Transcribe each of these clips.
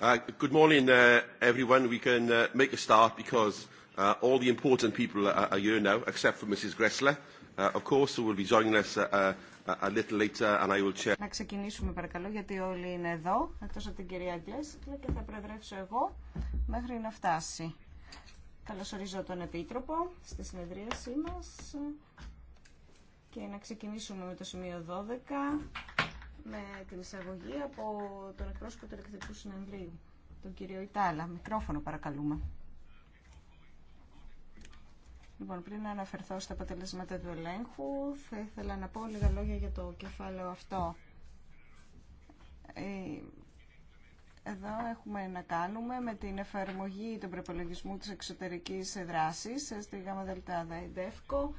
Good morning, everyone. We can make a start because all the important people are here now, except for Mrs. Gressler, of course, who will be joining us a little later, and I will chair. Να ξεκινήσουμε παρακαλώ, γιατί όλοι είναι εδώ, εκτός από την κυρία Gresler, και θα προεδρεύσω εγώ μέχρι να φτάσει. Καλωσορίζω τον Επίτροπο στη συνεδρίασή μας και να ξεκινήσουμε με το σημείο 12 με την εισαγωγή από τον εκπρόσωπο του Ελεκτρικού Συνεδρίου, τον κύριο Ιτάλα. Μικρόφωνο παρακαλούμε. Λοιπόν, πριν να αναφερθώ στα αποτελέσματα του ελέγχου, θα ήθελα να πω λίγα λόγια για το κεφάλαιο αυτό. Ε, εδώ έχουμε να κάνουμε με την εφαρμογή των προπολογισμού της εξωτερικής δράσης ε, στη ΓΔΕΦΚΟ,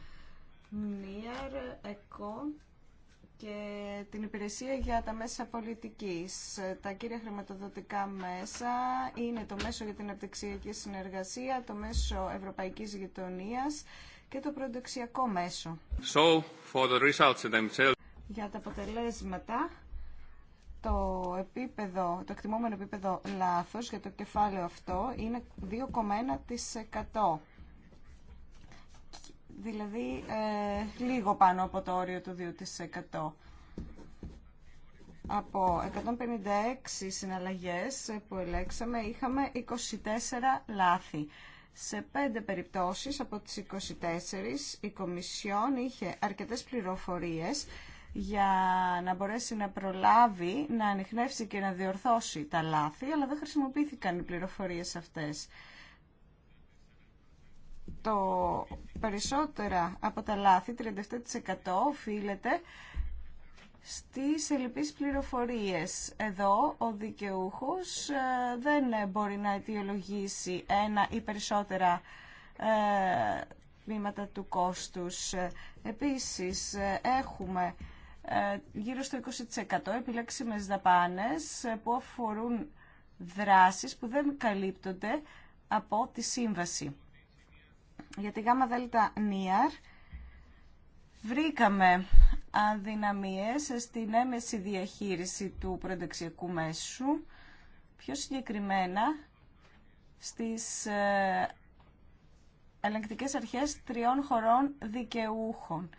ΝΙΑΡ, ΕΚΟΝ και την υπηρεσία για τα μέσα πολιτικής. Τα κύρια χρηματοδοτικά μέσα είναι το μέσο για την απτυξιακή συνεργασία, το μέσο ευρωπαϊκής γειτονίας και το πρωτοεξιακό μέσο. So, for the results themselves. Για τα αποτελέσματα, το, επίπεδο, το εκτιμόμενο επίπεδο λάθος για το κεφάλαιο αυτό είναι 2,1% δηλαδή ε, λίγο πάνω από το όριο του 2%. Από 156 συναλλαγές που ελέξαμε είχαμε 24 λάθη. Σε πέντε περιπτώσεις από τις 24 η Κομισιόν είχε αρκετές πληροφορίες για να μπορέσει να προλάβει, να ανιχνεύσει και να διορθώσει τα λάθη, αλλά δεν χρησιμοποιήθηκαν οι πληροφορίες αυτές το περισσότερα από τα λάθη, 37% οφείλεται στις ελλειπείς πληροφορίες. Εδώ ο δικαιούχος ε, δεν μπορεί να αιτιολογήσει ένα ή περισσότερα τμήματα ε, του κόστους. Επίσης, ε, έχουμε γύρω στο 20% επιλέξιμες δαπάνες που αφορούν δράσεις που δεν καλύπτονται από τη σύμβαση. Για τη γάμα δέλτα νίαρ βρήκαμε αδυναμίες στην έμεση διαχείριση του προεδεξιακού μέσου, πιο συγκεκριμένα στις ε, ελεγκτικές αρχές τριών χωρών δικαιούχων.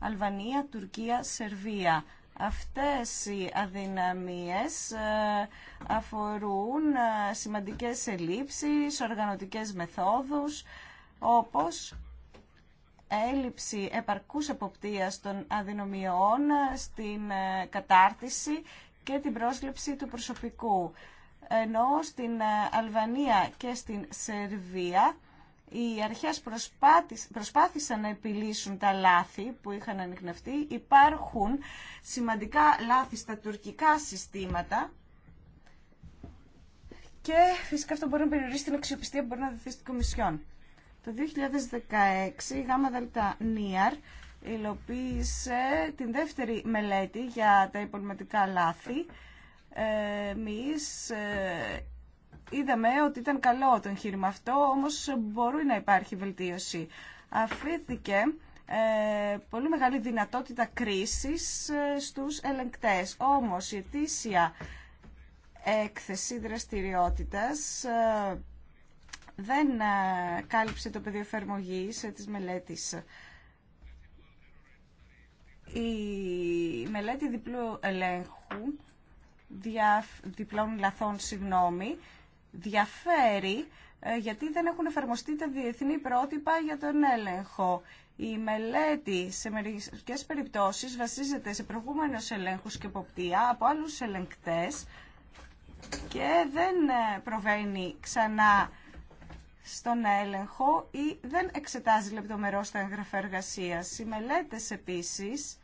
Αλβανία, Τουρκία, Σερβία. Αυτές οι αδυναμίες ε, αφορούν ε, σημαντικές ελλείψεις, οργανωτικές μεθόδους, όπως έλλειψη επαρκούς εποπτείας των αδυνομιών στην ε, κατάρτιση και την πρόσληψη του προσωπικού. Ενώ στην ε, Αλβανία και στην Σερβία οι αρχές προσπάθησαν να επιλύσουν τα λάθη που είχαν ανοιχνευτεί. Υπάρχουν σημαντικά λάθη στα τουρκικά συστήματα και φυσικά αυτό μπορεί να περιορίσει την αξιοπιστία που μπορεί να δεθεί στην Κομισιόν. Το 2016 η ΓΑΜΑ ΝΙΑΡ υλοποίησε την δεύτερη μελέτη για τα υπολοιματικά λάθη. Εμείς ε, είδαμε ότι ήταν καλό το εγχείρημα αυτό, όμως μπορεί να υπάρχει βελτίωση. Αφήθηκε ε, πολύ μεγάλη δυνατότητα κρίσης ε, στους ελεγκτές. Όμως η αιτήσια έκθεση δραστηριότητας δεν ε, κάλυψε το πεδίο εφαρμογή ε, τη μελέτη. Η μελέτη διπλού ελέγχου, διπλών λαθών, συγγνώμη, διαφέρει ε, γιατί δεν έχουν εφαρμοστεί τα διεθνή πρότυπα για τον έλεγχο. Η μελέτη σε μερικές περιπτώσεις βασίζεται σε προηγούμενους ελέγχους και εποπτεία από άλλους ελεγκτές και δεν προβαίνει ξανά στον έλεγχο ή δεν εξετάζει λεπτομερώς τα έγγραφα εργασία. Οι μελέτες επίσης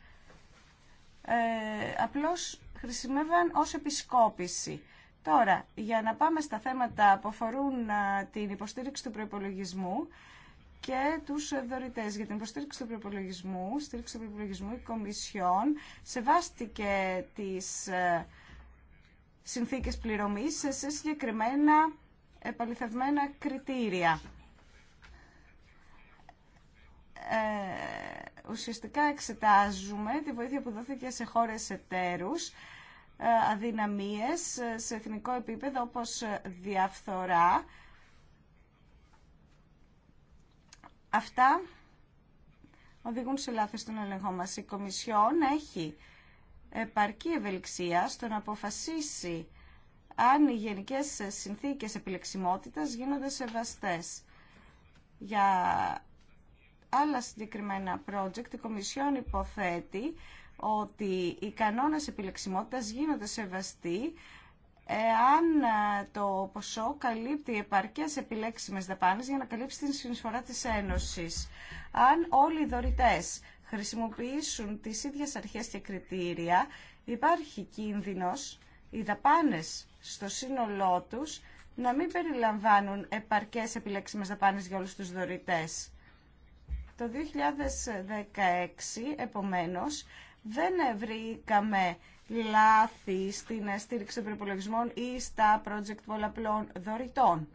ε, απλώς χρησιμεύαν ως επισκόπηση. Τώρα, για να πάμε στα θέματα που αφορούν την υποστήριξη του προπολογισμού και τους δωρητές. Για την υποστήριξη του προπολογισμού, στήριξη του προπολογισμού, η Κομισιόν σεβάστηκε τις ε, συνθήκες πληρωμής σε συγκεκριμένα επαληθευμένα κριτήρια. Ε, ουσιαστικά εξετάζουμε τη βοήθεια που δόθηκε σε χώρες εταίρους, ε, αδυναμίες ε, σε εθνικό επίπεδο όπως διαφθορά. Αυτά οδηγούν σε λάθη στον έλεγχό μας. Η Κομισιόν έχει επαρκή ευελιξία στο να αποφασίσει αν οι γενικές συνθήκες επιλεξιμότητας γίνονται σεβαστές. Για άλλα συγκεκριμένα project, η Κομισιόν υποθέτει ότι οι κανόνες επιλεξιμότητας γίνονται σεβαστοί εάν ε, το ποσό καλύπτει επαρκές επιλέξιμες δαπάνες για να καλύψει την συνεισφορά της Ένωσης. Αν όλοι οι δωρητές χρησιμοποιήσουν τις ίδιες αρχές και κριτήρια, υπάρχει κίνδυνος οι δαπάνες στο σύνολό τους να μην περιλαμβάνουν επαρκές επιλέξιμες δαπάνες για όλους τους δωρητές. Το 2016, επομένως, δεν βρήκαμε λάθη στην στήριξη των προπολογισμών ή στα project πολλαπλών δωρητών.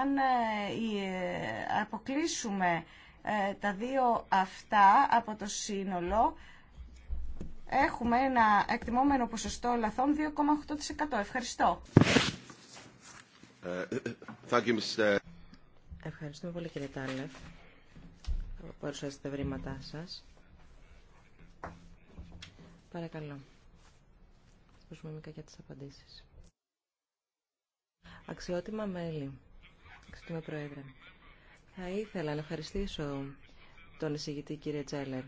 Αν ε, ε, αποκλείσουμε ε, τα δύο αυτά από το σύνολο, έχουμε ένα εκτιμόμενο ποσοστό λαθών 2,8%. Ευχαριστώ. Ε, ε, ε, Ευχαριστούμε πολύ κύριε Τάλεφ που τα βρήματά σας. Παρακαλώ. μικρά για τις απαντήσεις. Αξιότιμα μέλη, αξιότιμα πρόεδρε. Θα ήθελα να ευχαριστήσω τον εισηγητή κύριε Τσέλερ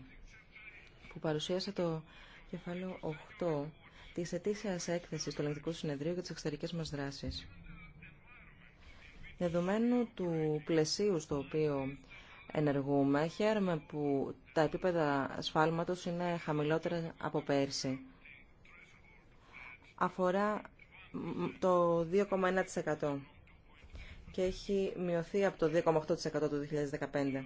που παρουσίασε το κεφάλαιο 8 της ετήσιας έκθεσης του Ελεγκτικού Συνεδρίου για τις εξωτερικές μας δράσεις. Δεδομένου του πλαισίου στο οποίο ενεργούμε, χαίρομαι που τα επίπεδα σφάλματος είναι χαμηλότερα από πέρσι. Αφορά το 2,1% και έχει μειωθεί από το 2,8% το 2015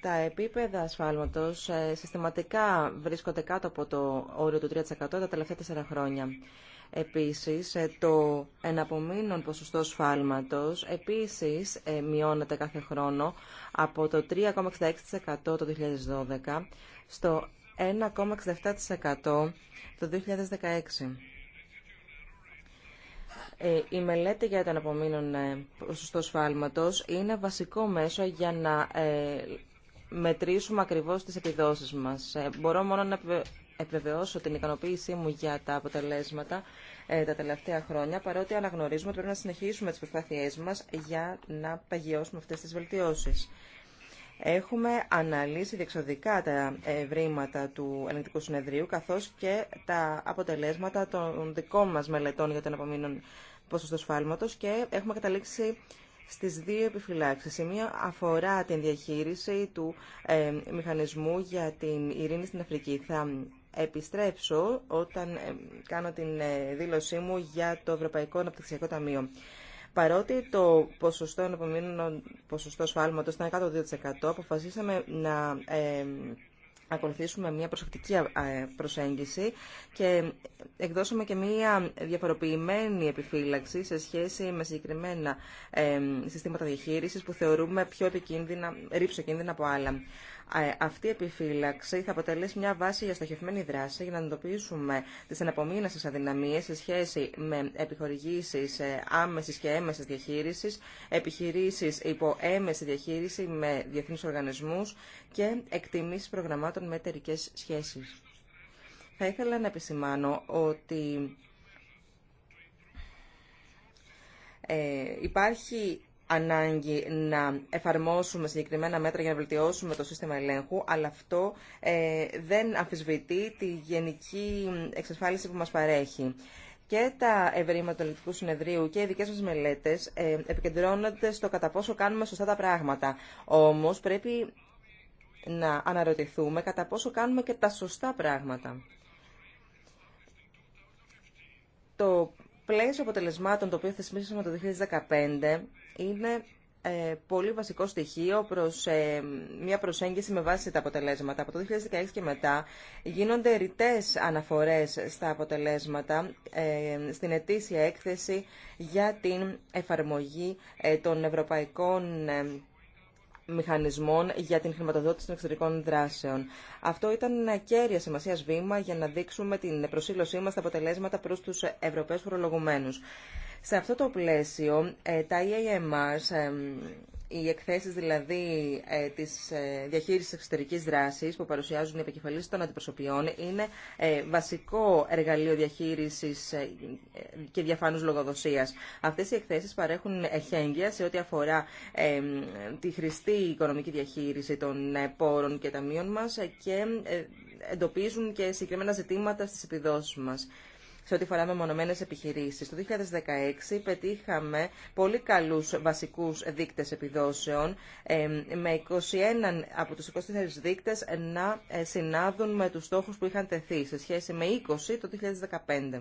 τα επίπεδα ασφάλματος ε, συστηματικά βρίσκονται κάτω από το όριο του 3% τα τελευταία τέσσερα χρόνια. Επίσης, ε, το εναπομείνον ποσοστό σφάλματος επίσης ε, μειώνεται κάθε χρόνο από το 3,66% το 2012 στο 1,67% το 2016. Η μελέτη για το εναπομείνον ποσοστό σφάλματος είναι βασικό μέσο για να μετρήσουμε ακριβώς τις επιδόσεις μας. Ε, μπορώ μόνο να επιβεβαιώσω την ικανοποίησή μου για τα αποτελέσματα ε, τα τελευταία χρόνια, παρότι αναγνωρίζουμε ότι πρέπει να συνεχίσουμε τις προσπάθειές μας για να παγιώσουμε αυτές τις βελτιώσεις. Έχουμε αναλύσει διεξοδικά τα ευρήματα του ελληνικού Συνεδρίου, καθώς και τα αποτελέσματα των δικών μας μελετών για τον απομείνον ποσοστό σφάλματος και έχουμε καταλήξει στις δύο επιφυλάξεις. Η μία αφορά την διαχείριση του ε, μηχανισμού για την ειρήνη στην Αφρική. Θα επιστρέψω όταν ε, κάνω την ε, δήλωσή μου για το Ευρωπαϊκό Αναπτυξιακό Ταμείο. Παρότι το ποσοστό ενωπομείνων ποσοστό σφάλματος ήταν κάτω 2%, αποφασίσαμε να ε, ακολουθήσουμε μια προσεκτική ε, προσέγγιση και εκδώσουμε και μια διαφοροποιημένη επιφύλαξη σε σχέση με συγκεκριμένα ε, συστήματα διαχείρισης που θεωρούμε πιο επικίνδυνα, ρήψο κίνδυνα από άλλα. Ε, αυτή η επιφύλαξη θα αποτελέσει μια βάση για στοχευμένη δράση για να αντιμετωπίσουμε τι εναπομείνε αδυναμίε σε σχέση με επιχορηγήσει ε, άμεση και έμεση διαχείριση, επιχειρήσει υπό έμεση διαχείριση με διεθνεί οργανισμού και εκτιμήσει προγραμμάτων με εταιρικέ σχέσει. Θα ήθελα να επισημάνω ότι ε, υπάρχει ανάγκη να εφαρμόσουμε συγκεκριμένα μέτρα για να βελτιώσουμε το σύστημα ελέγχου, αλλά αυτό ε, δεν αμφισβητεί τη γενική εξασφάλιση που μας παρέχει. Και τα ευρήματα του Ελληνικού Συνεδρίου και οι δικέ μα μελέτε ε, επικεντρώνονται στο κατά πόσο κάνουμε σωστά τα πράγματα. Όμω πρέπει να αναρωτηθούμε κατά πόσο κάνουμε και τα σωστά πράγματα. Το πλαίσιο αποτελεσμάτων το οποίο θεσμίσαμε το 2015 είναι ε, πολύ βασικό στοιχείο προς ε, μια προσέγγιση με βάση τα αποτελέσματα. Από το 2016 και μετά γίνονται ρητές αναφορές στα αποτελέσματα ε, στην ετήσια έκθεση για την εφαρμογή των ευρωπαϊκών μηχανισμών για την χρηματοδότηση των εξωτερικών δράσεων. Αυτό ήταν ένα κέρια σημασία βήμα για να δείξουμε την προσήλωσή μα στα αποτελέσματα προ του Ευρωπαίου φορολογουμένου. Σε αυτό το πλαίσιο, ε, τα EAMR οι εκθέσεις δηλαδή ε, της ε, διαχείρισης εξωτερικής δράσης που παρουσιάζουν οι επικεφαλής των αντιπροσωπιών είναι ε, βασικό εργαλείο διαχείρισης ε, και διαφάνους λογοδοσίας. Αυτές οι εκθέσεις παρέχουν εχέγγυα σε ό,τι αφορά τη χρηστή οικονομική διαχείριση των ε, πόρων και ταμείων μας και εντοπίζουν και συγκεκριμένα ζητήματα στις επιδόσεις μας σε ό,τι φορά μεμονωμένε επιχειρήσει. Το 2016 πετύχαμε πολύ καλού βασικού δείκτε επιδόσεων με 21 από του 24 δείκτε να ε, συνάδουν με του στόχου που είχαν τεθεί σε σχέση με 20 το 2015.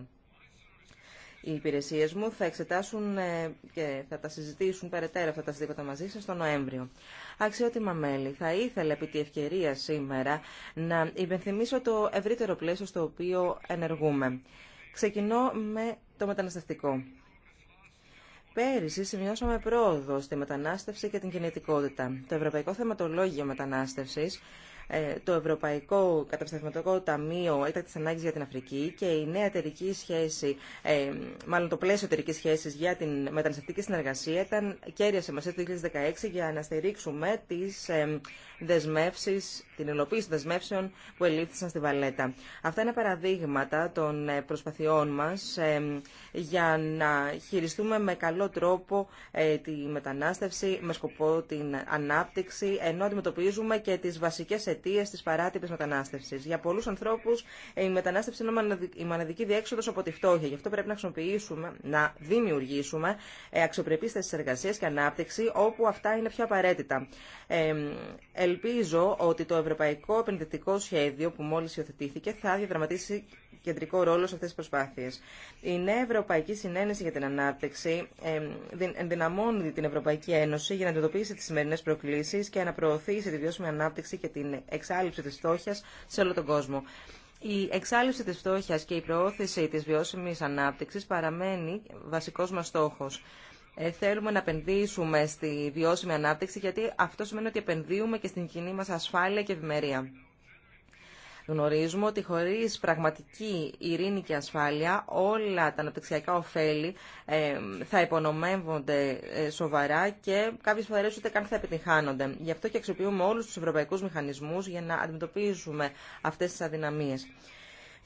Οι υπηρεσίες μου θα εξετάσουν ε, και θα τα συζητήσουν περαιτέρω αυτά τα ζητήματα μαζί σας τον Νοέμβριο. Αξιότιμα μέλη, θα ήθελα επί τη ευκαιρία σήμερα να υπενθυμίσω το ευρύτερο πλαίσιο στο οποίο ενεργούμε. Ξεκινώ με το μεταναστευτικό. Πέρυσι σημειώσαμε πρόοδο στη μετανάστευση και την κινητικότητα. Το Ευρωπαϊκό Θεματολόγιο Μετανάστευση, ε, το Ευρωπαϊκό Καταπιστευματικό Ταμείο Έκτακτη Ανάγκη για την Αφρική και η νέα εταιρική σχέση, ε, μάλλον το πλαίσιο εταιρική σχέση για την μεταναστευτική συνεργασία ήταν κέρια σημασία το 2016 για να στηρίξουμε τι ε, δεσμεύσεις, την υλοποίηση δεσμεύσεων που ελήφθησαν στη Βαλέτα. Αυτά είναι παραδείγματα των ε, προσπαθειών μας για να χειριστούμε με καλό τρόπο ε, τη μετανάστευση με σκοπό την ανάπτυξη, ενώ αντιμετωπίζουμε και τις βασικές αιτίες της παράτυπης μετανάστευσης. Για πολλούς ανθρώπους η μετανάστευση είναι η μοναδική διέξοδος από τη φτώχεια. Γι' αυτό πρέπει να χρησιμοποιήσουμε, να δημιουργήσουμε ε, αξιοπρεπείς θέσεις εργασίας και ανάπτυξη όπου αυτά είναι πιο απαραίτητα. Ελπίζω ότι το Ευρωπαϊκό Επενδυτικό Σχέδιο που μόλις υιοθετήθηκε θα διαδραματίσει κεντρικό ρόλο σε αυτές τις προσπάθειες. Η Νέα Ευρωπαϊκή Συνένεση για την Ανάπτυξη ενδυναμώνει την Ευρωπαϊκή Ένωση για να αντιμετωπίσει τις σημερινές προκλήσεις και να προωθήσει τη βιώσιμη ανάπτυξη και την εξάλληψη της φτώχειας σε όλο τον κόσμο. Η εξάλληψη της φτώχειας και η προώθηση της βιώσιμης ανάπτυξης παραμένει βασικός μας στόχος. Ε, θέλουμε να επενδύσουμε στη βιώσιμη ανάπτυξη, γιατί αυτό σημαίνει ότι επενδύουμε και στην κοινή μας ασφάλεια και ευημερία. Γνωρίζουμε ότι χωρίς πραγματική ειρήνη και ασφάλεια όλα τα αναπτυξιακά ωφέλη ε, θα υπονομεύονται ε, σοβαρά και κάποιες φορές ούτε καν θα επιτυχάνονται. Γι' αυτό και αξιοποιούμε όλους τους ευρωπαϊκούς μηχανισμούς για να αντιμετωπίσουμε αυτές τις αδυναμίες.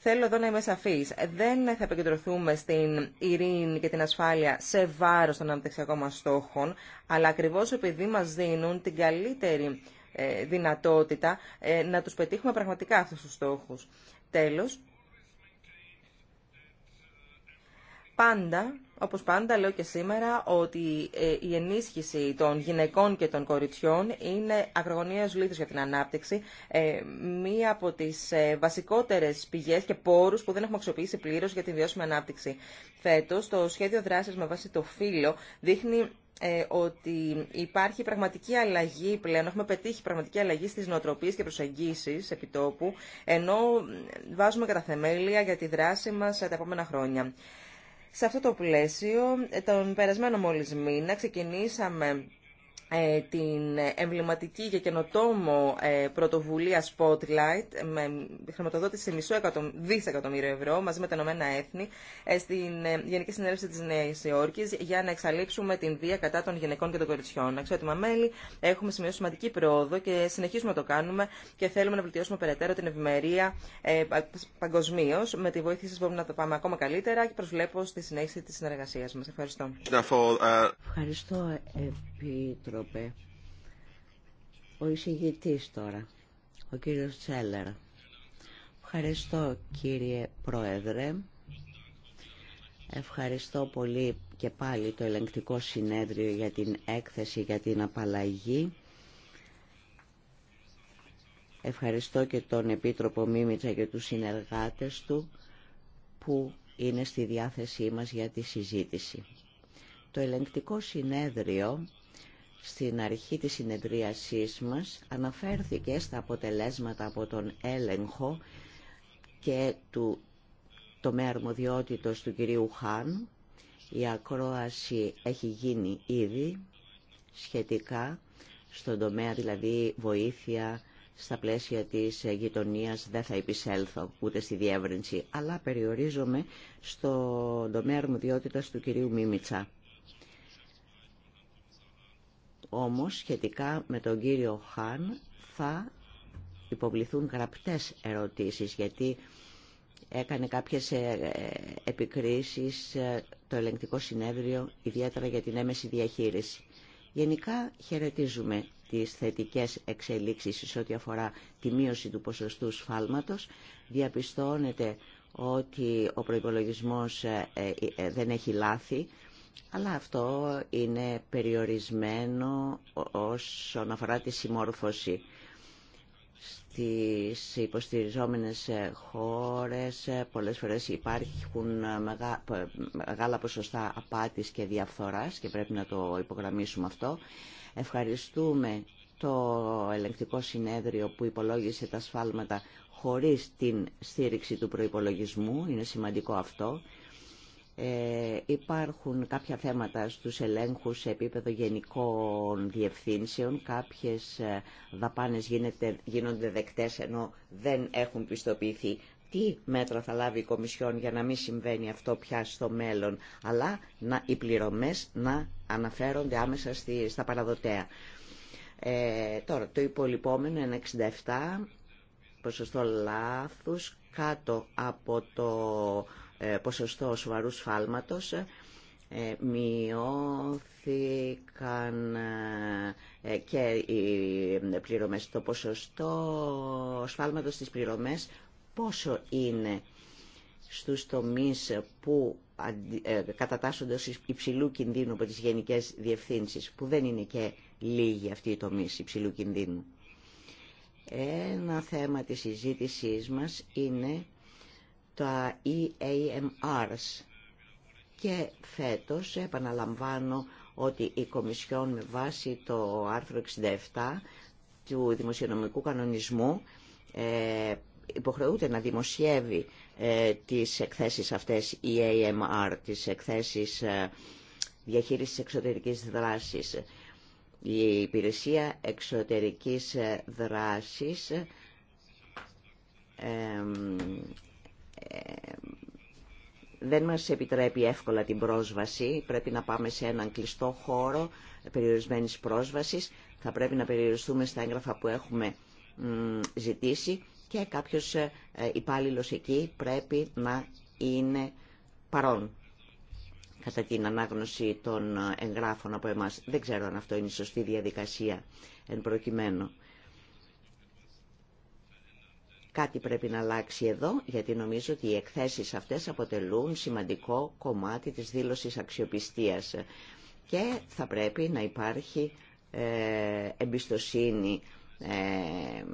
Θέλω εδώ να είμαι σαφή. Δεν θα επικεντρωθούμε στην ειρήνη και την ασφάλεια σε βάρο των αναπτυξιακών μα στόχων, αλλά ακριβώ επειδή μα δίνουν την καλύτερη ε, δυνατότητα ε, να τους πετύχουμε πραγματικά αυτούς τους στόχους. Τέλος, πάντα, όπως πάντα λέω και σήμερα, ότι ε, η ενίσχυση των γυναικών και των κοριτσιών είναι αγρογωνία λίθος για την ανάπτυξη, ε, μία από τις ε, βασικότερες πηγές και πόρους που δεν έχουμε αξιοποιήσει πλήρως για την βιώσιμη ανάπτυξη. Φέτος, το σχέδιο δράσης με βάση το φύλλο δείχνει ότι υπάρχει πραγματική αλλαγή πλέον, έχουμε πετύχει πραγματική αλλαγή στις νοοτροπίες και προσεγγίσεις επιτόπου, ενώ βάζουμε κατά θεμέλια για τη δράση μας τα επόμενα χρόνια. Σε αυτό το πλαίσιο, ε, τον περασμένο μόλις μήνα ξεκινήσαμε ε, την εμβληματική και καινοτόμο ε, πρωτοβουλία Spotlight με χρηματοδότηση σε μισό δισεκατομμύριο ευρώ μαζί με τα Ηνωμένα Έθνη ε, στην Γενική Συνέλευση της Νέας Υόρκης για να εξαλείψουμε την βία κατά των γυναικών και των κοριτσιών. Αξιότιμα μέλη, έχουμε σημειώσει σημαντική πρόοδο και συνεχίζουμε να το κάνουμε και θέλουμε να βελτιώσουμε περαιτέρω την ευημερία ε, παγκοσμίω. Με τη βοήθεια σα μπορούμε να το πάμε ακόμα καλύτερα και προσβλέπω στη συνέχιση τη συνεργασία μα. Ευχαριστώ. Ευχαριστώ, Επίτρο. Ο εισηγητής τώρα, ο κύριος Τσέλερ. Ευχαριστώ κύριε Πρόεδρε. Ευχαριστώ πολύ και πάλι το ελεγκτικό συνέδριο για την έκθεση, για την απαλλαγή. Ευχαριστώ και τον Επίτροπο Μίμητσα και τους συνεργάτες του που είναι στη διάθεσή μας για τη συζήτηση. Το ελεγκτικό συνέδριο στην αρχή της συνεδρίασής μας αναφέρθηκε στα αποτελέσματα από τον έλεγχο και του τομέα αρμοδιότητος του κυρίου Χάν. Η ακρόαση έχει γίνει ήδη σχετικά στον τομέα δηλαδή βοήθεια στα πλαίσια της γειτονία δεν θα επισέλθω ούτε στη διεύρυνση, αλλά περιορίζομαι στον τομέα αρμοδιότητας του κυρίου Μίμητσα. Όμως σχετικά με τον κύριο Χάν θα υποβληθούν γραπτές ερωτήσεις γιατί έκανε κάποιες ε, επικρίσεις ε, το ελεγκτικό συνέδριο ιδιαίτερα για την έμεση διαχείριση. Γενικά χαιρετίζουμε τις θετικές εξελίξεις σε ό,τι αφορά τη μείωση του ποσοστού σφάλματος. Διαπιστώνεται ότι ο προϋπολογισμός ε, δεν έχει λάθη αλλά αυτό είναι περιορισμένο όσον αφορά τη συμμόρφωση στις υποστηριζόμενες χώρες πολλές φορές υπάρχουν μεγάλα ποσοστά απάτης και διαφθοράς και πρέπει να το υπογραμμίσουμε αυτό. Ευχαριστούμε το ελεγκτικό συνέδριο που υπολόγισε τα σφάλματα χωρίς την στήριξη του προϋπολογισμού. Είναι σημαντικό αυτό. Ε, υπάρχουν κάποια θέματα στους ελέγχους σε επίπεδο γενικών διευθύνσεων. Κάποιες ε, δαπάνες γίνονται δεκτές ενώ δεν έχουν πιστοποιηθεί. Τι μέτρα θα λάβει η Κομισιόν για να μην συμβαίνει αυτό πια στο μέλλον, αλλά να, οι πληρωμές να αναφέρονται άμεσα στη, στα παραδοτέα. Ε, τώρα, το υπολοιπόμενο είναι 67, ποσοστό λάθους, κάτω από το ε, ποσοστό σοβαρού σφάλματος ε, μειώθηκαν ε, και οι πληρωμές. Το ποσοστό σφάλματος στι πληρωμές πόσο είναι στους τομείς που κατατάσσονται ως υψηλού κινδύνου από τις γενικές διευθύνσεις, που δεν είναι και λίγοι αυτοί οι τομείς υψηλού κινδύνου. Ένα θέμα της συζήτησής μας είναι τα EAMRs. Και φέτος επαναλαμβάνω ότι η Κομισιόν με βάση το άρθρο 67 του Δημοσιονομικού Κανονισμού ε, υποχρεούται να δημοσιεύει ε, τις εκθέσεις αυτές EAMR, τις εκθέσεις ε, διαχείρισης εξωτερικής δράσης. Η Υπηρεσία Εξωτερικής Δράσης ε, ε, δεν μας επιτρέπει εύκολα την πρόσβαση. Πρέπει να πάμε σε έναν κλειστό χώρο περιορισμένης πρόσβασης. Θα πρέπει να περιοριστούμε στα έγγραφα που έχουμε ζητήσει και κάποιος ε, υπάλληλος εκεί πρέπει να είναι παρόν κατά την ανάγνωση των ε, εγγράφων από εμάς. Δεν ξέρω αν αυτό είναι η σωστή διαδικασία εν προκειμένου. Κάτι πρέπει να αλλάξει εδώ, γιατί νομίζω ότι οι εκθέσεις αυτές αποτελούν σημαντικό κομμάτι της δήλωσης αξιοπιστίας και θα πρέπει να υπάρχει ε, εμπιστοσύνη ε,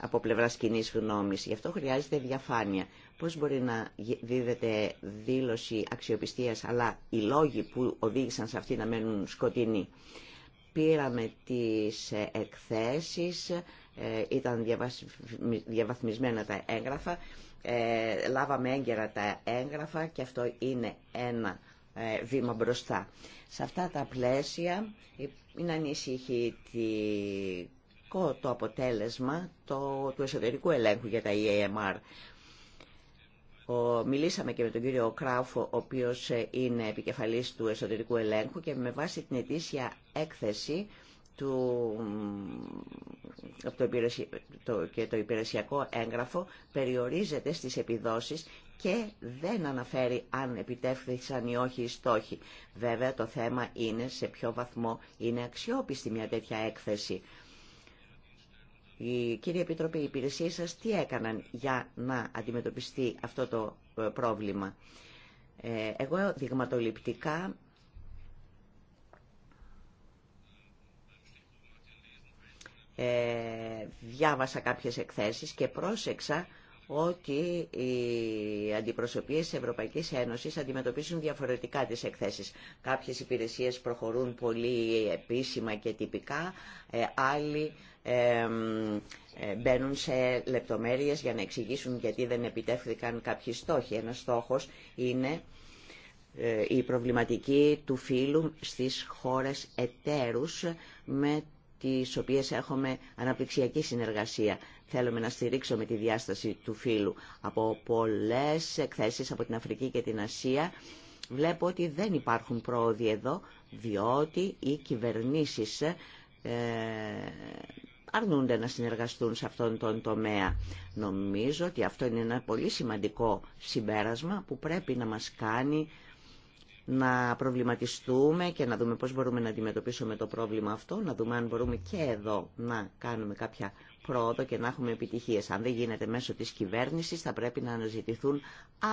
από πλευρά κοινή γνώμη. Γι' αυτό χρειάζεται διαφάνεια. Πώς μπορεί να δίδεται δήλωση αξιοπιστίας, αλλά οι λόγοι που οδήγησαν σε αυτή να μένουν σκοτεινοί. Πήραμε τι ε, εκθέσεις ε, ήταν διαβαθμισμένα τα έγγραφα, ε, λάβαμε έγκαιρα τα έγγραφα και αυτό είναι ένα ε, βήμα μπροστά. Σε αυτά τα πλαίσια είναι ανησυχητικό το αποτέλεσμα το, του εσωτερικού ελέγχου για τα EAMR. Ο, μιλήσαμε και με τον κύριο Κράουφο, ο οποίος είναι επικεφαλής του εσωτερικού ελέγχου και με βάση την ετήσια έκθεση του, από το και το υπηρεσιακό έγγραφο περιορίζεται στις επιδόσεις και δεν αναφέρει αν επιτεύχθησαν ή όχι οι στόχοι. Βέβαια το θέμα είναι σε ποιο βαθμό είναι αξιόπιστη μια τέτοια έκθεση. Η, κύριε Επίτροπε, οι υπηρεσίε σα τι έκαναν για να αντιμετωπιστεί αυτό το ε, πρόβλημα. Ε, εγώ δειγματοληπτικά Ε, διάβασα κάποιες εκθέσεις και πρόσεξα ότι οι αντιπροσωπείες της Ευρωπαϊκής Ένωσης αντιμετωπίσουν διαφορετικά τις εκθέσεις. Κάποιες υπηρεσίες προχωρούν πολύ επίσημα και τυπικά, ε, άλλοι ε, μπαίνουν σε λεπτομέρειες για να εξηγήσουν γιατί δεν επιτεύχθηκαν κάποιοι στόχοι. Ένας στόχος είναι η προβληματική του φύλου στις χώρες εταίρους με τις οποίες έχουμε αναπτυξιακή συνεργασία. Θέλουμε να στηρίξουμε τη διάσταση του φύλου. Από πολλές εκθέσεις από την Αφρική και την Ασία βλέπω ότι δεν υπάρχουν πρόοδοι εδώ, διότι οι κυβερνήσεις ε, αρνούνται να συνεργαστούν σε αυτόν τον τομέα. Νομίζω ότι αυτό είναι ένα πολύ σημαντικό συμπέρασμα που πρέπει να μας κάνει να προβληματιστούμε και να δούμε πώς μπορούμε να αντιμετωπίσουμε το πρόβλημα αυτό, να δούμε αν μπορούμε και εδώ να κάνουμε κάποια πρόοδο και να έχουμε επιτυχίες. Αν δεν γίνεται μέσω της κυβέρνησης θα πρέπει να αναζητηθούν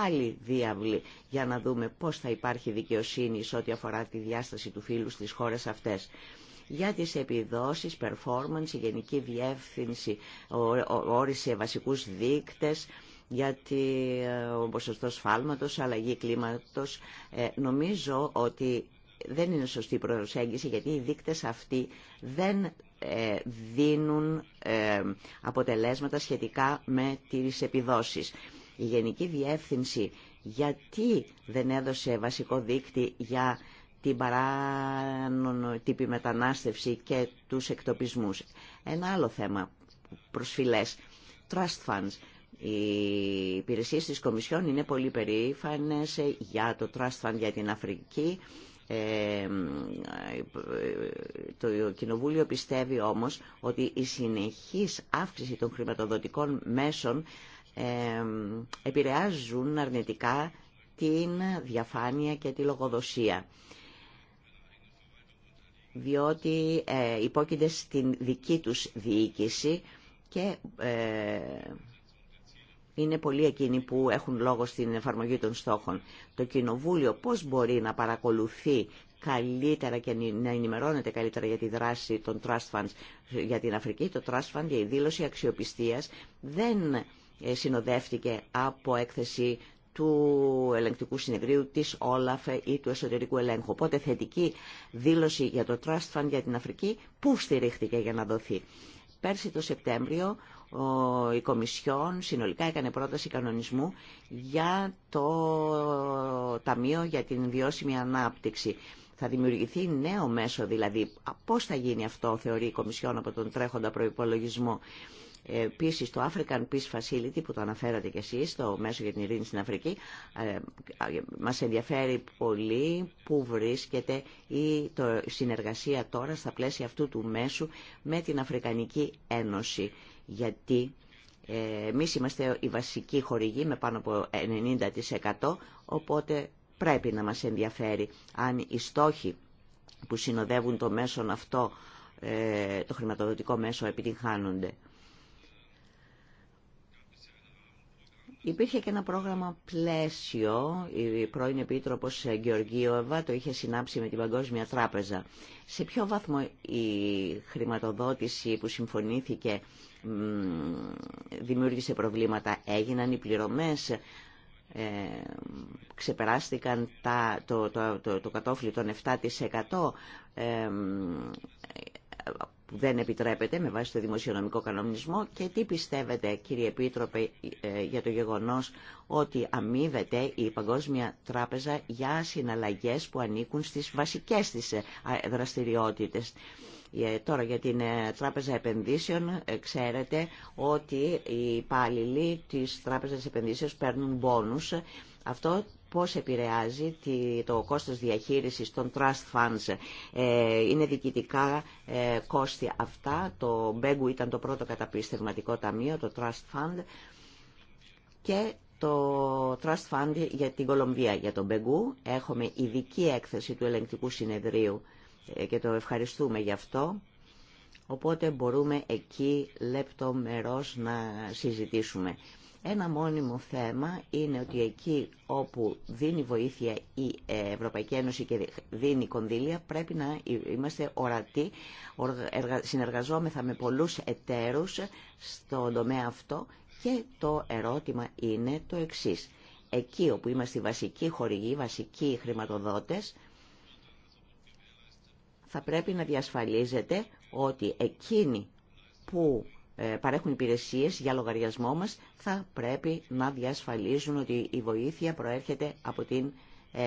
άλλοι διάβλοι για να δούμε πώς θα υπάρχει δικαιοσύνη σε ό,τι αφορά τη διάσταση του φύλου στις χώρες αυτές. Για τις επιδόσεις, performance, η Γενική Διεύθυνση όρισε βασικούς δείκτες, γιατί ε, ο ποσοστό σφάλματος, αλλαγή κλίματος, ε, νομίζω ότι δεν είναι σωστή προσέγγιση γιατί οι δείκτες αυτοί δεν ε, δίνουν αποτελέσματα σχετικά με τις επιδόσεις. Η Γενική Διεύθυνση γιατί δεν έδωσε βασικό δείκτη για την την μετανάστευση και τους εκτοπισμούς. Ένα άλλο θέμα προσφυλές, trust funds. Οι υπηρεσίε της Κομισιόν είναι πολύ περήφανες για το Trust Fund για την Αφρική. Ε, το Κοινοβούλιο πιστεύει όμως ότι η συνεχής αύξηση των χρηματοδοτικών μέσων ε, επηρεάζουν αρνητικά την διαφάνεια και τη λογοδοσία διότι ε, υπόκεινται στην δική τους διοίκηση και είναι πολλοί εκείνοι που έχουν λόγο στην εφαρμογή των στόχων. Το Κοινοβούλιο πώς μπορεί να παρακολουθεί καλύτερα και να ενημερώνεται καλύτερα για τη δράση των Trust Funds για την Αφρική. Το Trust Fund για η δήλωση αξιοπιστίας δεν ε, συνοδεύτηκε από έκθεση του ελεγκτικού συνεδρίου της Όλαφ ή του εσωτερικού ελέγχου. Οπότε θετική δήλωση για το Trust Fund για την Αφρική που στηρίχθηκε για να δοθεί. Πέρσι το Σεπτέμβριο ο, η Κομισιόν συνολικά έκανε πρόταση κανονισμού για το Ταμείο για την Βιώσιμη Ανάπτυξη. Θα δημιουργηθεί νέο μέσο δηλαδή. Πώς θα γίνει αυτό θεωρεί η Κομισιόν από τον τρέχοντα προϋπολογισμό. Επίση, το African Peace Facility που το αναφέρατε κι εσεί το μέσο για την ειρήνη στην Αφρική, ε, μα ενδιαφέρει πολύ που βρίσκεται η συνεργασία τώρα στα πλαίσια αυτού του μέσου με την Αφρικανική Ένωση γιατί ε, εμείς είμαστε η βασική χορηγή με πάνω από 90% οπότε πρέπει να μας ενδιαφέρει αν οι στόχοι που συνοδεύουν το μέσον αυτό, ε, το χρηματοδοτικό μέσο, επιτυγχάνονται. Υπήρχε και ένα πρόγραμμα πλαίσιο, η πρώην Επίτροπος Γεωργίωβα το είχε συνάψει με την Παγκόσμια Τράπεζα. Σε ποιο βαθμό η χρηματοδότηση που συμφωνήθηκε δημιούργησε προβλήματα. Έγιναν οι πληρωμές, ε, ξεπεράστηκαν τα, το, το, το, το κατόφλι των 7% ε, που δεν επιτρέπεται με βάση το δημοσιονομικό κανονισμό και τι πιστεύετε κύριε Επίτροπε ε, για το γεγονός ότι αμείβεται η Παγκόσμια Τράπεζα για συναλλαγές που ανήκουν στις βασικές της δραστηριότητες. Ε, τώρα για την ε, Τράπεζα Επενδύσεων ε, ξέρετε ότι οι υπάλληλοι της Τράπεζας Επενδύσεων παίρνουν πόνους. Αυτό πώς επηρεάζει το κόστος διαχείρισης των trust funds. Είναι διοικητικά κόστη αυτά. Το Μπέγκου ήταν το πρώτο καταπιστευματικό ταμείο, το trust fund. Και το Trust Fund για την Κολομβία, για τον Μπεγκού. Έχουμε ειδική έκθεση του ελεγκτικού συνεδρίου ε, και το ευχαριστούμε γι' αυτό. Οπότε μπορούμε εκεί λεπτομερώς να συζητήσουμε. Ένα μόνιμο θέμα είναι ότι εκεί όπου δίνει βοήθεια η ε, Ευρωπαϊκή Ένωση και δίνει κονδύλια πρέπει να είμαστε ορατοί, συνεργαζόμεθα με πολλούς εταίρους στον τομέα αυτό και το ερώτημα είναι το εξής. Εκεί όπου είμαστε οι βασικοί χορηγοί, βασικοί χρηματοδότες, θα πρέπει να διασφαλίζεται ότι εκείνοι που ε, παρέχουν υπηρεσίες για λογαριασμό μας θα πρέπει να διασφαλίζουν ότι η βοήθεια προέρχεται από την ε,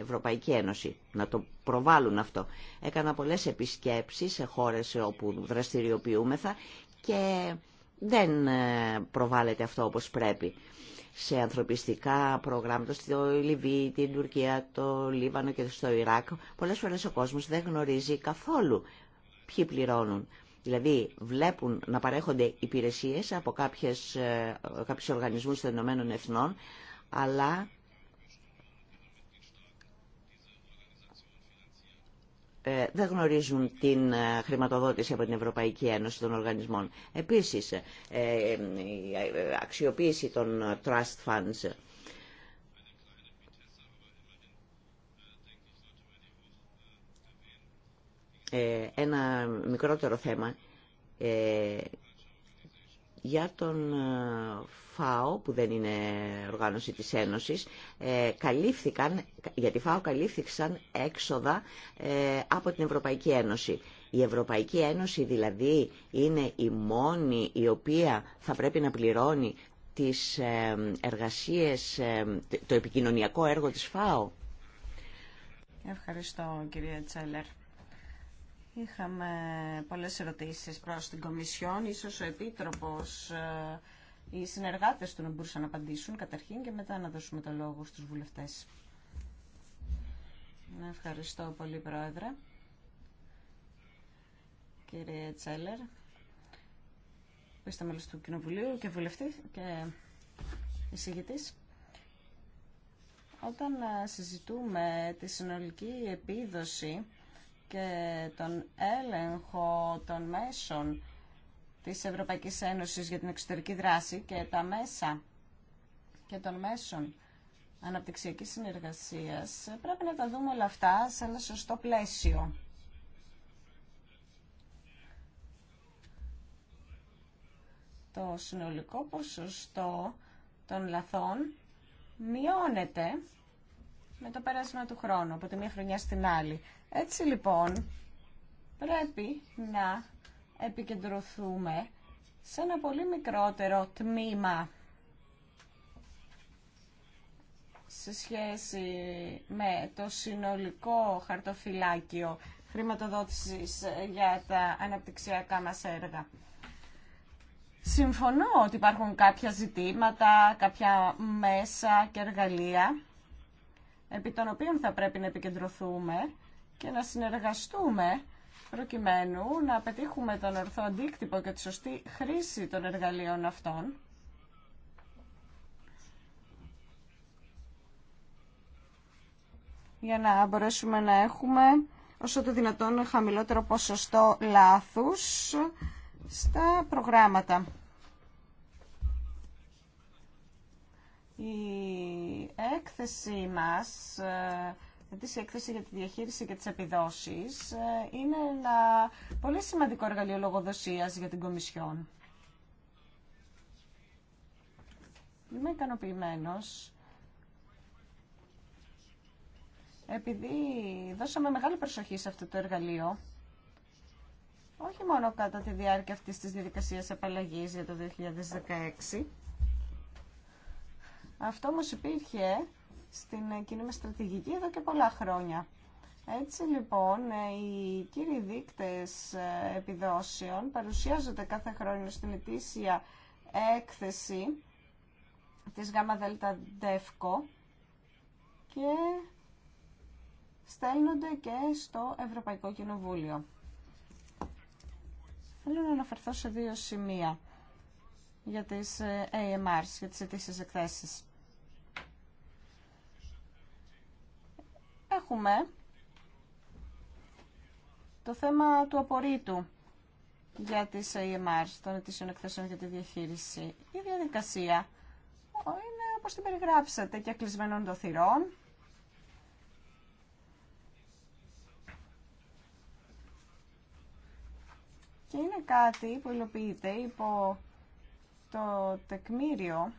Ευρωπαϊκή Ένωση. Να το προβάλλουν αυτό. Έκανα πολλές επισκέψεις σε χώρες όπου δραστηριοποιούμεθα και δεν ε, προβάλλεται αυτό όπως πρέπει σε ανθρωπιστικά προγράμματα στη Λιβύη, την Τουρκία, το Λίβανο και στο Ιράκ. Πολλές φορές ο κόσμος δεν γνωρίζει καθόλου ποιοι πληρώνουν. Δηλαδή βλέπουν να παρέχονται υπηρεσίες από κάποιες, ε, κάποιους οργανισμούς των Ηνωμένων Εθνών, αλλά Ε, δεν γνωρίζουν την ε, χρηματοδότηση από την Ευρωπαϊκή Ένωση των οργανισμών. Επίσης, ε, αξιοποίηση των trust funds. Ένα μικρότερο θέμα για τον ΦΑΟ, που δεν είναι οργάνωση της Ένωσης, ε, καλύφθηκαν, γιατί ΦΑΟ καλύφθηκαν έξοδα ε, από την Ευρωπαϊκή Ένωση. Η Ευρωπαϊκή Ένωση δηλαδή είναι η μόνη η οποία θα πρέπει να πληρώνει τις ε, εργασίες, το επικοινωνιακό έργο της ΦΑΟ. Ευχαριστώ κυρία Τσέλερ. Είχαμε πολλές ερωτήσεις προς την Κομισιόν. Ίσως ο Επίτροπος οι συνεργάτες του να μπορούσαν να απαντήσουν καταρχήν και μετά να δώσουμε το λόγο στους βουλευτές. Ευχαριστώ πολύ Πρόεδρε. Κύριε Τσέλερ, που είστε μέλος του Κοινοβουλίου και βουλευτή και εισηγητής. Όταν ε, συζητούμε τη συνολική επίδοση και τον έλεγχο των μέσων της Ευρωπαϊκής Ένωσης για την εξωτερική δράση και τα μέσα και των μέσων αναπτυξιακής συνεργασίας πρέπει να τα δούμε όλα αυτά σε ένα σωστό πλαίσιο. Το συνολικό ποσοστό των λαθών μειώνεται με το πέρασμα του χρόνου, από τη μία χρονιά στην άλλη. Έτσι λοιπόν πρέπει να επικεντρωθούμε σε ένα πολύ μικρότερο τμήμα σε σχέση με το συνολικό χαρτοφυλάκιο χρηματοδότησης για τα αναπτυξιακά μας έργα. Συμφωνώ ότι υπάρχουν κάποια ζητήματα, κάποια μέσα και εργαλεία επί των οποίων θα πρέπει να επικεντρωθούμε και να συνεργαστούμε προκειμένου να πετύχουμε τον ορθό αντίκτυπο και τη σωστή χρήση των εργαλείων αυτών. για να μπορέσουμε να έχουμε όσο το δυνατόν χαμηλότερο ποσοστό λάθους στα προγράμματα. Η έκθεση μας ε, η έκθεση για τη διαχείριση και τις επιδόσεις ε, είναι ένα πολύ σημαντικό εργαλείο λογοδοσία για την Κομισιόν. Είμαι ικανοποιημένο. Επειδή δώσαμε μεγάλη προσοχή σε αυτό το εργαλείο, όχι μόνο κατά τη διάρκεια αυτής της διαδικασίας απαλλαγής για το 2016, αυτό όμως υπήρχε στην ε, κοινή στρατηγική εδώ και πολλά χρόνια. Έτσι λοιπόν, ε, οι κύριοι δείκτες ε, επιδόσεων παρουσιάζονται κάθε χρόνο στην ετήσια έκθεση της ΓΑΜΑ και στέλνονται και στο Ευρωπαϊκό Κοινοβούλιο. Θέλω να αναφερθώ σε δύο σημεία για τις AMRs, για τις ετήσιες εκθέσεις. Έχουμε το θέμα του απορρίτου για τις AMR, των αιτήσεων εκθέσεων για τη διαχείριση. Η διαδικασία είναι όπως την περιγράψατε και κλεισμένων των θυρών. Και είναι κάτι που υλοποιείται υπό το τεκμήριο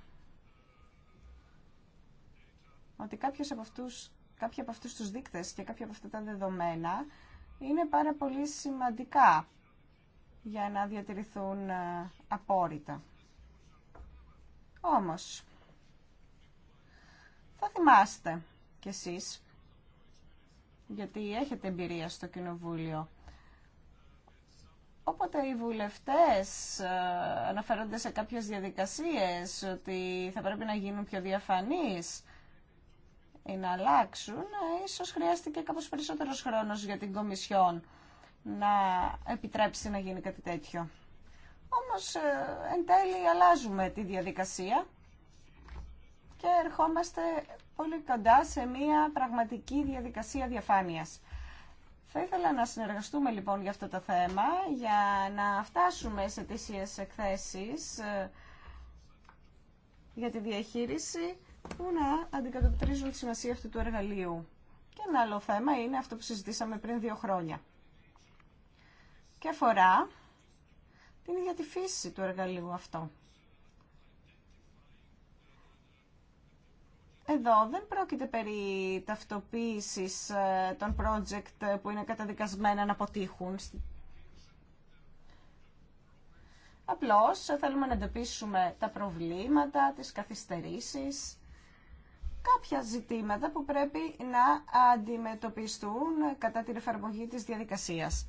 ότι κάποιος από αυτούς Κάποιοι από αυτούς τους δείκτες και κάποια από αυτά τα δεδομένα είναι πάρα πολύ σημαντικά για να διατηρηθούν ε, απόρριτα. Όμως, θα θυμάστε κι εσείς, γιατί έχετε εμπειρία στο Κοινοβούλιο, όποτε οι βουλευτές ε, αναφέρονται σε κάποιες διαδικασίες ότι θα πρέπει να γίνουν πιο διαφανείς, ή να αλλάξουν, ε, ίσως χρειάστηκε κάπως περισσότερος χρόνος για την Κομισιόν να επιτρέψει να γίνει κάτι τέτοιο. Όμως ε, εν τέλει αλλάζουμε τη διαδικασία και ερχόμαστε πολύ κοντά σε μια πραγματική διαδικασία διαφάνειας. Θα ήθελα να συνεργαστούμε λοιπόν για αυτό το θέμα, για να φτάσουμε σε τις εκθέσεις ε, για τη διαχείριση που να αντικατοπτρίζουν τη σημασία αυτού του εργαλείου. Και ένα άλλο θέμα είναι αυτό που συζητήσαμε πριν δύο χρόνια. Και αφορά την ίδια τη φύση του εργαλείου αυτό. Εδώ δεν πρόκειται περί ταυτοποίησης ε, των project που είναι καταδικασμένα να αποτύχουν. Απλώς ε, θέλουμε να εντοπίσουμε τα προβλήματα, τις καθυστερήσεις κάποια ζητήματα που πρέπει να αντιμετωπιστούν κατά την εφαρμογή της διαδικασίας.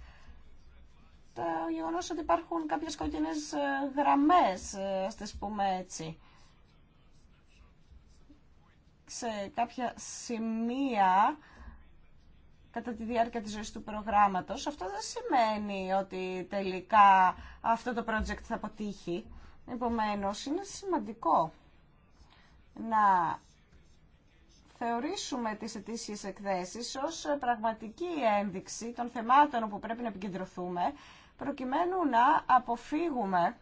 Το γεγονός ότι υπάρχουν κάποιες κόκκινες ε, γραμμές, ε, ας τις πούμε έτσι, σε κάποια σημεία κατά τη διάρκεια της ζωής του προγράμματος, αυτό δεν σημαίνει ότι τελικά αυτό το project θα αποτύχει. Επομένως, είναι σημαντικό να θεωρήσουμε τις ετήσιες εκθέσεις ως πραγματική ένδειξη των θεμάτων που πρέπει να επικεντρωθούμε, προκειμένου να αποφύγουμε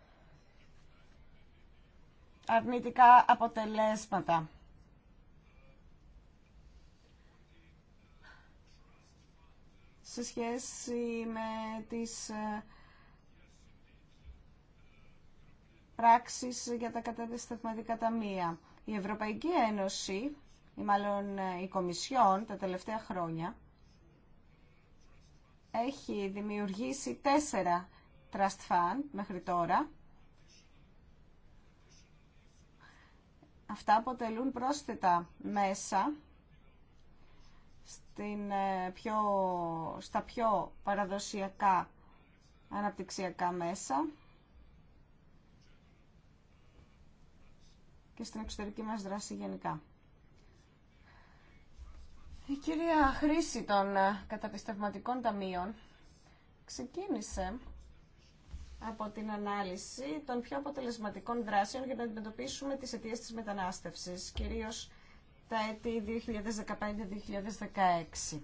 αρνητικά αποτελέσματα. Σε σχέση με τις ε, πράξεις για τα καταδεστατηματικά ταμεία. Η Ευρωπαϊκή Ένωση ή μάλλον ε, η Κομισιόν τα τελευταία χρόνια έχει δημιουργήσει τέσσερα trust fund μέχρι τώρα. Αυτά αποτελούν πρόσθετα μέσα στην ε, πιο, στα πιο παραδοσιακά αναπτυξιακά μέσα και στην εξωτερική μας δράση γενικά. Η κυρία χρήση των ε, καταπιστευματικών ταμείων ξεκίνησε από την ανάλυση των πιο αποτελεσματικών δράσεων για να αντιμετωπίσουμε τις αιτίες της μετανάστευσης, κυρίως τα έτη 2015-2016.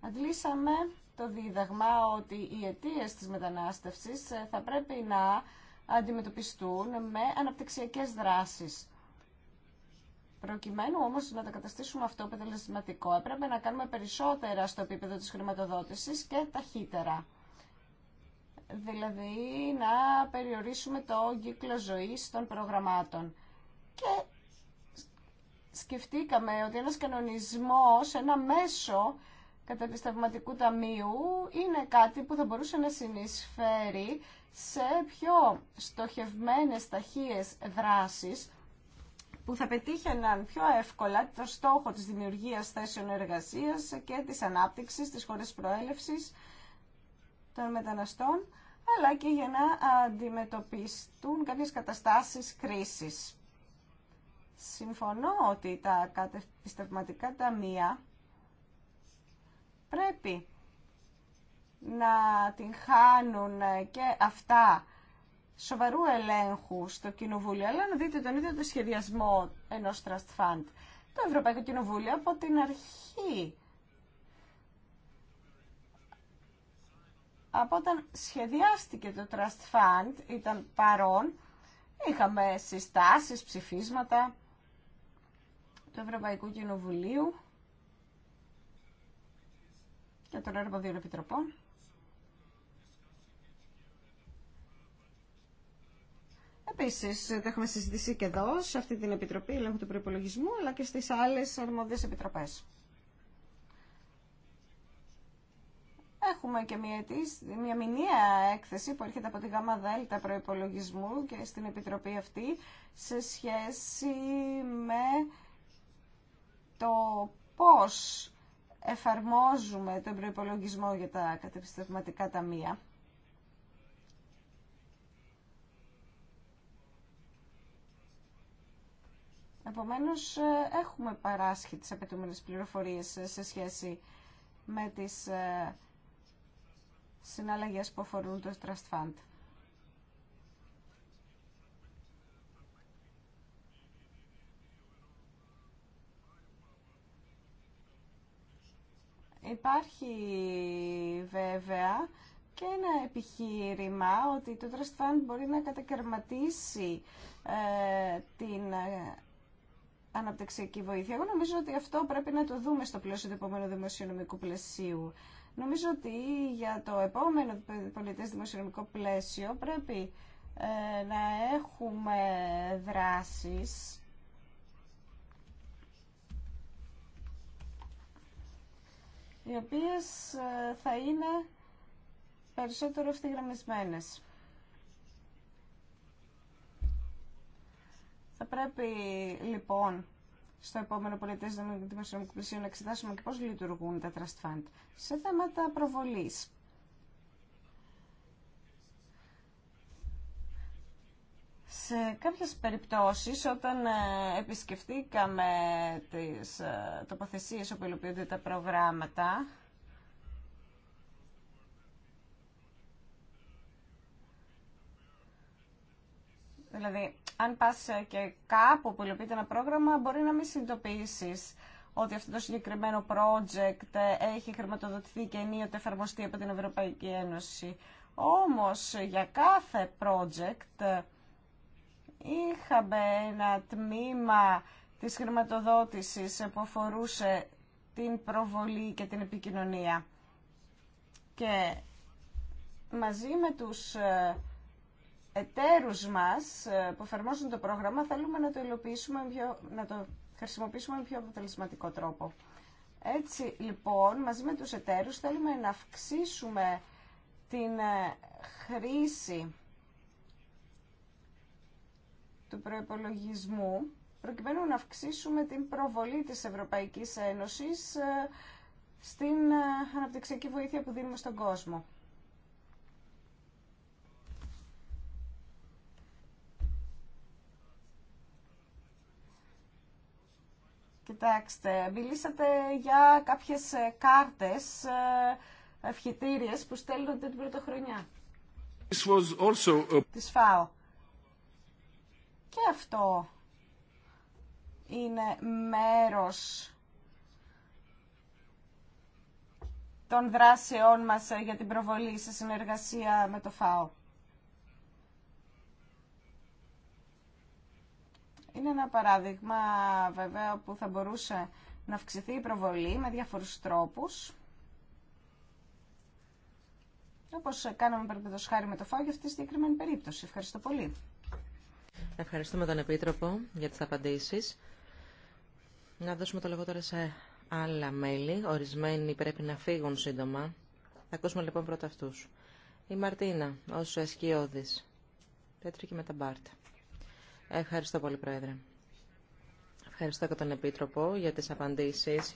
Αντλήσαμε το δίδαγμα ότι οι αιτίες της μετανάστευσης ε, θα πρέπει να αντιμετωπιστούν με αναπτυξιακές δράσεις. Προκειμένου όμως να τα καταστήσουμε αυτό αποτελεσματικό, έπρεπε να κάνουμε περισσότερα στο επίπεδο της χρηματοδότησης και ταχύτερα. Δηλαδή να περιορίσουμε το κύκλο ζωή των προγραμμάτων. Και σκεφτήκαμε ότι ένας κανονισμός, ένα μέσο καταπιστευματικού ταμείου είναι κάτι που θα μπορούσε να συνεισφέρει σε πιο στοχευμένες ταχείες δράσεις που θα πετύχαιναν πιο εύκολα το στόχο της δημιουργίας θέσεων εργασίας και της ανάπτυξης της χώρες προέλευσης των μεταναστών, αλλά και για να αντιμετωπιστούν κάποιες καταστάσεις κρίσης. Συμφωνώ ότι τα κατεπιστευματικά ταμεία πρέπει να την χάνουν και αυτά σοβαρού ελέγχου στο Κοινοβούλιο, αλλά να δείτε τον ίδιο το σχεδιασμό ενός Trust Fund. Το Ευρωπαϊκό Κοινοβούλιο από την αρχή, από όταν σχεδιάστηκε το Trust Fund, ήταν παρόν, είχαμε συστάσεις, ψηφίσματα του Ευρωπαϊκού Κοινοβουλίου και των Ευρωπαϊκών Επιτροπών. Επίση, ε, το έχουμε συζητήσει και εδώ, σε αυτή την Επιτροπή Ελέγχου του Προπολογισμού, αλλά και στι άλλε αρμόδιε επιτροπέ. Έχουμε και μια, αιτής, μια μηνιαία έκθεση που έρχεται από τη ΓΑΜΑ ΔΕΛΤΑ προϋπολογισμού και στην Επιτροπή αυτή σε σχέση με το πώς εφαρμόζουμε τον προϋπολογισμό για τα κατεπιστευματικά ταμεία. Επομένως, ε, έχουμε παράσχει τις απαιτούμενες πληροφορίες ε, σε σχέση με τις ε, συναλλαγές που αφορούν το Trust Fund. Υπάρχει βέβαια και ένα επιχείρημα ότι το Trust Fund μπορεί να κατακαιρματίσει την αναπτυξιακή βοήθεια. Εγώ νομίζω ότι αυτό πρέπει να το δούμε στο πλαίσιο του επόμενου δημοσιονομικού πλαισίου. Νομίζω ότι για το επόμενο πολιτές δημοσιονομικό πλαίσιο πρέπει ε, να έχουμε δράσεις οι οποίες ε, θα είναι περισσότερο ευθυγραμμισμένες. Θα πρέπει λοιπόν στο επόμενο πολιτές δημοσιονομικού να εξετάσουμε και πώς λειτουργούν τα trust fund σε θέματα προβολής. Σε κάποιες περιπτώσεις όταν ε, επισκεφτήκαμε τις ε, τοποθεσίες όπου υλοποιούνται τα προγράμματα Δηλαδή, αν πα ε, και κάπου που υλοποιείται ένα πρόγραμμα, μπορεί να μην συνειδητοποιήσει ότι αυτό το συγκεκριμένο project ε, έχει χρηματοδοτηθεί και ενίοτε εφαρμοστεί από την Ευρωπαϊκή Ένωση. Όμως για κάθε project ε, είχαμε ένα τμήμα της χρηματοδότησης που αφορούσε την προβολή και την επικοινωνία. Και μαζί με τους εταίρου μας ε, που εφαρμόζουν το πρόγραμμα θέλουμε να το, υλοποιήσουμε πιο, να το χρησιμοποιήσουμε με πιο αποτελεσματικό τρόπο. Έτσι λοιπόν, μαζί με τους εταίρους θέλουμε να αυξήσουμε την ε, χρήση του προϋπολογισμού προκειμένου να αυξήσουμε την προβολή της Ευρωπαϊκής Ένωσης ε, στην αναπτυξιακή βοήθεια που δίνουμε στον κόσμο. Κοιτάξτε, μιλήσατε για κάποιες ε, κάρτες ε, ευχητήριες που στέλνονται την πρωτοχρονιά. This was also Της ΦΑΟ. Και αυτό είναι μέρος των δράσεών μας ε, για την προβολή σε συνεργασία με το ΦΑΟ. Είναι ένα παράδειγμα βέβαια που θα μπορούσε να αυξηθεί η προβολή με διάφορους τρόπους. Όπως κάναμε παραδείγματος χάρη με το φάγιο για αυτή τη συγκεκριμένη περίπτωση. Ευχαριστώ πολύ. Ευχαριστούμε τον Επίτροπο για τις απαντήσεις. Να δώσουμε το λόγο τώρα σε άλλα μέλη. Ορισμένοι πρέπει να φύγουν σύντομα. Θα ακούσουμε λοιπόν πρώτα αυτούς. Η Μαρτίνα, ως ασκιώδης, Πέτρη και τα Μπάρτα. Ευχαριστώ πολύ, Πρόεδρε. Ευχαριστώ και τον Επίτροπο για τις απαντήσεις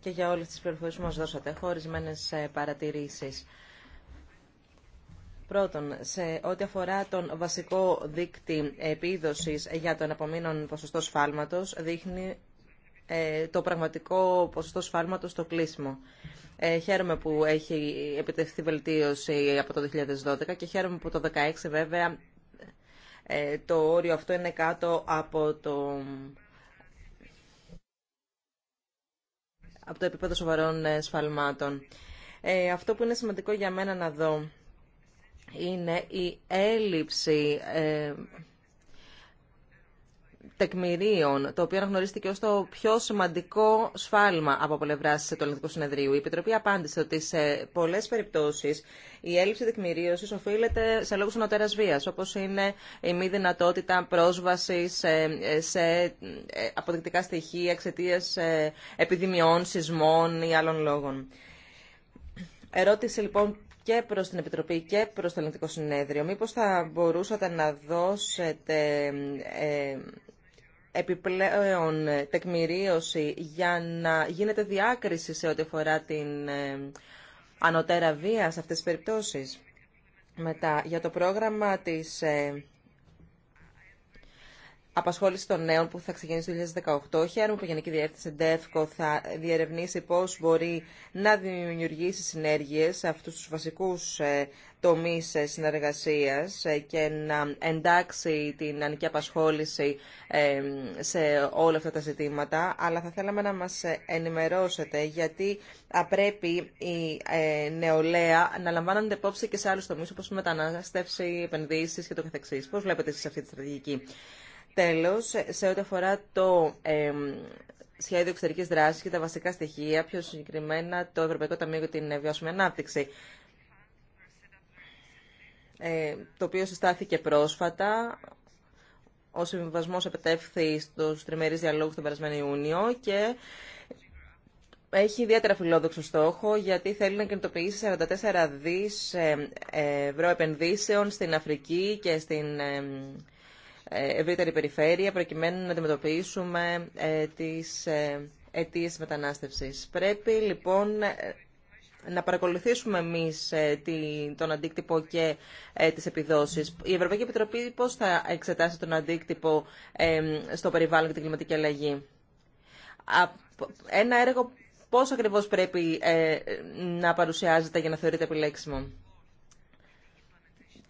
και για όλες τις πληροφορίες που μας δώσατε. Χωρισμένες ε, παρατηρήσεις. Πρώτον, σε ό,τι αφορά τον βασικό δίκτυ επίδοσης για τον απομείνον ποσοστό σφάλματος, δείχνει ε, το πραγματικό ποσοστό σφάλματος στο κλείσιμο. Ε, χαίρομαι που έχει επιτευχθεί βελτίωση από το 2012 και χαίρομαι που το 2016 βέβαια ε, το όριο αυτό είναι κάτω από το, από το επίπεδο σοβαρών ε, σφαλμάτων. Ε, αυτό που είναι σημαντικό για μένα να δω είναι η έλλειψη τεκμηρίων, το οποίο αναγνωρίστηκε ω το πιο σημαντικό σφάλμα από πλευρά του Ελληνικού Συνεδρίου. Η Επιτροπή απάντησε ότι σε πολλέ περιπτώσει η έλλειψη τεκμηρίωση οφείλεται σε λόγου ανωτέρα βία, όπω είναι η μη δυνατότητα πρόσβαση σε ε, αποδεικτικά στοιχεία εξαιτία ε, επιδημιών, σεισμών ή άλλων λόγων. Ερώτηση λοιπόν και προς την Επιτροπή και προς το Ελληνικό Συνέδριο. Μήπως θα μπορούσατε να δώσετε ε, επιπλέον ε, τεκμηρίωση για να γίνεται διάκριση σε ό,τι αφορά την ε, ανωτέρα βία σε αυτές τις περιπτώσεις. Μετά, για το πρόγραμμα της ε, απασχόληση των νέων που θα ξεκινήσει το 2018. Χαίρομαι που η Γενική Διεύθυνση ΔΕΦΚΟ θα διερευνήσει πώ μπορεί να δημιουργήσει συνέργειε σε αυτού του βασικού ε, τομεί ε, συνεργασία ε, και να εντάξει την ανική απασχόληση σε όλα αυτά τα ζητήματα. Αλλά θα θέλαμε να μα ενημερώσετε γιατί πρέπει η νεολαία να λαμβάνονται υπόψη και σε άλλου τομεί όπω η μετανάστευση, επενδύσει και το καθεξή. Πώ βλέπετε εσεί αυτή τη στρατηγική. Τέλος, σε ό,τι αφορά το ε, σχέδιο εξωτερικής δράσης και τα βασικά στοιχεία, πιο συγκεκριμένα το Ευρωπαϊκό Ταμείο για την Βιώσιμη Ανάπτυξη, ε, το οποίο συστάθηκε πρόσφατα, ο συμβιβασμό επετεύχθη στου τριμερείς διαλόγους τον περασμένο Ιούνιο και έχει ιδιαίτερα φιλόδοξο στόχο γιατί θέλει να κινητοποιήσει 44 δις ε, ευρώ επενδύσεων στην Αφρική και στην ε, ε, ευρύτερη περιφέρεια προκειμένου να αντιμετωπίσουμε ε, τις ε, αιτίε μετανάστευσης. Πρέπει λοιπόν να παρακολουθήσουμε εμείς τον αντίκτυπο και τις επιδόσεις. Η Ευρωπαϊκή Επιτροπή πώς θα εξετάσει τον αντίκτυπο στο περιβάλλον και την κλιματική αλλαγή. Ένα έργο πώς ακριβώς πρέπει να παρουσιάζεται για να θεωρείται επιλέξιμο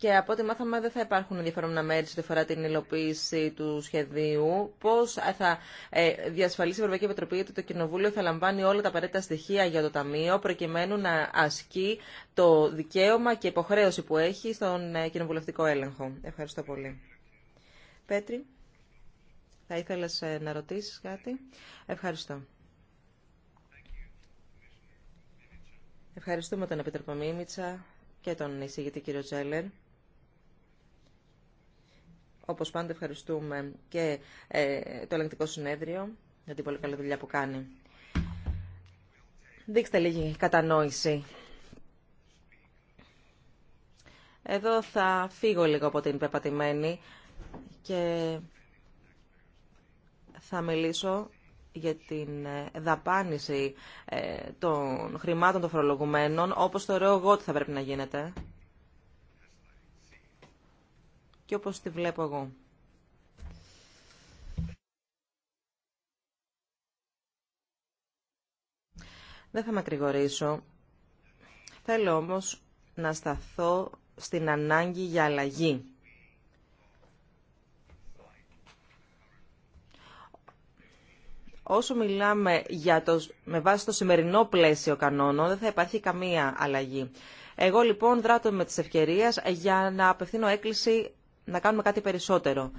και από ό,τι μάθαμε δεν θα υπάρχουν ενδιαφέροντα μέρη σε αφορά την υλοποίηση του σχεδίου. Πώ θα ε, διασφαλίσει η Ευρωπαϊκή Επιτροπή ότι το Κοινοβούλιο θα λαμβάνει όλα τα απαραίτητα στοιχεία για το Ταμείο, προκειμένου να ασκεί το δικαίωμα και υποχρέωση που έχει στον ε, κοινοβουλευτικό έλεγχο. Ευχαριστώ πολύ. Πέτρη, θα ήθελες ε, να ρωτήσει κάτι. Ευχαριστώ. Ευχαριστούμε τον Επίτροπο Μίμητσα και τον εισηγητή κύριο Τζέλερ όπως πάντα ευχαριστούμε και ε, το ελεγκτικό συνέδριο για την πολύ καλή δουλειά που κάνει. Δείξτε λίγη κατανόηση. Εδώ θα φύγω λίγο από την πεπατημένη και θα μιλήσω για την ε, δαπάνηση ε, των χρημάτων των φορολογουμένων, όπως θεωρώ εγώ θα πρέπει να γίνεται και όπως τη βλέπω εγώ. Δεν θα μακρηγορήσω. Θέλω όμως να σταθώ στην ανάγκη για αλλαγή. Όσο μιλάμε για το, με βάση το σημερινό πλαίσιο κανόνων, δεν θα υπάρχει καμία αλλαγή. Εγώ λοιπόν δράτω με τις ευκαιρίες για να απευθύνω έκκληση να κάνουμε κάτι περισσότερο.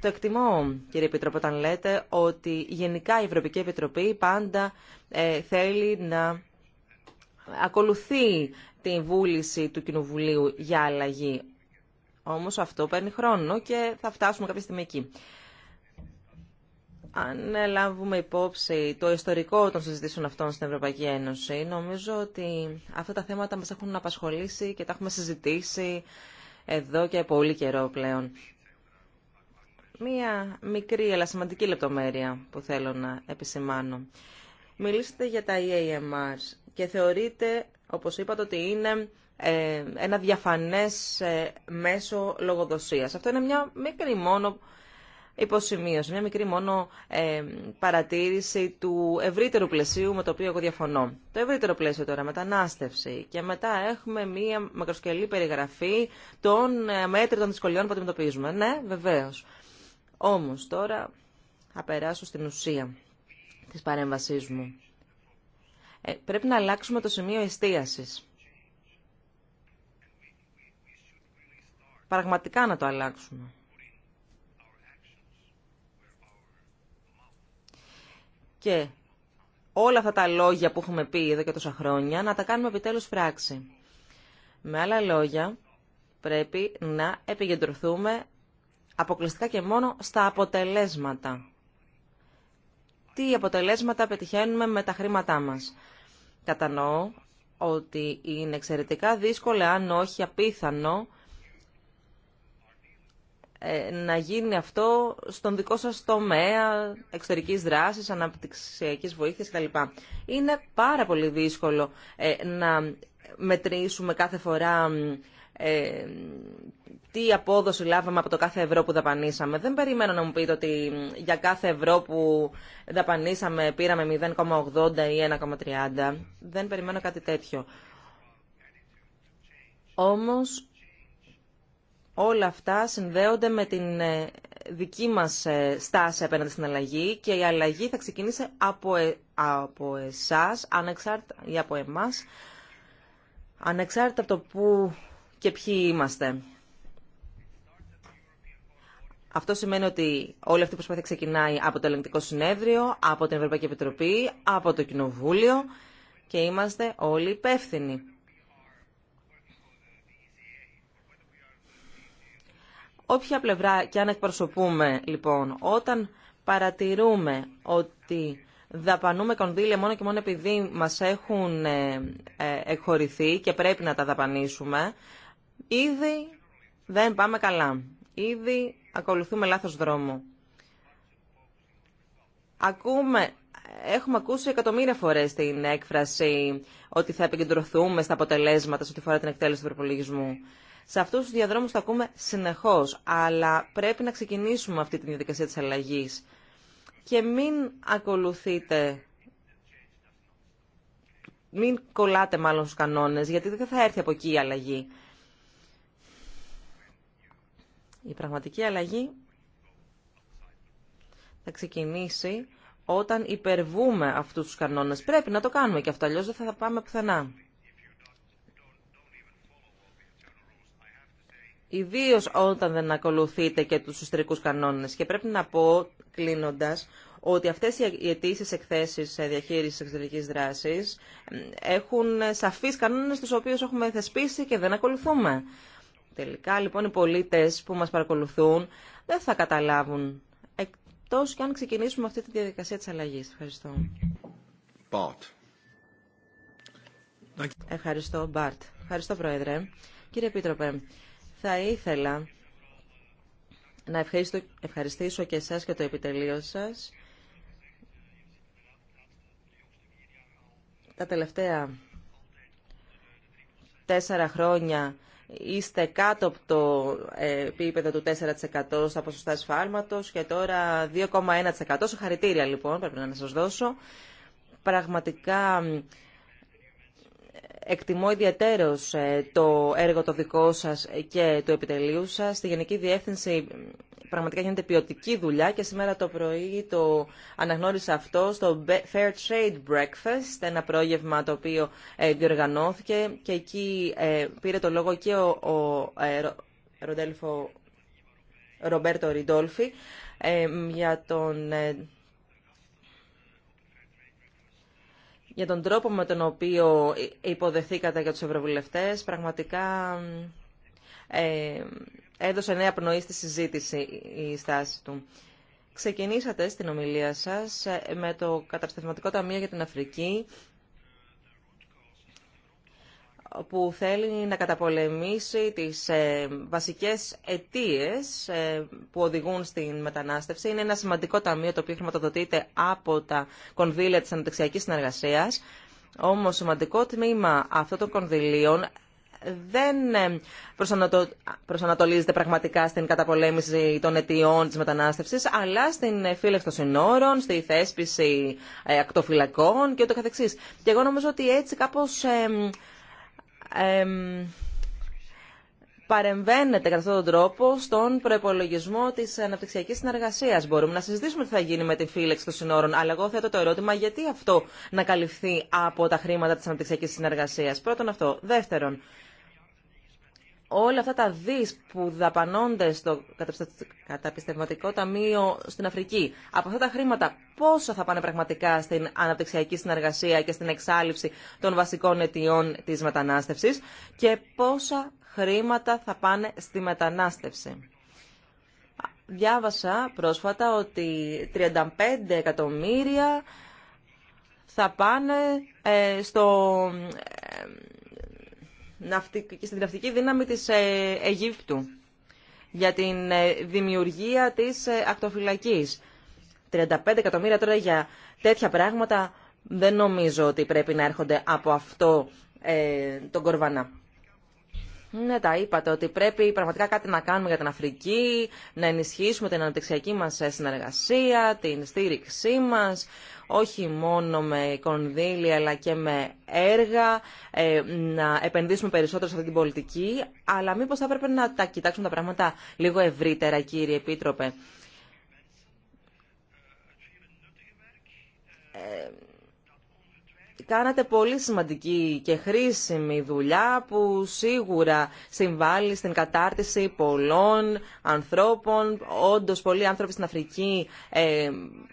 Το εκτιμώ, κύριε Επίτροπο, όταν λέτε ότι γενικά η Ευρωπαϊκή Επιτροπή πάντα ε, θέλει να ακολουθεί την βούληση του Κοινοβουλίου για αλλαγή. Όμως αυτό παίρνει χρόνο και θα φτάσουμε κάποια στιγμή εκεί. Αν λάβουμε υπόψη το ιστορικό των συζητήσεων αυτών στην Ευρωπαϊκή Ένωση, νομίζω ότι αυτά τα θέματα μας έχουν απασχολήσει και τα έχουμε συζητήσει εδώ και πολύ καιρό πλέον. Μία μικρή αλλά σημαντική λεπτομέρεια που θέλω να επισημάνω. Μιλήσατε για τα EAMR και θεωρείτε, όπως είπατε, ότι είναι ε, ένα διαφανές ε, μέσο λογοδοσίας. Αυτό είναι μια μικρή μόνο υποσημείωση, μια μικρή μόνο ε, παρατήρηση του ευρύτερου πλαισίου με το οποίο εγώ διαφωνώ. Το ευρύτερο πλαίσιο τώρα, μετανάστευση. Και μετά έχουμε μια μακροσκελή περιγραφή των ε, μέτρων των δυσκολιών που αντιμετωπίζουμε. Ναι, βεβαίω. Όμω τώρα θα περάσω στην ουσία της παρέμβασή μου. Ε, πρέπει να αλλάξουμε το σημείο εστίαση. Πραγματικά να το αλλάξουμε. και όλα αυτά τα λόγια που έχουμε πει εδώ και τόσα χρόνια να τα κάνουμε επιτέλους πράξη. Με άλλα λόγια, πρέπει να επικεντρωθούμε αποκλειστικά και μόνο στα αποτελέσματα. Τι αποτελέσματα πετυχαίνουμε με τα χρήματά μας. Κατανοώ ότι είναι εξαιρετικά δύσκολο, αν όχι απίθανο, ε, να γίνει αυτό στον δικό σας τομέα εξωτερικής δράσης, αναπτυξιακής βοήθειας κτλ. Είναι πάρα πολύ δύσκολο ε, να μετρήσουμε κάθε φορά ε, τι απόδοση λάβαμε από το κάθε ευρώ που δαπανίσαμε. Δεν περιμένω να μου πείτε ότι για κάθε ευρώ που δαπανίσαμε πήραμε 0,80 ή 1,30. Δεν περιμένω κάτι τέτοιο. Όμως όλα αυτά συνδέονται με την ε, δική μας ε, στάση απέναντι στην αλλαγή και η αλλαγή θα ξεκινήσει από, ε, από εσάς ανεξάρτητα, ή από εμάς ανεξάρτητα από το που και ποιοι είμαστε. Αυτό σημαίνει ότι όλη αυτή η προσπάθεια ξεκινάει από το Ελληνικό Συνέδριο, από την Ευρωπαϊκή Επιτροπή, από το Κοινοβούλιο και είμαστε όλοι υπεύθυνοι. Όποια πλευρά και αν εκπροσωπούμε, λοιπόν, όταν παρατηρούμε ότι δαπανούμε κονδύλια μόνο και μόνο επειδή μας έχουν ε, ε, εκχωρηθεί και πρέπει να τα δαπανίσουμε, ήδη δεν πάμε καλά. Ήδη ακολουθούμε λάθος δρόμο. Ακούμε, έχουμε ακούσει εκατομμύρια φορές την έκφραση ότι θα επικεντρωθούμε στα αποτελέσματα σε ό,τι φορά την εκτέλεση του προπολογισμού. Σε αυτού του διαδρόμου θα ακούμε συνεχώς, αλλά πρέπει να ξεκινήσουμε αυτή τη διαδικασία τη αλλαγή. και μην ακολουθείτε, μην κολλάτε μάλλον στους κανόνες, γιατί δεν θα έρθει από εκεί η αλλαγή. Η πραγματική αλλαγή θα ξεκινήσει όταν υπερβούμε αυτούς τους κανόνες. Πρέπει να το κάνουμε και αυτό, αλλιώς δεν θα πάμε πουθενά. Ιδίω όταν δεν ακολουθείτε και του ιστορικούς κανόνε. Και πρέπει να πω, κλείνοντα, ότι αυτέ οι αιτήσει εκθέσεις ε, διαχείριση εξωτερική δράση έχουν σαφείς κανόνε του οποίου έχουμε θεσπίσει και δεν ακολουθούμε. Τελικά, λοιπόν, οι πολίτε που μα παρακολουθούν δεν θα καταλάβουν εκτό και αν ξεκινήσουμε αυτή τη διαδικασία τη αλλαγή. Ευχαριστώ. Bart. Ευχαριστώ, Μπάρτ. Ευχαριστώ, Πρόεδρε. Κύριε Επίτροπε, θα ήθελα να ευχαριστήσω και εσάς και το επιτελείο σας. Τα τελευταία τέσσερα χρόνια είστε κάτω από το ε, επίπεδο του 4% στα ποσοστά σφάλματος και τώρα 2,1%. Συγχαρητήρια λοιπόν πρέπει να σας δώσω. Πραγματικά εκτιμώ ιδιαίτερως ε, το έργο το δικό σας και του επιτελείου σας. Στη Γενική Διεύθυνση πραγματικά γίνεται ποιοτική δουλειά και σήμερα το πρωί το αναγνώρισα αυτό στο Fair Trade Breakfast, ένα πρόγευμα το οποίο ε, διοργανώθηκε και εκεί ε, πήρε το λόγο και ο, Ροντέλφο Ρομπέρτο Ριντόλφη για τον για τον τρόπο με τον οποίο ε, υποδεθήκατε για τους ευρωβουλευτές. Πραγματικά ε, έδωσε νέα πνοή στη συζήτηση η στάση του. Ξεκινήσατε στην ομιλία σας ε, με το καταστηματικό ταμείο για την Αφρική που θέλει να καταπολεμήσει τις ε, βασικές αιτίες ε, που οδηγούν στην μετανάστευση. Είναι ένα σημαντικό ταμείο το οποίο χρηματοδοτείται από τα κονδύλια της αναπτυξιακής συνεργασίας. Όμως σημαντικό τμήμα αυτών των κονδυλίων δεν ε, προσανατολίζεται πραγματικά στην καταπολέμηση των αιτιών της μετανάστευσης, αλλά στην φύλαξη των συνόρων, στη θέσπιση ακτοφυλακών και ούτω καθεξής. Και εγώ νομίζω ότι έτσι κάπως παρεμβαίνεται κατά αυτόν τον τρόπο στον προπολογισμό τη αναπτυξιακή συνεργασία. Μπορούμε να συζητήσουμε τι θα γίνει με τη φύλεξη των συνόρων, αλλά εγώ θέτω το ερώτημα γιατί αυτό να καλυφθεί από τα χρήματα τη αναπτυξιακή συνεργασία. Πρώτον αυτό. Δεύτερον, όλα αυτά τα δις που δαπανώνται στο καταπιστευματικό ταμείο στην Αφρική, από αυτά τα χρήματα πόσα θα πάνε πραγματικά στην αναπτυξιακή συνεργασία και στην εξάλληψη των βασικών αιτιών της μετανάστευσης και πόσα χρήματα θα πάνε στη μετανάστευση. Διάβασα πρόσφατα ότι 35 εκατομμύρια θα πάνε ε, στο ε, στην ναυτική δύναμη της ε, Αιγύπτου για την ε, δημιουργία της ε, ακτοφυλακής. 35 εκατομμύρια τώρα για τέτοια πράγματα δεν νομίζω ότι πρέπει να έρχονται από αυτό τον κορβανά. Ναι, τα είπατε ότι πρέπει πραγματικά κάτι να κάνουμε για την Αφρική, να ενισχύσουμε την αναπτυξιακή μας συνεργασία, την στήριξή μας, όχι μόνο με κονδύλια αλλά και με έργα, ε, να επενδύσουμε περισσότερο σε αυτή την πολιτική, αλλά μήπω θα έπρεπε να τα κοιτάξουμε τα πράγματα λίγο ευρύτερα, κύριε Επίτροπε. κάνατε πολύ σημαντική και χρήσιμη δουλειά που σίγουρα συμβάλλει στην κατάρτιση πολλών ανθρώπων. Όντως πολλοί άνθρωποι στην Αφρική ε,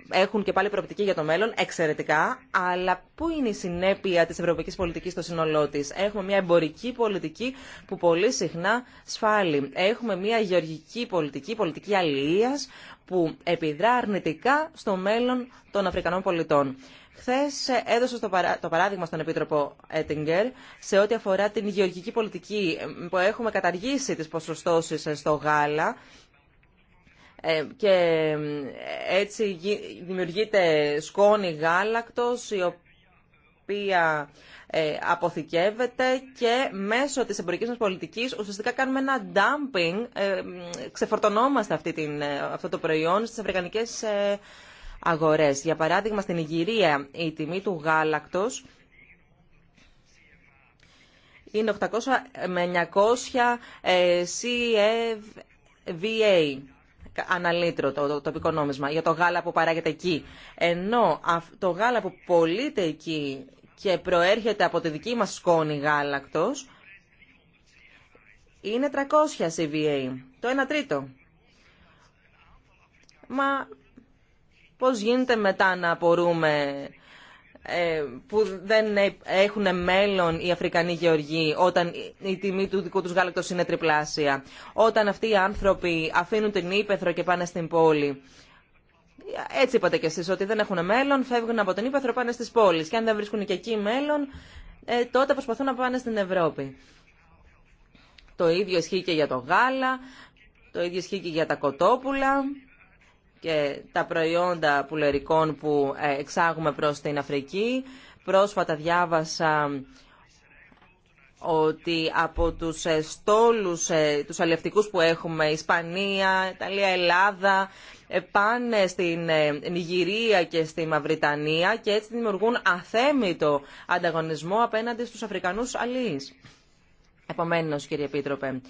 έχουν και πάλι προοπτική για το μέλλον, εξαιρετικά. Αλλά πού είναι η συνέπεια της ευρωπαϊκής πολιτικής στο σύνολό τη. Έχουμε μια εμπορική πολιτική που πολύ συχνά σφάλει. Έχουμε μια γεωργική πολιτική, πολιτική αλληλείας που επιδρά αρνητικά στο μέλλον των Αφρικανών πολιτών. Χθε έδωσε το παράδειγμα στον Επίτροπο Έτιγκερ σε ό,τι αφορά την γεωργική πολιτική που έχουμε καταργήσει τις ποσοστώσεις ε, στο γάλα ε, και έτσι δημιουργείται σκόνη γάλακτος η οποία ε, αποθηκεύεται και μέσω της εμπορικής μας πολιτικής ουσιαστικά κάνουμε ένα dumping, ξεφορτωνόμαστε αυτή την, αυτό το προϊόν στις αφρικανικές αγορές. Για παράδειγμα, στην Ιγυρία η τιμή του γάλακτος είναι 800 με 900 ε, CFVA αναλύτρο το τοπικό νόμισμα για το γάλα που παράγεται εκεί. Ενώ το γάλα που πωλείται εκεί και προέρχεται από τη δική μας σκόνη γάλακτος είναι 300 CVA, το 1 τρίτο. Μα πώς γίνεται μετά να απορούμε ε, που δεν ε, έχουν μέλλον οι Αφρικανοί γεωργοί όταν η τιμή του δικού τους γάλακτος είναι τριπλάσια. Όταν αυτοί οι άνθρωποι αφήνουν την Ήπεθρο και πάνε στην πόλη. Έτσι είπατε κι εσείς ότι δεν έχουν μέλλον, φεύγουν από την Ήπεθρο, πάνε στις πόλεις. Και αν δεν βρίσκουν και εκεί μέλλον, ε, τότε προσπαθούν να πάνε στην Ευρώπη. Το ίδιο ισχύει και για το γάλα, το ίδιο ισχύει και για τα κοτόπουλα και τα προϊόντα πουλερικών που ε, εξάγουμε προς την Αφρική. Πρόσφατα διάβασα ότι από τους ε, στόλους, ε, τους αλληλευτικούς που έχουμε, Ισπανία, Ιταλία, Ελλάδα, πάνε στην Νιγηρία και στη Μαυριτανία και έτσι δημιουργούν αθέμητο ανταγωνισμό απέναντι στους Αφρικανούς αλληλείς. Επομένως, κύριε Επίτροπε,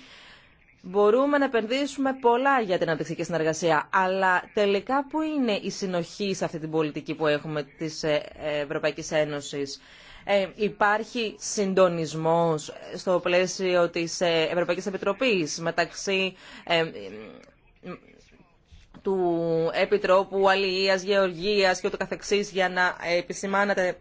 Μπορούμε να επενδύσουμε πολλά για την αναπτυξιακή συνεργασία, αλλά τελικά πού είναι η συνοχή σε αυτή την πολιτική που έχουμε της ε, Ευρωπαϊκής Ένωσης. Ε, υπάρχει συντονισμός στο πλαίσιο της ε, Ευρωπαϊκής Επιτροπής μεταξύ ε, του Επιτρόπου Αλληλείας, Γεωργίας και ούτω καθεξής για να επισημάνατε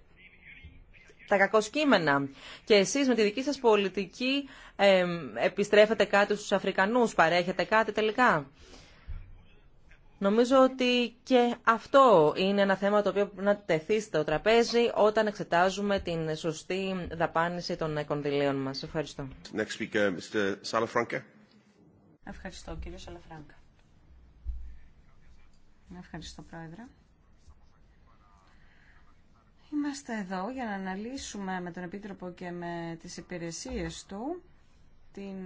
τα κακοσκήμενα Και εσείς με τη δική σας πολιτική ε, επιστρέφετε κάτι στους Αφρικανούς, παρέχετε κάτι τελικά. Νομίζω ότι και αυτό είναι ένα θέμα το οποίο πρέπει να τεθεί στο τραπέζι όταν εξετάζουμε την σωστή δαπάνηση των κονδυλίων μας. Ευχαριστώ. Next speaker, Mr. Salafranca. Ευχαριστώ, κύριο Σαλαφράγκα. Ευχαριστώ, Πρόεδρε. Είμαστε εδώ για να αναλύσουμε με τον Επίτροπο και με τις υπηρεσίες του την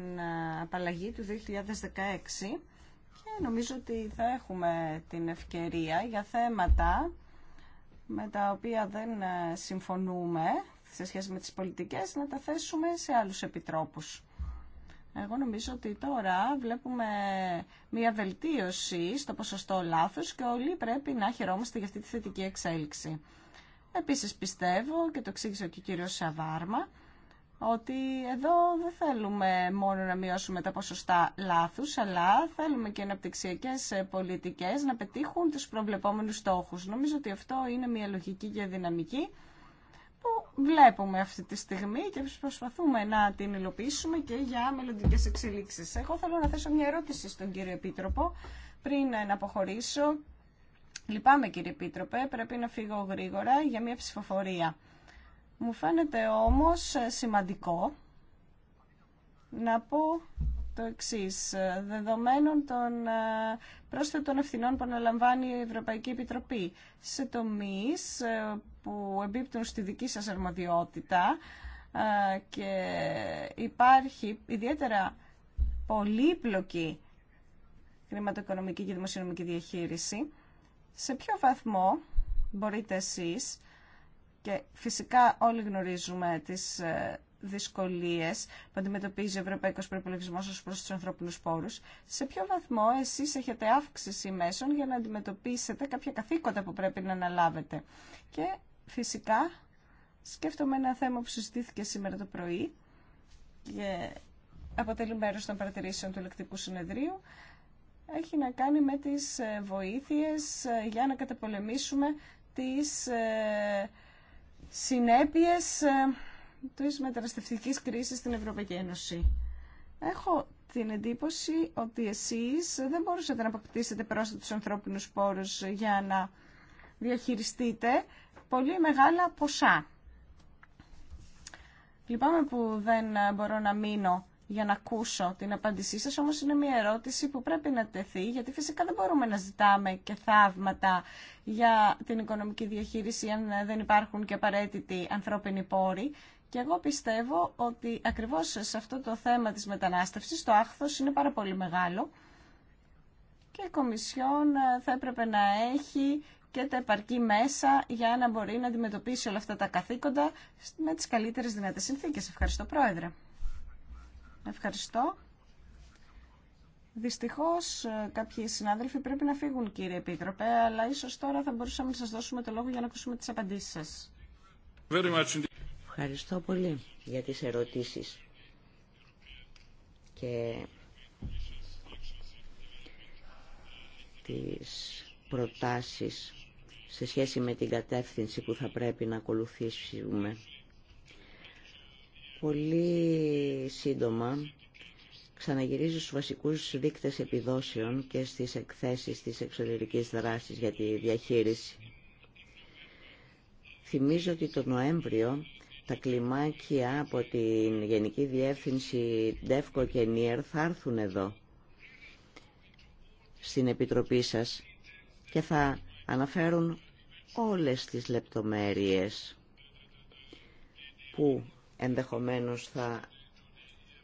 απαλλαγή του 2016 και νομίζω ότι θα έχουμε την ευκαιρία για θέματα με τα οποία δεν συμφωνούμε σε σχέση με τις πολιτικές να τα θέσουμε σε άλλους επιτρόπους. Εγώ νομίζω ότι τώρα βλέπουμε μια βελτίωση στο ποσοστό λάθος και όλοι πρέπει να χαιρόμαστε για αυτή τη θετική εξέλιξη. Επίσης πιστεύω, και το εξήγησε και ο κύριος Σαβάρμα, ότι εδώ δεν θέλουμε μόνο να μειώσουμε τα ποσοστά λάθους, αλλά θέλουμε και αναπτυξιακές ε, πολιτικές να πετύχουν τους προβλεπόμενους στόχους. Νομίζω ότι αυτό είναι μια λογική και δυναμική που βλέπουμε αυτή τη στιγμή και προσπαθούμε να την υλοποιήσουμε και για μελλοντικέ εξελίξεις. Εγώ θέλω να θέσω μια ερώτηση στον κύριο Επίτροπο πριν να αποχωρήσω Λυπάμαι κύριε πίτροπε, πρέπει να φύγω γρήγορα για μια ψηφοφορία. Μου φαίνεται όμως ε, σημαντικό να πω το εξή. Ε, δεδομένων των ε, πρόσθετων ευθυνών που αναλαμβάνει η Ευρωπαϊκή Επιτροπή σε τομεί που εμπίπτουν στη δική σας αρμοδιότητα και υπάρχει ιδιαίτερα πολύπλοκη χρηματοοικονομική και δημοσιονομική διαχείριση σε ποιο βαθμό μπορείτε εσείς και φυσικά όλοι γνωρίζουμε τις ε, δυσκολίες που αντιμετωπίζει ο Ευρωπαϊκός Προϋπολογισμός ως προς τους ανθρώπινους πόρους, σε ποιο βαθμό εσείς έχετε αύξηση μέσων για να αντιμετωπίσετε κάποια καθήκοντα που πρέπει να αναλάβετε. Και φυσικά σκέφτομαι ένα θέμα που συζητήθηκε σήμερα το πρωί και αποτελεί μέρος των παρατηρήσεων του Ελεκτικού Συνεδρίου, έχει να κάνει με τις ε, βοήθειες ε, για να καταπολεμήσουμε τις ε, συνέπειες της μεταναστευτικής κρίσης στην Ευρωπαϊκή Ένωση. Έχω την εντύπωση ότι εσείς δεν μπορούσατε να αποκτήσετε πρόσθετους ανθρώπινους πόρους για να διαχειριστείτε πολύ μεγάλα ποσά. Λυπάμαι που δεν μπορώ να μείνω για να ακούσω την απάντησή σας, όμως είναι μια ερώτηση που πρέπει να τεθεί, γιατί φυσικά δεν μπορούμε να ζητάμε και θαύματα για την οικονομική διαχείριση αν δεν υπάρχουν και απαραίτητοι ανθρώπινοι πόροι. Και εγώ πιστεύω ότι ακριβώς σε αυτό το θέμα της μετανάστευσης το άχθος είναι πάρα πολύ μεγάλο και η Κομισιόν θα έπρεπε να έχει και τα επαρκή μέσα για να μπορεί να αντιμετωπίσει όλα αυτά τα καθήκοντα με τις καλύτερες δυνατές συνθήκες. Ευχαριστώ Πρόεδρε. Ευχαριστώ. Δυστυχώς ε, κάποιοι συνάδελφοι πρέπει να φύγουν κύριε Επίτροπε, αλλά ίσως τώρα θα μπορούσαμε να σας δώσουμε το λόγο για να ακούσουμε τις απαντήσεις σας. Ευχαριστώ πολύ για τις ερωτήσεις. Και τις προτάσεις σε σχέση με την κατεύθυνση που θα πρέπει να ακολουθήσουμε Πολύ σύντομα ξαναγυρίζω στους βασικούς δείκτες επιδόσεων και στις εκθέσεις της εξωτερικής δράσης για τη διαχείριση. Θυμίζω ότι το Νοέμβριο τα κλιμάκια από την Γενική Διεύθυνση Ντεύκο και ΝΙΕΡ θα έρθουν εδώ στην Επιτροπή σας και θα αναφέρουν όλες τις λεπτομέρειες που ενδεχομένως θα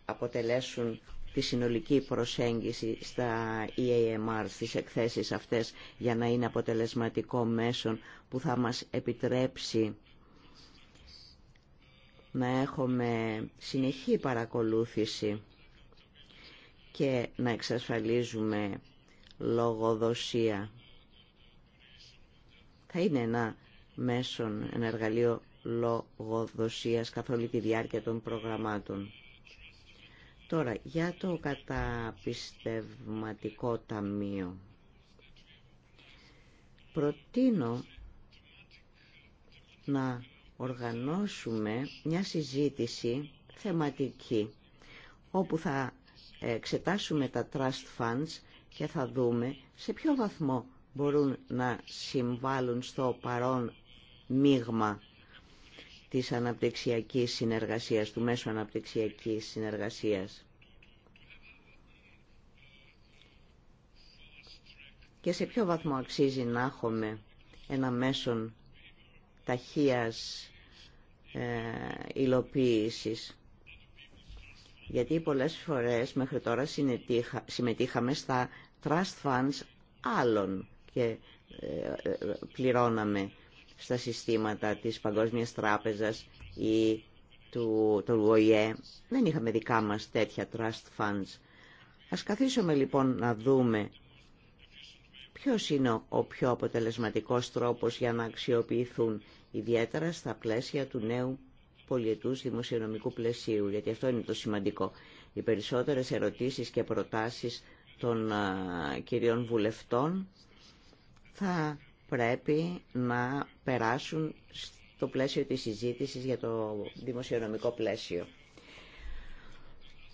αποτελέσουν τη συνολική προσέγγιση στα EAMR, στις εκθέσεις αυτές, για να είναι αποτελεσματικό μέσον που θα μας επιτρέψει να έχουμε συνεχή παρακολούθηση και να εξασφαλίζουμε λογοδοσία. Θα είναι ένα μέσον, ένα εργαλείο λογοδοσίας καθ' όλη τη διάρκεια των προγραμμάτων. Τώρα, για το καταπιστευματικό ταμείο. Προτείνω να οργανώσουμε μια συζήτηση θεματική, όπου θα εξετάσουμε τα trust funds και θα δούμε σε ποιο βαθμό μπορούν να συμβάλλουν στο παρόν μείγμα της αναπτυξιακής συνεργασίας, του μέσου αναπτυξιακής συνεργασίας. Και σε ποιο βαθμό αξίζει να έχουμε ένα μέσον ταχείας ε, υλοποίησης. Γιατί πολλές φορές μέχρι τώρα συμμετείχαμε στα trust funds άλλων και ε, ε, ε, πληρώναμε στα συστήματα της Παγκόσμιας Τράπεζας ή του, του Δεν είχαμε δικά μας τέτοια trust funds. Ας καθίσουμε λοιπόν να δούμε ποιος είναι ο πιο αποτελεσματικός τρόπος για να αξιοποιηθούν ιδιαίτερα στα πλαίσια του νέου πολιετούς δημοσιονομικού πλαισίου, γιατί αυτό είναι το σημαντικό. Οι περισσότερες ερωτήσεις και προτάσεις των κυρίων βουλευτών θα πρέπει να περάσουν στο πλαίσιο της συζήτησης για το δημοσιονομικό πλαίσιο.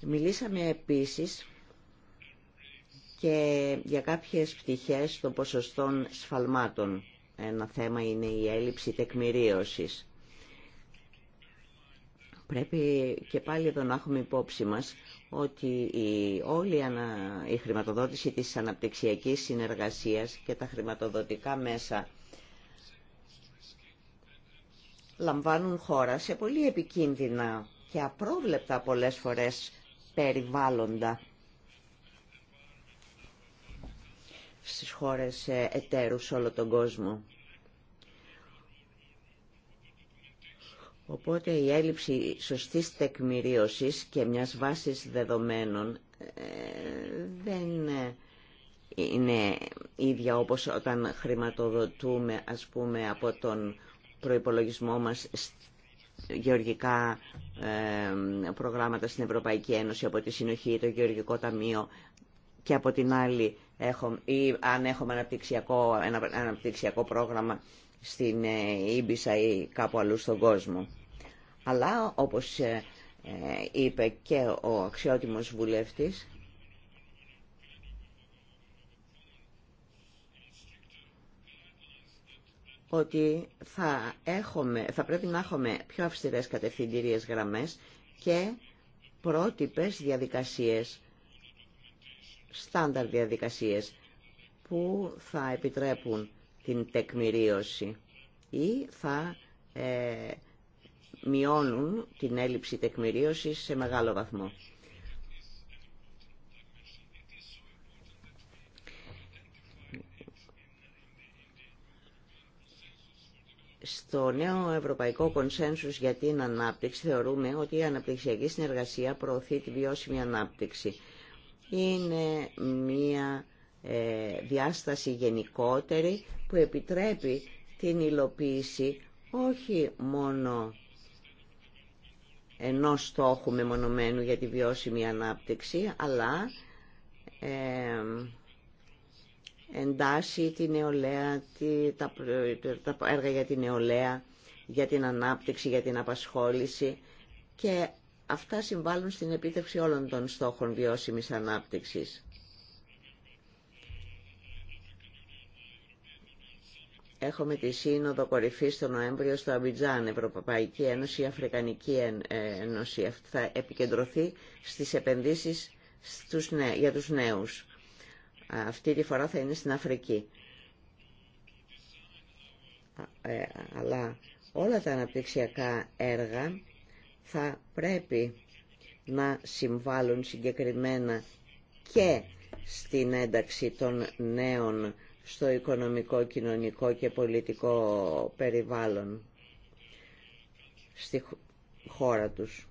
Μιλήσαμε επίσης και για κάποιες πτυχές των ποσοστών σφαλμάτων. Ένα θέμα είναι η έλλειψη τεκμηρίωσης. Πρέπει και πάλι εδώ να έχουμε υπόψη μας ότι η, όλη η χρηματοδότηση της αναπτυξιακής συνεργασίας και τα χρηματοδοτικά μέσα λαμβάνουν χώρα σε πολύ επικίνδυνα και απρόβλεπτα πολλές φορές περιβάλλοντα στις χώρες εταίρους όλο τον κόσμο. Οπότε η έλλειψη σωστής τεκμηρίωσης και μιας βάσης δεδομένων ε, δεν ε, είναι ίδια όπως όταν χρηματοδοτούμε ας πούμε από τον προϋπολογισμό μας γεωργικά ε, προγράμματα στην Ευρωπαϊκή Ένωση από τη Συνοχή, το Γεωργικό Ταμείο και από την άλλη έχω, ή αν έχουμε αναπτυξιακό, ένα αναπτυξιακό πρόγραμμα στην ε, Ήμπισα ή κάπου αλλού στον κόσμο. Αλλά όπως ε, ε, είπε και ο αξιότιμος βουλευτής, ότι θα, έχουμε, θα πρέπει να έχουμε πιο αυστηρές κατευθυντήριες γραμμές και πρότυπες διαδικασίες, στάνταρ διαδικασίες, που θα επιτρέπουν την τεκμηρίωση ή θα ε, μειώνουν την έλλειψη τεκμηρίωσης σε μεγάλο βαθμό. Στο νέο Ευρωπαϊκό Κονσένσους για την Ανάπτυξη θεωρούμε ότι η αναπτυξιακή συνεργασία προωθεί τη βιώσιμη ανάπτυξη. Είναι μία ε, διάσταση γενικότερη που επιτρέπει την υλοποίηση όχι μόνο ενός στόχου μεμονωμένου για τη βιώσιμη ανάπτυξη, αλλά ε, εντάσσει την νεολαία, τα, τα έργα για την νεολαία, για την ανάπτυξη, για την απασχόληση και αυτά συμβάλλουν στην επίτευξη όλων των στόχων βιώσιμης ανάπτυξης. Έχουμε τη Σύνοδο Κορυφή στο Νοέμβριο στο Αμπιτζάν, Ευρωπαϊκή Ένωση, Αφρικανική ε, Ένωση. Αυτή θα επικεντρωθεί στις επενδύσεις για τους νέους. Αυτή τη φορά θα είναι στην Αφρική. Ε, αλλά όλα τα αναπτυξιακά έργα θα πρέπει να συμβάλλουν συγκεκριμένα και στην ένταξη των νέων στο οικονομικό, κοινωνικό και πολιτικό περιβάλλον στη χώρα τους.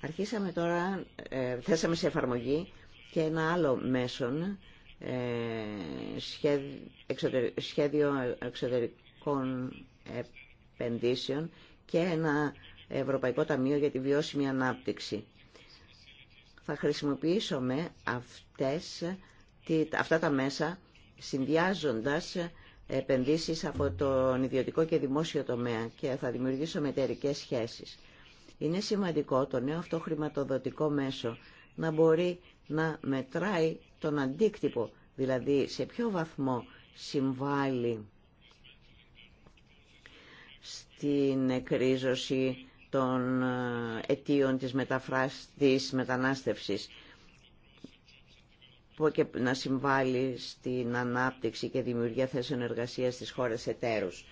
Αρχίσαμε τώρα, ε, θέσαμε σε εφαρμογή και ένα άλλο μέσον, ε, σχέδιο, σχέδιο εξωτερικών επενδύσεων και ένα Ευρωπαϊκό Ταμείο για τη Βιώσιμη Ανάπτυξη θα χρησιμοποιήσουμε αυτές, αυτά τα μέσα συνδυάζοντας επενδύσεις από τον ιδιωτικό και δημόσιο τομέα και θα δημιουργήσουμε εταιρικέ σχέσεις. Είναι σημαντικό το νέο αυτό χρηματοδοτικό μέσο να μπορεί να μετράει τον αντίκτυπο, δηλαδή σε ποιο βαθμό συμβάλλει στην εκρίζωση των ε, αιτίων της, μεταφράσης, μετανάστευσης που και να συμβάλλει στην ανάπτυξη και δημιουργία θέσεων εργασίας στις χώρες εταίρους.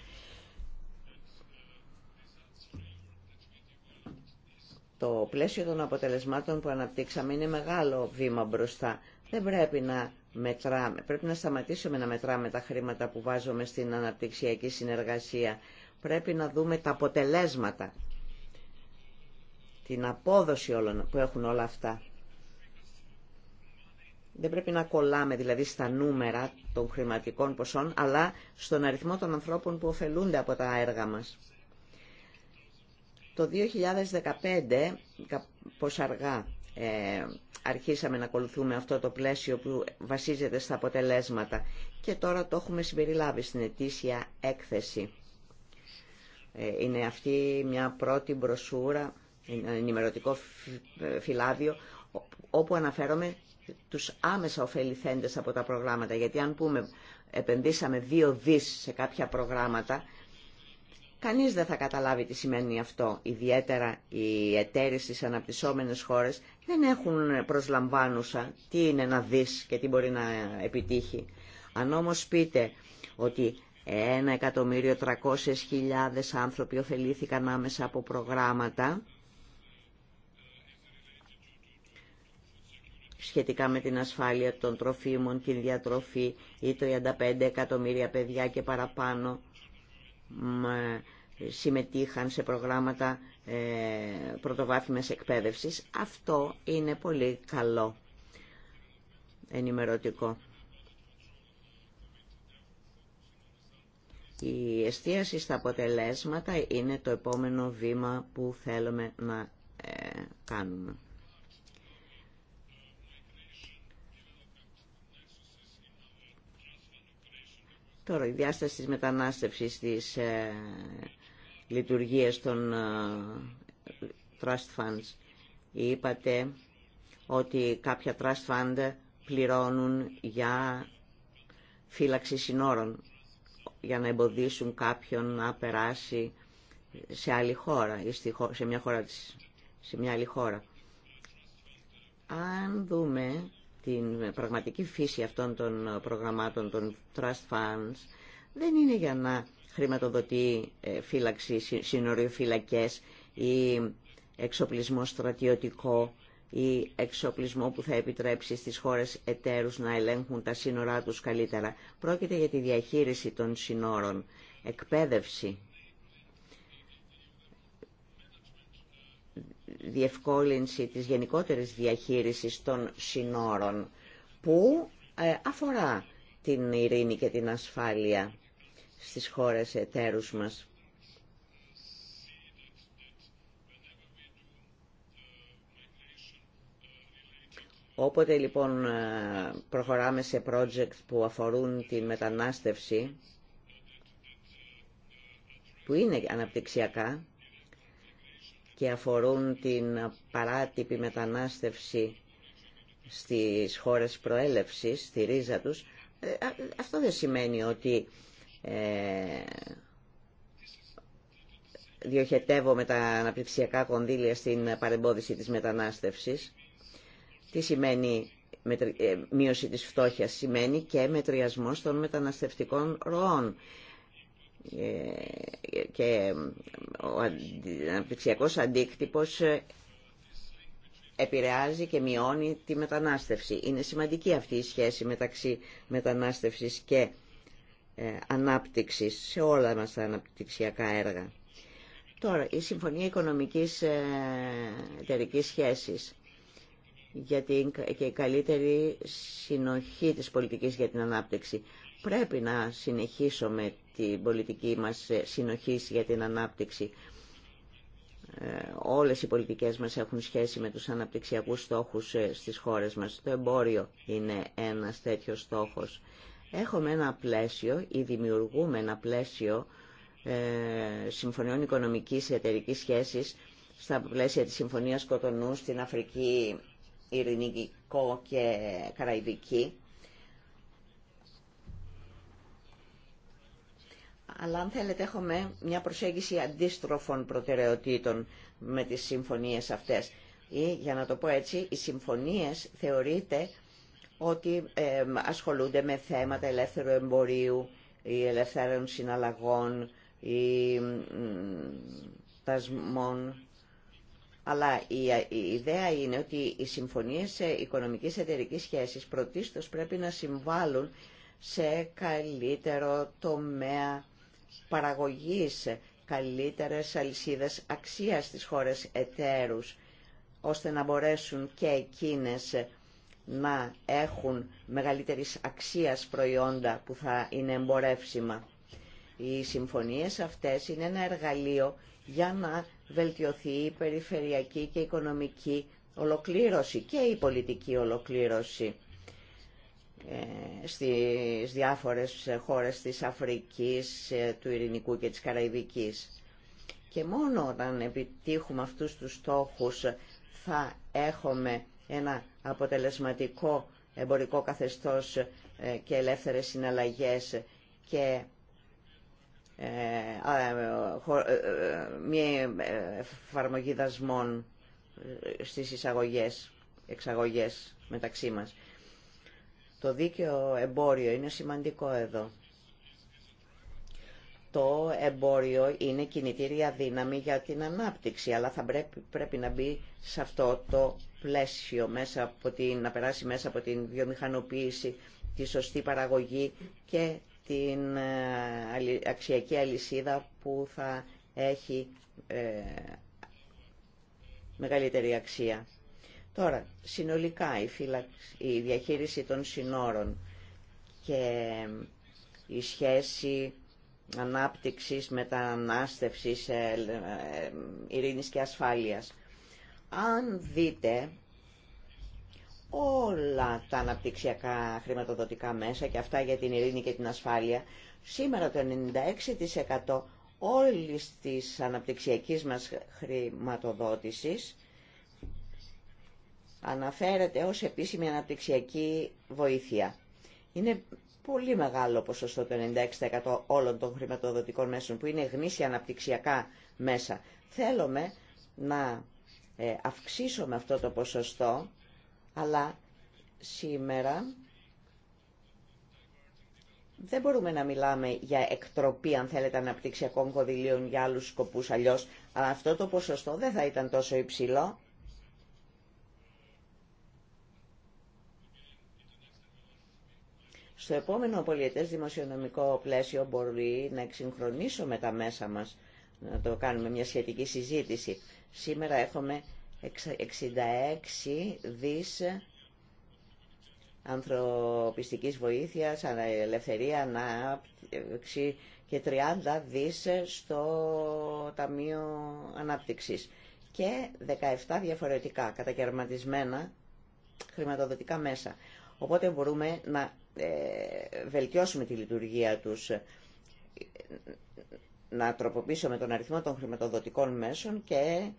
Το πλαίσιο των αποτελεσμάτων που αναπτύξαμε είναι μεγάλο βήμα μπροστά. Δεν πρέπει να μετράμε. Πρέπει να σταματήσουμε να μετράμε τα χρήματα που βάζουμε στην αναπτυξιακή συνεργασία. Πρέπει να δούμε τα αποτελέσματα την απόδοση όλων που έχουν όλα αυτά. Δεν πρέπει να κολλάμε δηλαδή στα νούμερα των χρηματικών ποσών, αλλά στον αριθμό των ανθρώπων που ωφελούνται από τα έργα μας. Το 2015, πως αργά, ε, αρχίσαμε να ακολουθούμε αυτό το πλαίσιο που βασίζεται στα αποτελέσματα και τώρα το έχουμε συμπεριλάβει στην ετήσια έκθεση. Ε, είναι αυτή μια πρώτη μπροσούρα ενημερωτικό ε, φυλάδιο όπου αναφέρομαι τους άμεσα ωφεληθέντες από τα προγράμματα. Γιατί αν πούμε επενδύσαμε δύο δις σε κάποια προγράμματα, κανείς δεν θα καταλάβει τι σημαίνει αυτό. Ιδιαίτερα οι εταίρες στις αναπτυσσόμενες χώρες δεν έχουν προσλαμβάνουσα τι είναι ένα δις και τι μπορεί να επιτύχει. Αν όμως πείτε ότι ένα εκατομμύριο χιλιάδες άνθρωποι ωφελήθηκαν άμεσα από προγράμματα σχετικά με την ασφάλεια των τροφίμων την διατροφή ή 35 εκατομμύρια παιδιά και παραπάνω συμμετείχαν σε προγράμματα ε, πρωτοβάθμιας εκπαίδευσης. Αυτό είναι πολύ καλό, ενημερωτικό. Η εστίαση στα αποτελέσματα είναι το επόμενο βήμα που θέλουμε να ε, κάνουμε. Τώρα, η διάσταση της μετανάστευσης της ε, λειτουργίας των ε, trust funds. Είπατε ότι κάποια trust fund πληρώνουν για φύλαξη συνόρων, για να εμποδίσουν κάποιον να περάσει σε άλλη χώρα ή σε μια, χώρα, σε μια άλλη χώρα. Αν δούμε την πραγματική φύση αυτών των προγραμμάτων, των trust funds, δεν είναι για να χρηματοδοτεί ε, φύλαξη, συνοριοφυλακές ή εξοπλισμό στρατιωτικό ή εξοπλισμό που θα επιτρέψει στις χώρες εταίρους να ελέγχουν τα σύνορά τους καλύτερα. Πρόκειται για τη διαχείριση των σύνορων, εκπαίδευση διευκόλυνση της γενικότερης διαχείρισης των συνόρων που ε, αφορά την ειρήνη και την ασφάλεια στις χώρες εταίρους μας. Όποτε λοιπόν ε, προχωράμε σε project που αφορούν τη μετανάστευση, που είναι αναπτυξιακά, και αφορούν την παράτυπη μετανάστευση στις χώρες προέλευσης, στη ρίζα τους, ε, αυτό δεν σημαίνει ότι ε, διοχετεύω με τα αναπτυξιακά κονδύλια στην παρεμπόδιση της μετανάστευσης. Τι σημαίνει ε, μείωση της φτώχειας, σημαίνει και μετριασμός των μεταναστευτικών ροών και ο αναπτυξιακός αντίκτυπος ε, επηρεάζει και μειώνει τη μετανάστευση. Είναι σημαντική αυτή η σχέση μεταξύ μετανάστευσης και ε, ανάπτυξης σε όλα μας τα αναπτυξιακά έργα. Τώρα, η Συμφωνία Οικονομικής ε, Εταιρικής Σχέσης για και η καλύτερη συνοχή της πολιτικής για την ανάπτυξη. Πρέπει να συνεχίσουμε την πολιτική μας ε, συνοχής για την ανάπτυξη. Ε, όλες οι πολιτικές μας έχουν σχέση με τους αναπτυξιακούς στόχους ε, στις χώρες μας. Το εμπόριο είναι ένας τέτοιος στόχος. Έχουμε ένα πλαίσιο ή δημιουργούμε ένα πλαίσιο συμφωνιών οικονομικής εταιρικής σχέσης στα πλαίσια της Συμφωνίας Κοτονού στην Αφρική Ειρηνική και Καραϊβική Αλλά αν θέλετε έχουμε μια προσέγγιση αντίστροφων προτεραιοτήτων με τις συμφωνίες αυτές. Ή, για να το πω έτσι, οι συμφωνίες θεωρείται ότι ασχολούνται με θέματα ελεύθερου εμπορίου ή ελευθέρων συναλλαγών ή τασμών. Αλλά η, ιδέα είναι ότι οι συμφωνίες οικονομικής εταιρικής σχέσης πρωτίστως πρέπει να συμβάλλουν σε καλύτερο τομέα παραγωγής, καλύτερες αλυσίδες αξίας στις χώρες εταίρους, ώστε να μπορέσουν και εκείνες να έχουν μεγαλύτερης αξίας προϊόντα που θα είναι εμπορεύσιμα. Οι συμφωνίες αυτές είναι ένα εργαλείο για να βελτιωθεί η περιφερειακή και οικονομική ολοκλήρωση και η πολιτική ολοκλήρωση. Ε, στις διάφορες χώρες της Αφρικής, ε, του Ειρηνικού και της Καραϊβικής. Και μόνο όταν επιτύχουμε αυτούς τους στόχους θα έχουμε ένα αποτελεσματικό εμπορικό καθεστώς ε, και ελεύθερες συναλλαγές και μία εφαρμογή δασμών στις εισαγωγές, εξαγωγές μεταξύ μας. Το δίκαιο εμπόριο είναι σημαντικό εδώ. Το εμπόριο είναι κινητήρια δύναμη για την ανάπτυξη, αλλά θα πρέπει, πρέπει να μπει σε αυτό το πλαίσιο, μέσα από την, να περάσει μέσα από την βιομηχανοποίηση, τη σωστή παραγωγή και την ε, αξιακή αλυσίδα που θα έχει ε, μεγαλύτερη αξία. Τώρα, συνολικά η, φύλαξη, διαχείριση των συνόρων και η σχέση ανάπτυξης, μετανάστευσης, ε, ε, ειρήνης και ασφάλειας. Αν δείτε όλα τα αναπτυξιακά χρηματοδοτικά μέσα και αυτά για την ειρήνη και την ασφάλεια, σήμερα το 96% όλης της αναπτυξιακής μας χρηματοδότησης αναφέρεται ως επίσημη αναπτυξιακή βοήθεια. Είναι πολύ μεγάλο ποσοστό, το 96% όλων των χρηματοδοτικών μέσων, που είναι γνήσια αναπτυξιακά μέσα. Θέλουμε να ε, αυξήσουμε αυτό το ποσοστό, αλλά σήμερα δεν μπορούμε να μιλάμε για εκτροπή, αν θέλετε, αναπτυξιακών κονδυλίων για άλλους σκοπούς αλλιώς, αλλά αυτό το ποσοστό δεν θα ήταν τόσο υψηλό Στο επόμενο πολιετές δημοσιονομικό πλαίσιο μπορεί να εξυγχρονίσουμε τα μέσα μας, να το κάνουμε μια σχετική συζήτηση. Σήμερα έχουμε 66 δις ανθρωπιστικής βοήθειας, ελευθερία, ανάπτυξη και 30 δις στο Ταμείο Ανάπτυξης και 17 διαφορετικά κατακαιρματισμένα χρηματοδοτικά μέσα. Οπότε μπορούμε να ε, βελτιώσουμε τη λειτουργία τους, να τροποποιήσουμε τον αριθμό των χρηματοδοτικών μέσων και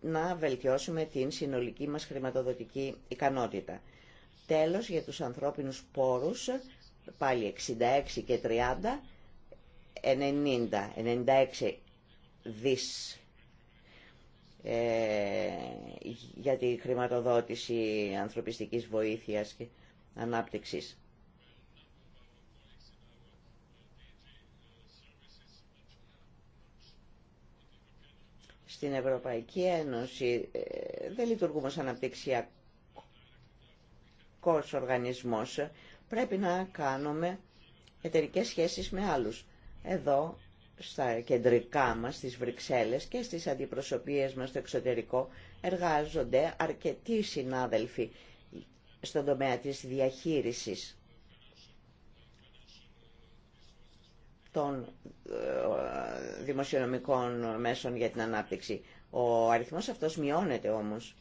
να βελτιώσουμε την συνολική μας χρηματοδοτική ικανότητα. Τέλος, για τους ανθρώπινους πόρους, πάλι 66 και 30, 90, 96 δις ε, για τη χρηματοδότηση ανθρωπιστικής βοήθειας και ανάπτυξης. Στην Ευρωπαϊκή Ένωση ε, δεν λειτουργούμε σαν αναπτυξιακός οργανισμός. Πρέπει να κάνουμε εταιρικές σχέσεις με άλλους. Εδώ, στα κεντρικά μας, στις Βρυξέλλες και στις αντιπροσωπείες μας στο εξωτερικό, εργάζονται αρκετοί συνάδελφοι στον τομέα της διαχείρισης των ε, δημοσιονομικών μέσων για την ανάπτυξη. Ο αριθμός αυτός μειώνεται όμως.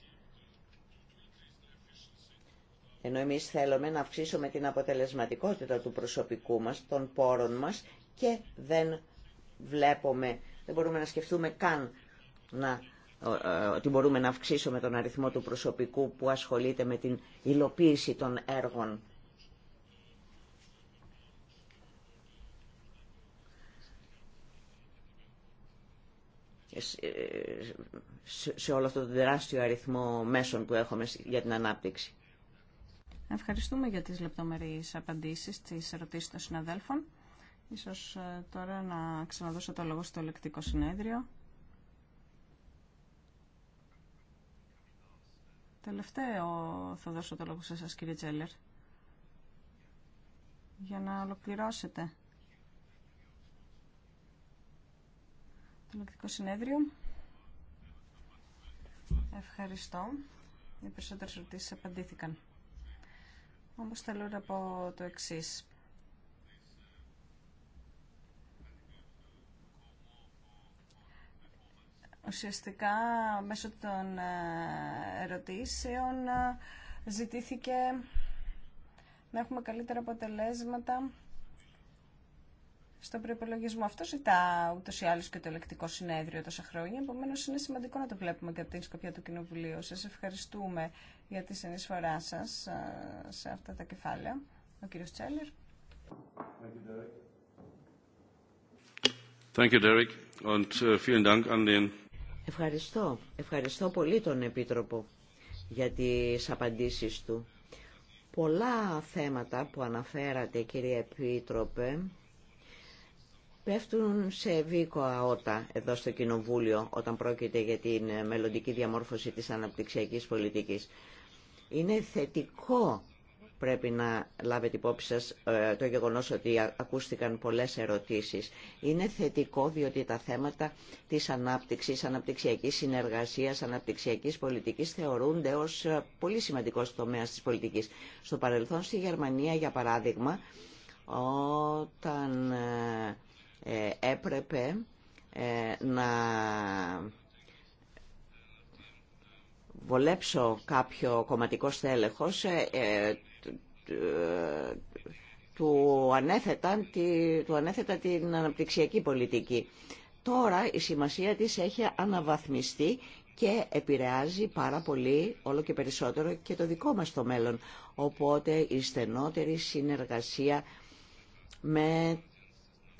Ενώ εμείς θέλουμε να αυξήσουμε την αποτελεσματικότητα του προσωπικού μας, των πόρων μας και δεν βλέπουμε, δεν μπορούμε να σκεφτούμε καν να ε, ότι μπορούμε να αυξήσουμε τον αριθμό του προσωπικού που ασχολείται με την υλοποίηση των έργων. σε όλο αυτό το τεράστιο αριθμό μέσων που έχουμε για την ανάπτυξη. Ευχαριστούμε για τις λεπτομερείς απαντήσεις στις ερωτήσεις των συναδέλφων. Ίσως ε, τώρα να ξαναδώσω το λόγο στο λεκτικό συνέδριο. Τελευταίο θα δώσω το λόγο σε εσάς κύριε Τζέλερ για να ολοκληρώσετε το λεκτικό συνέδριο. Ευχαριστώ. Οι περισσότερες ερωτήσεις απαντήθηκαν. Όμως θέλω να πω το εξής. Ουσιαστικά μέσω των ε, ερωτήσεων ε, ζητήθηκε να έχουμε καλύτερα αποτελέσματα στον προπολογισμό. Αυτό ζητά ούτω ή άλλω και το ελεκτικό συνέδριο τόσα χρόνια. Επομένω, είναι σημαντικό να το βλέπουμε και από την σκοπιά του Κοινοβουλίου. Σα ευχαριστούμε για τη συνεισφορά σα ε, σε αυτά τα κεφάλαια. Ο κύριο Τσέλερ. Thank Derek. Und Ευχαριστώ. Ευχαριστώ πολύ τον Επίτροπο για τις απαντήσεις του. Πολλά θέματα που αναφέρατε, κύριε Επίτροπε, πέφτουν σε βίκο αότα εδώ στο Κοινοβούλιο όταν πρόκειται για την μελλοντική διαμόρφωση της αναπτυξιακής πολιτικής. Είναι θετικό πρέπει να λάβετε υπόψη σας ε, το γεγονός ότι ακούστηκαν πολλές ερωτήσεις. Είναι θετικό διότι τα θέματα της ανάπτυξης, αναπτυξιακής συνεργασίας, αναπτυξιακής πολιτικής θεωρούνται ως ε, πολύ σημαντικός τομέας της πολιτικής. Στο παρελθόν στη Γερμανία, για παράδειγμα, όταν ε, έπρεπε να βολέψω κάποιο κομματικό στέλεχος, του ανέθεταν, του ανέθεταν την αναπτυξιακή πολιτική. Τώρα η σημασία της έχει αναβαθμιστεί και επηρεάζει πάρα πολύ, όλο και περισσότερο, και το δικό μας το μέλλον. Οπότε η στενότερη συνεργασία με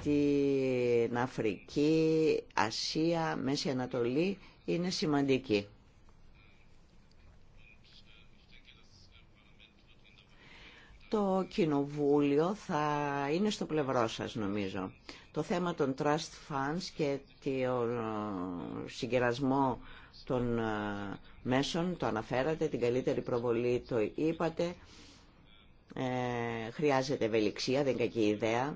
την Αφρική, Ασία, Μέση Ανατολή είναι σημαντική. το Κοινοβούλιο θα είναι στο πλευρό σας νομίζω. Το θέμα των trust funds και το συγκερασμό των ε, μέσων, το αναφέρατε, την καλύτερη προβολή το είπατε. Ε, χρειάζεται ευελιξία, δεν είναι κακή ιδέα.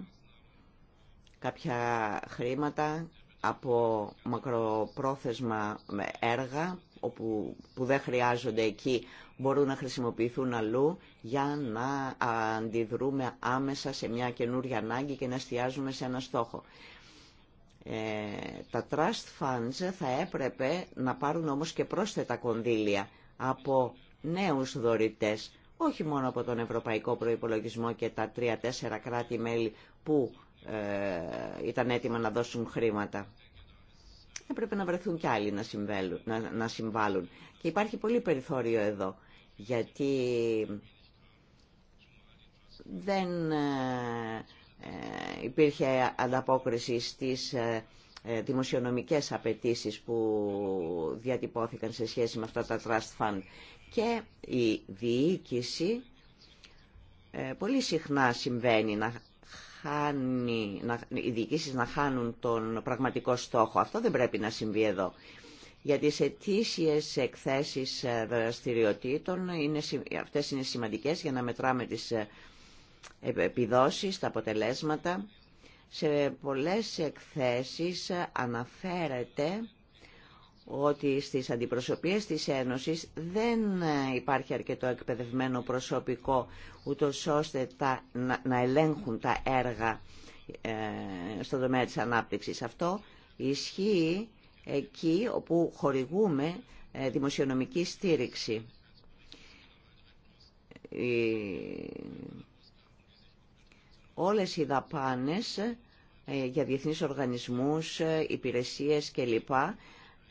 Κάποια χρήματα από μακροπρόθεσμα έργα όπου, που δεν χρειάζονται εκεί μπορούν να χρησιμοποιηθούν αλλού για να αντιδρούμε άμεσα σε μια καινούργια ανάγκη και να εστιάζουμε σε ένα στόχο. Ε, τα trust funds θα έπρεπε να πάρουν όμως και πρόσθετα κονδύλια από νέους δωρητές, όχι μόνο από τον Ευρωπαϊκό Προϋπολογισμό και τα τρία-τέσσερα κράτη-μέλη που ε, ήταν έτοιμα να δώσουν χρήματα έπρεπε να βρεθούν κι άλλοι να, να, να συμβάλλουν. Και υπάρχει πολύ περιθώριο εδώ, γιατί δεν ε, ε, υπήρχε ανταπόκριση στις ε, δημοσιονομικές απαιτήσεις που διατυπώθηκαν σε σχέση με αυτά τα trust fund. Και η διοίκηση πολύ συχνά συμβαίνει να χάνει, να, οι διοικήσεις να χάνουν τον πραγματικό στόχο. Αυτό δεν πρέπει να συμβεί εδώ. Για τις αιτήσιες εκθέσεις ε, δραστηριοτήτων, είναι, αυτές είναι σημαντικές για να μετράμε τις ε, επιδόσεις, τα αποτελέσματα. Σε πολλές εκθέσεις ε, αναφέρεται ότι στις αντιπροσωπείες της Ένωσης δεν υπάρχει αρκετό εκπαιδευμένο προσωπικό ούτως ώστε να, ελέγχουν τα έργα ε, στον τομέα της ανάπτυξης. Αυτό ισχύει εκεί όπου χορηγούμε ε, δημοσιονομική στήριξη. Όλες οι δαπάνες ε, για διεθνείς οργανισμούς, ε, υπηρεσίες κλπ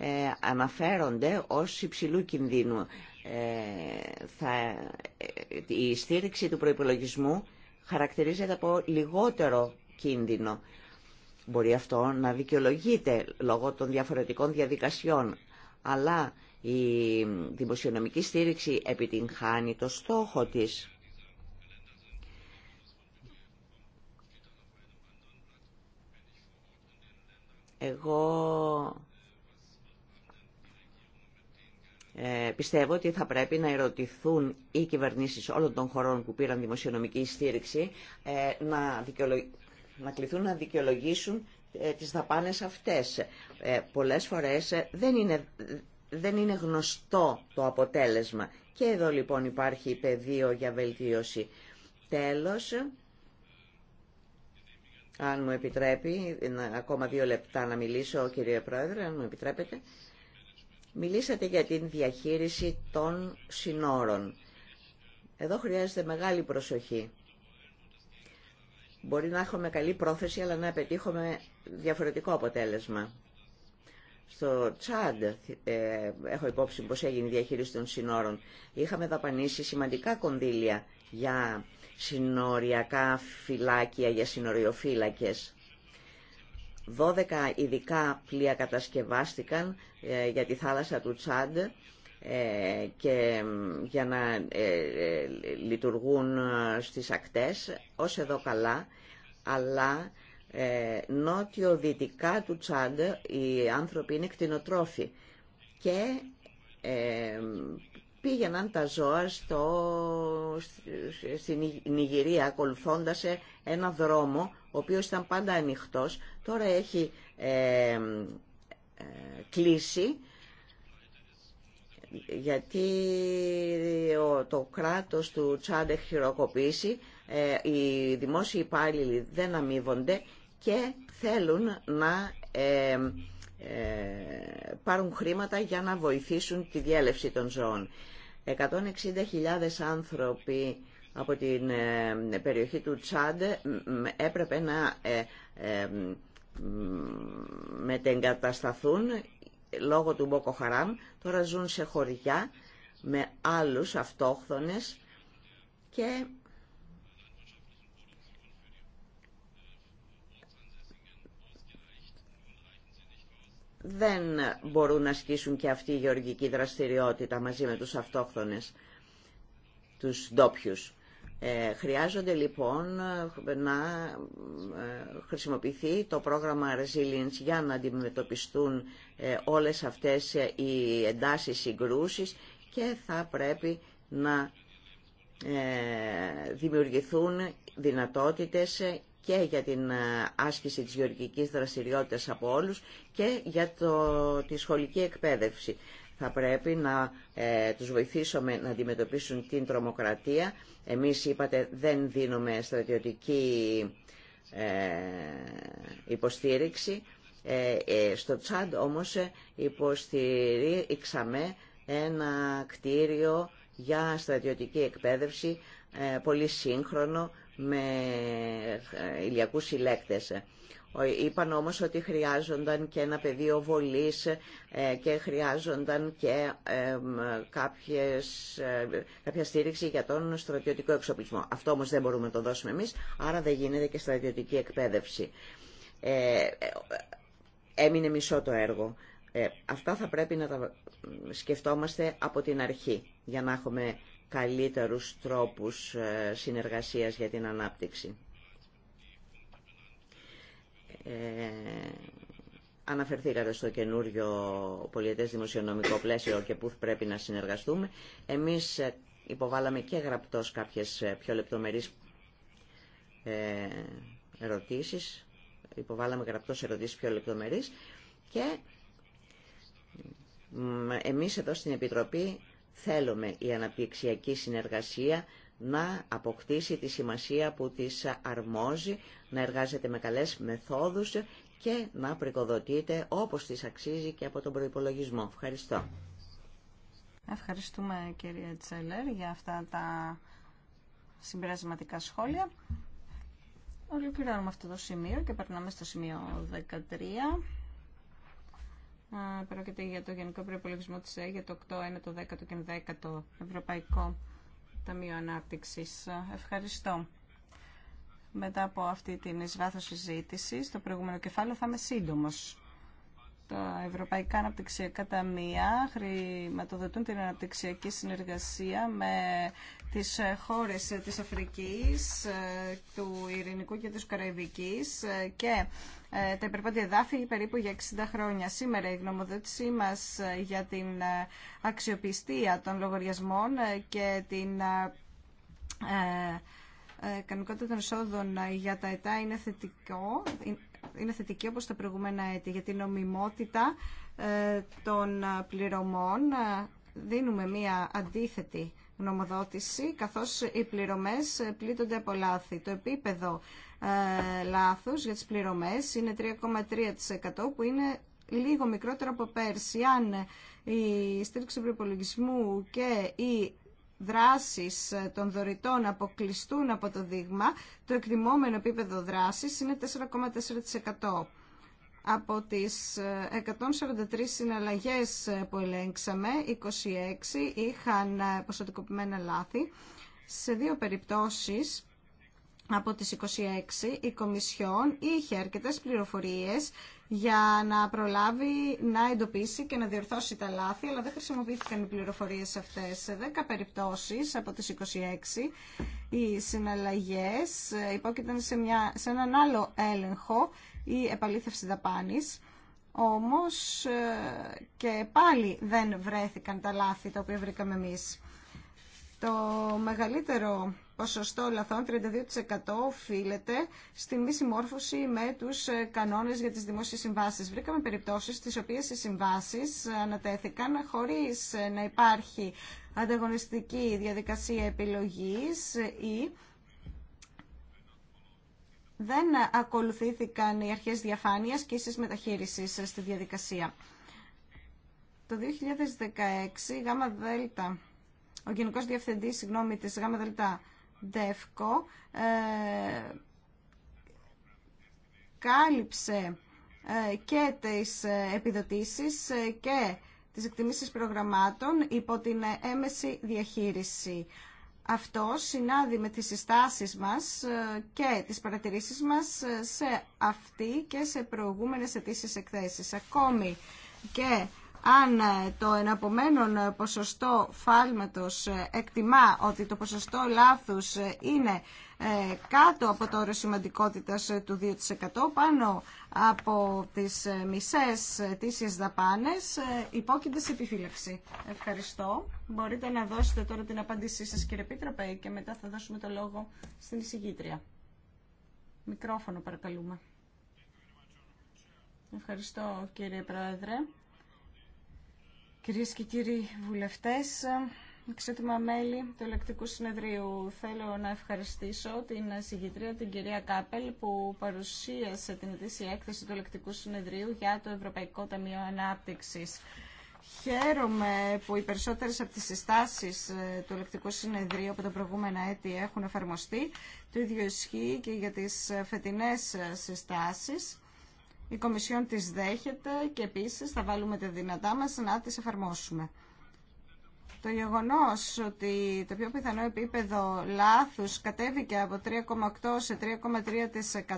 ε, αναφέρονται ως υψηλού κινδύνου. Ε, θα, ε, η στήριξη του προϋπολογισμού χαρακτηρίζεται από λιγότερο κίνδυνο. Μπορεί αυτό να δικαιολογείται λόγω των διαφορετικών διαδικασιών, αλλά η δημοσιονομική στήριξη επιτυγχάνει το στόχο της. Εγώ Ε, πιστεύω ότι θα πρέπει να ερωτηθούν οι κυβερνήσεις όλων των χωρών που πήραν δημοσιονομική στήριξη ε, να, να κληθούν να δικαιολογήσουν ε, τις δαπάνες αυτές. Ε, πολλές φορές δεν είναι, δεν είναι γνωστό το αποτέλεσμα. Και εδώ λοιπόν υπάρχει πεδίο για βελτίωση. Τέλος, αν μου επιτρέπει, ακόμα δύο λεπτά να μιλήσω κύριε Πρόεδρε, αν μου επιτρέπετε. Μιλήσατε για την διαχείριση των συνόρων. Εδώ χρειάζεται μεγάλη προσοχή. Μπορεί να έχουμε καλή πρόθεση, αλλά να πετύχουμε διαφορετικό αποτέλεσμα. Στο Τσάντ ε, έχω υπόψη πώς έγινε η διαχείριση των συνόρων. Είχαμε δαπανίσει σημαντικά κονδύλια για συνοριακά φυλάκια, για συνοριοφύλακες. 12 ειδικά πλοία κατασκευάστηκαν ε, για τη θάλασσα του Τσάντ ε, και για να ε, λειτουργούν στις ακτές, ως εδώ καλά, αλλά νότιο-δυτικά του Τσάντ οι άνθρωποι είναι κτηνοτρόφοι και πήγαιναν τα ζώα στο, στην Νιγηρία ακολουθώντας ένα δρόμο ο οποίος ήταν πάντα ανοιχτός Τώρα έχει ε, ε, κλείσει γιατί το κράτος του Τσάντ έχει χειροκοπήσει, ε, οι δημόσιοι υπάλληλοι δεν αμείβονται και θέλουν να πάρουν χρήματα για να βοηθήσουν τη διέλευση των ζώων. 160.000 άνθρωποι από την περιοχή του Τσάντ έπρεπε να μετεγκατασταθούν λόγω του Μπόκο τώρα ζουν σε χωριά με άλλους αυτόχθονες και δεν μπορούν να ασκήσουν και αυτή η γεωργική δραστηριότητα μαζί με τους αυτόχθονες, τους ντόπιου. Ε, χρειάζονται λοιπόν να ε, χρησιμοποιηθεί το πρόγραμμα Resilience για να αντιμετωπιστούν ε, όλες αυτές οι εντάσεις συγκρούσεις και θα πρέπει να δημιουργηθούν δυνατότητες και για την άσκηση της γεωργικής δραστηριότητας από όλους και για το, τη σχολική εκπαίδευση θα πρέπει να ε, τους βοηθήσουμε να αντιμετωπίσουν την τρομοκρατία. Εμείς είπατε δεν δίνουμε στρατιωτική ε, υποστήριξη. Ε, ε, στο Τσάντ όμως υποστηρίξαμε ένα κτίριο για στρατιωτική εκπαίδευση πολύ σύγχρονο με ηλιακούς συλλέκτες. Είπαν όμως ότι χρειάζονταν και ένα πεδίο βολής ε, και χρειάζονταν και κάποιες, ε, κάποια στήριξη για τον στρατιωτικό εξοπλισμό. Αυτό όμως δεν μπορούμε να το δώσουμε εμείς, άρα δεν γίνεται και στρατιωτική εκπαίδευση. Ε, έμεινε μισό το έργο. Αυτά θα πρέπει να τα σκεφτόμαστε από την αρχή για να έχουμε καλύτερους τρόπους συνεργασίας για την ανάπτυξη. Ε, αναφερθήκατε στο καινούριο πολιετές δημοσιονομικό πλαίσιο και πού πρέπει να συνεργαστούμε. Εμείς ε, υποβάλαμε και γραπτός κάποιες ε, πιο λεπτομερείς ερωτήσεις. Υποβάλαμε γραπτός ερωτήσεις πιο λεπτομερείς και εμείς εδώ στην Επιτροπή θέλουμε η αναπτυξιακή συνεργασία να αποκτήσει τη σημασία που της αρμόζει, να εργάζεται με καλές μεθόδους και να πρικοδοτείται όπως της αξίζει και από τον προϋπολογισμό. Ευχαριστώ. Ευχαριστούμε κυρία Τσέλερ για αυτά τα συμπερασματικά σχόλια. Ολοκληρώνουμε αυτό το σημείο και περνάμε στο σημείο 13. Πρόκειται για το Γενικό Προπολογισμό της ΕΕ για το 8, 1, το 10 και 10 το Ευρωπαϊκό Ταμείο ανάπτυξη. Ευχαριστώ. Μετά από αυτή την εισβάθος συζήτηση, το προηγούμενο κεφάλαιο θα είμαι σύντομος. Τα Ευρωπαϊκά Αναπτυξιακά Ταμεία χρηματοδοτούν την αναπτυξιακή συνεργασία με τις χώρες της Αφρικής, του Ειρηνικού και της Καραϊβικής και ε, τα υπερπάντια εδάφη περίπου για 60 χρόνια. Σήμερα η γνωμοδότησή μας για την αξιοπιστία των λογαριασμών και την ε, ε, κανονικότητα των εισόδων για τα ΕΤΑ είναι θετικό, είναι θετική όπως τα προηγούμενα έτη για την νομιμότητα ε, των πληρωμών. Ε, δίνουμε μία αντίθετη νομοδότηση, καθώς οι πληρωμές ε, πλήττονται από λάθη. Το επίπεδο λάθους για τις πληρωμές είναι 3,3% που είναι λίγο μικρότερο από πέρσι. Αν η στήριξη προπολογισμού και η δράσεις ε, των δωρητών αποκλειστούν από το δείγμα, το εκτιμόμενο επίπεδο δράσης είναι 4,4%. Από τις 143 ε, συναλλαγές ε, που ελέγξαμε, 26 είχαν ποσοτικοποιημένα λάθη. Σε δύο περιπτώσεις, από τις 26, η Κομισιόν είχε αρκετές πληροφορίες για να προλάβει να εντοπίσει και να διορθώσει τα λάθη, αλλά δεν χρησιμοποιήθηκαν οι πληροφορίες αυτές. Σε 10 περιπτώσεις από τις 26 οι συναλλαγές υπόκειταν σε, μια, σε έναν άλλο έλεγχο ή επαλήθευση δαπάνης, όμως ε, και πάλι δεν βρέθηκαν τα λάθη τα οποία βρήκαμε εμείς. Το μεγαλύτερο ποσοστό λαθών 32% οφείλεται στη μη συμμόρφωση με τους ε, κανόνες για τις δημόσιες συμβάσει. Βρήκαμε περιπτώσεις στι οποίες οι συμβάσει ανατέθηκαν χωρίς ε, να υπάρχει ανταγωνιστική διαδικασία επιλογής ή δεν ακολουθήθηκαν οι αρχές διαφάνειας και ίση μεταχείρισης ε, στη διαδικασία. Το 2016 η ΓΔ, ο Γενικός Διευθυντής συγγνώμη, της ε, κάλυψε ε, και τις ε, επιδοτήσεις ε, και τις εκτιμήσεις προγραμμάτων υπό την έμεση διαχείριση. Αυτό συνάδει με τις συστάσεις μας και τις παρατηρήσεις μας σε αυτή και σε προηγούμενες αιτήσεις εκθέσεις. Ακόμη και αν ε, το εναπομένον ε, ποσοστό φάλματος ε, εκτιμά ότι το ποσοστό λάθους είναι κάτω από το όριο σημαντικότητας του 2% πάνω από τις μισές τήσιες δαπάνες υπόκειται σε επιφύλαξη. Ευχαριστώ. Μπορείτε να δώσετε τώρα την απάντησή σας κύριε Πίτροπε και μετά θα δώσουμε το λόγο στην εισηγήτρια. Μικρόφωνο παρακαλούμε. Ευχαριστώ κύριε Πρόεδρε. Κυρίες και κύριοι βουλευτές, εξέτοιμα μέλη του Ελεκτικού Συνεδρίου, θέλω να ευχαριστήσω την συγκητρία την κυρία Κάπελ που παρουσίασε την ετήσια έκθεση του Ελεκτικού Συνεδρίου για το Ευρωπαϊκό Ταμείο Ανάπτυξης. Χαίρομαι που οι περισσότερες από τις συστάσεις ε, του Ελεκτικού Συνεδρίου από τα προηγούμενα έτη έχουν εφαρμοστεί. Το ίδιο ισχύει και για τις ε, φετινές ε, συστάσεις η Κομισιόν τις δέχεται και επίσης θα βάλουμε τα δυνατά μας να τις εφαρμόσουμε. Το γεγονός ότι το πιο πιθανό επίπεδο λάθους κατέβηκε από 3,8 σε 3,3%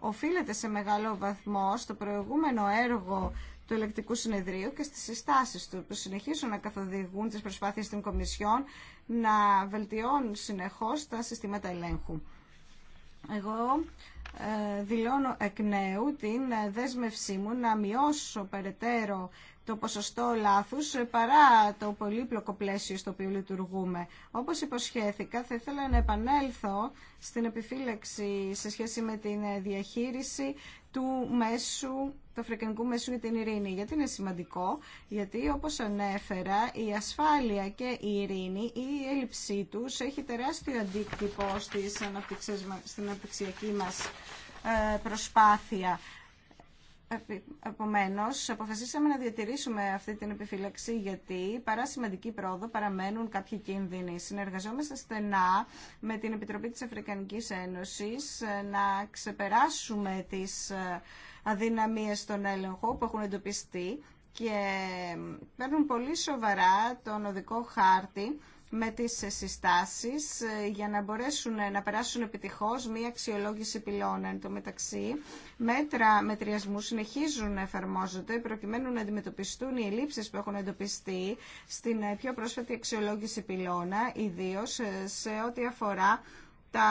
οφείλεται σε μεγάλο βαθμό στο προηγούμενο έργο του ελεκτικού συνεδρίου και στις συστάσεις του που συνεχίζουν να καθοδηγούν τις προσπάθειες των Κομισιόν να βελτιώνουν συνεχώς τα συστήματα ελέγχου. Εγώ ε, δηλώνω εκ νέου την ε, δέσμευσή μου να μειώσω περαιτέρω το ποσοστό λάθους ε, παρά το πολύπλοκο πλαίσιο στο οποίο λειτουργούμε. Όπως υποσχέθηκα, θα ήθελα να επανέλθω στην επιφύλαξη σε σχέση με την διαχείριση του μέσου, του Αφρικανικού μέσου για την ειρήνη. Γιατί είναι σημαντικό, γιατί όπως ανέφερα η ασφάλεια και η ειρήνη ή η έλλειψή τους έχει τεράστιο αντίκτυπο στην αναπτυξιακή μας ε, προσπάθεια. Επομένω, αποφασίσαμε να διατηρήσουμε αυτή την επιφύλαξη γιατί παρά σημαντική πρόοδο παραμένουν κάποιοι κίνδυνοι. Συνεργαζόμαστε στενά με την Επιτροπή της Αφρικανικής Ένωσης ε, να ξεπεράσουμε τις ε, αδυναμίες στον έλεγχο που έχουν εντοπιστεί και ε, παίρνουν πολύ σοβαρά τον οδικό χάρτη με τις συστάσεις ε, για να μπορέσουν να περάσουν επιτυχώς μία αξιολόγηση πυλών. Εν τω μεταξύ, μέτρα μετριασμού συνεχίζουν να εφαρμόζονται προκειμένου να αντιμετωπιστούν οι ελλείψεις που έχουν εντοπιστεί στην ε, πιο πρόσφατη αξιολόγηση πυλώνα, ιδίως ε, σε ό,τι αφορά τα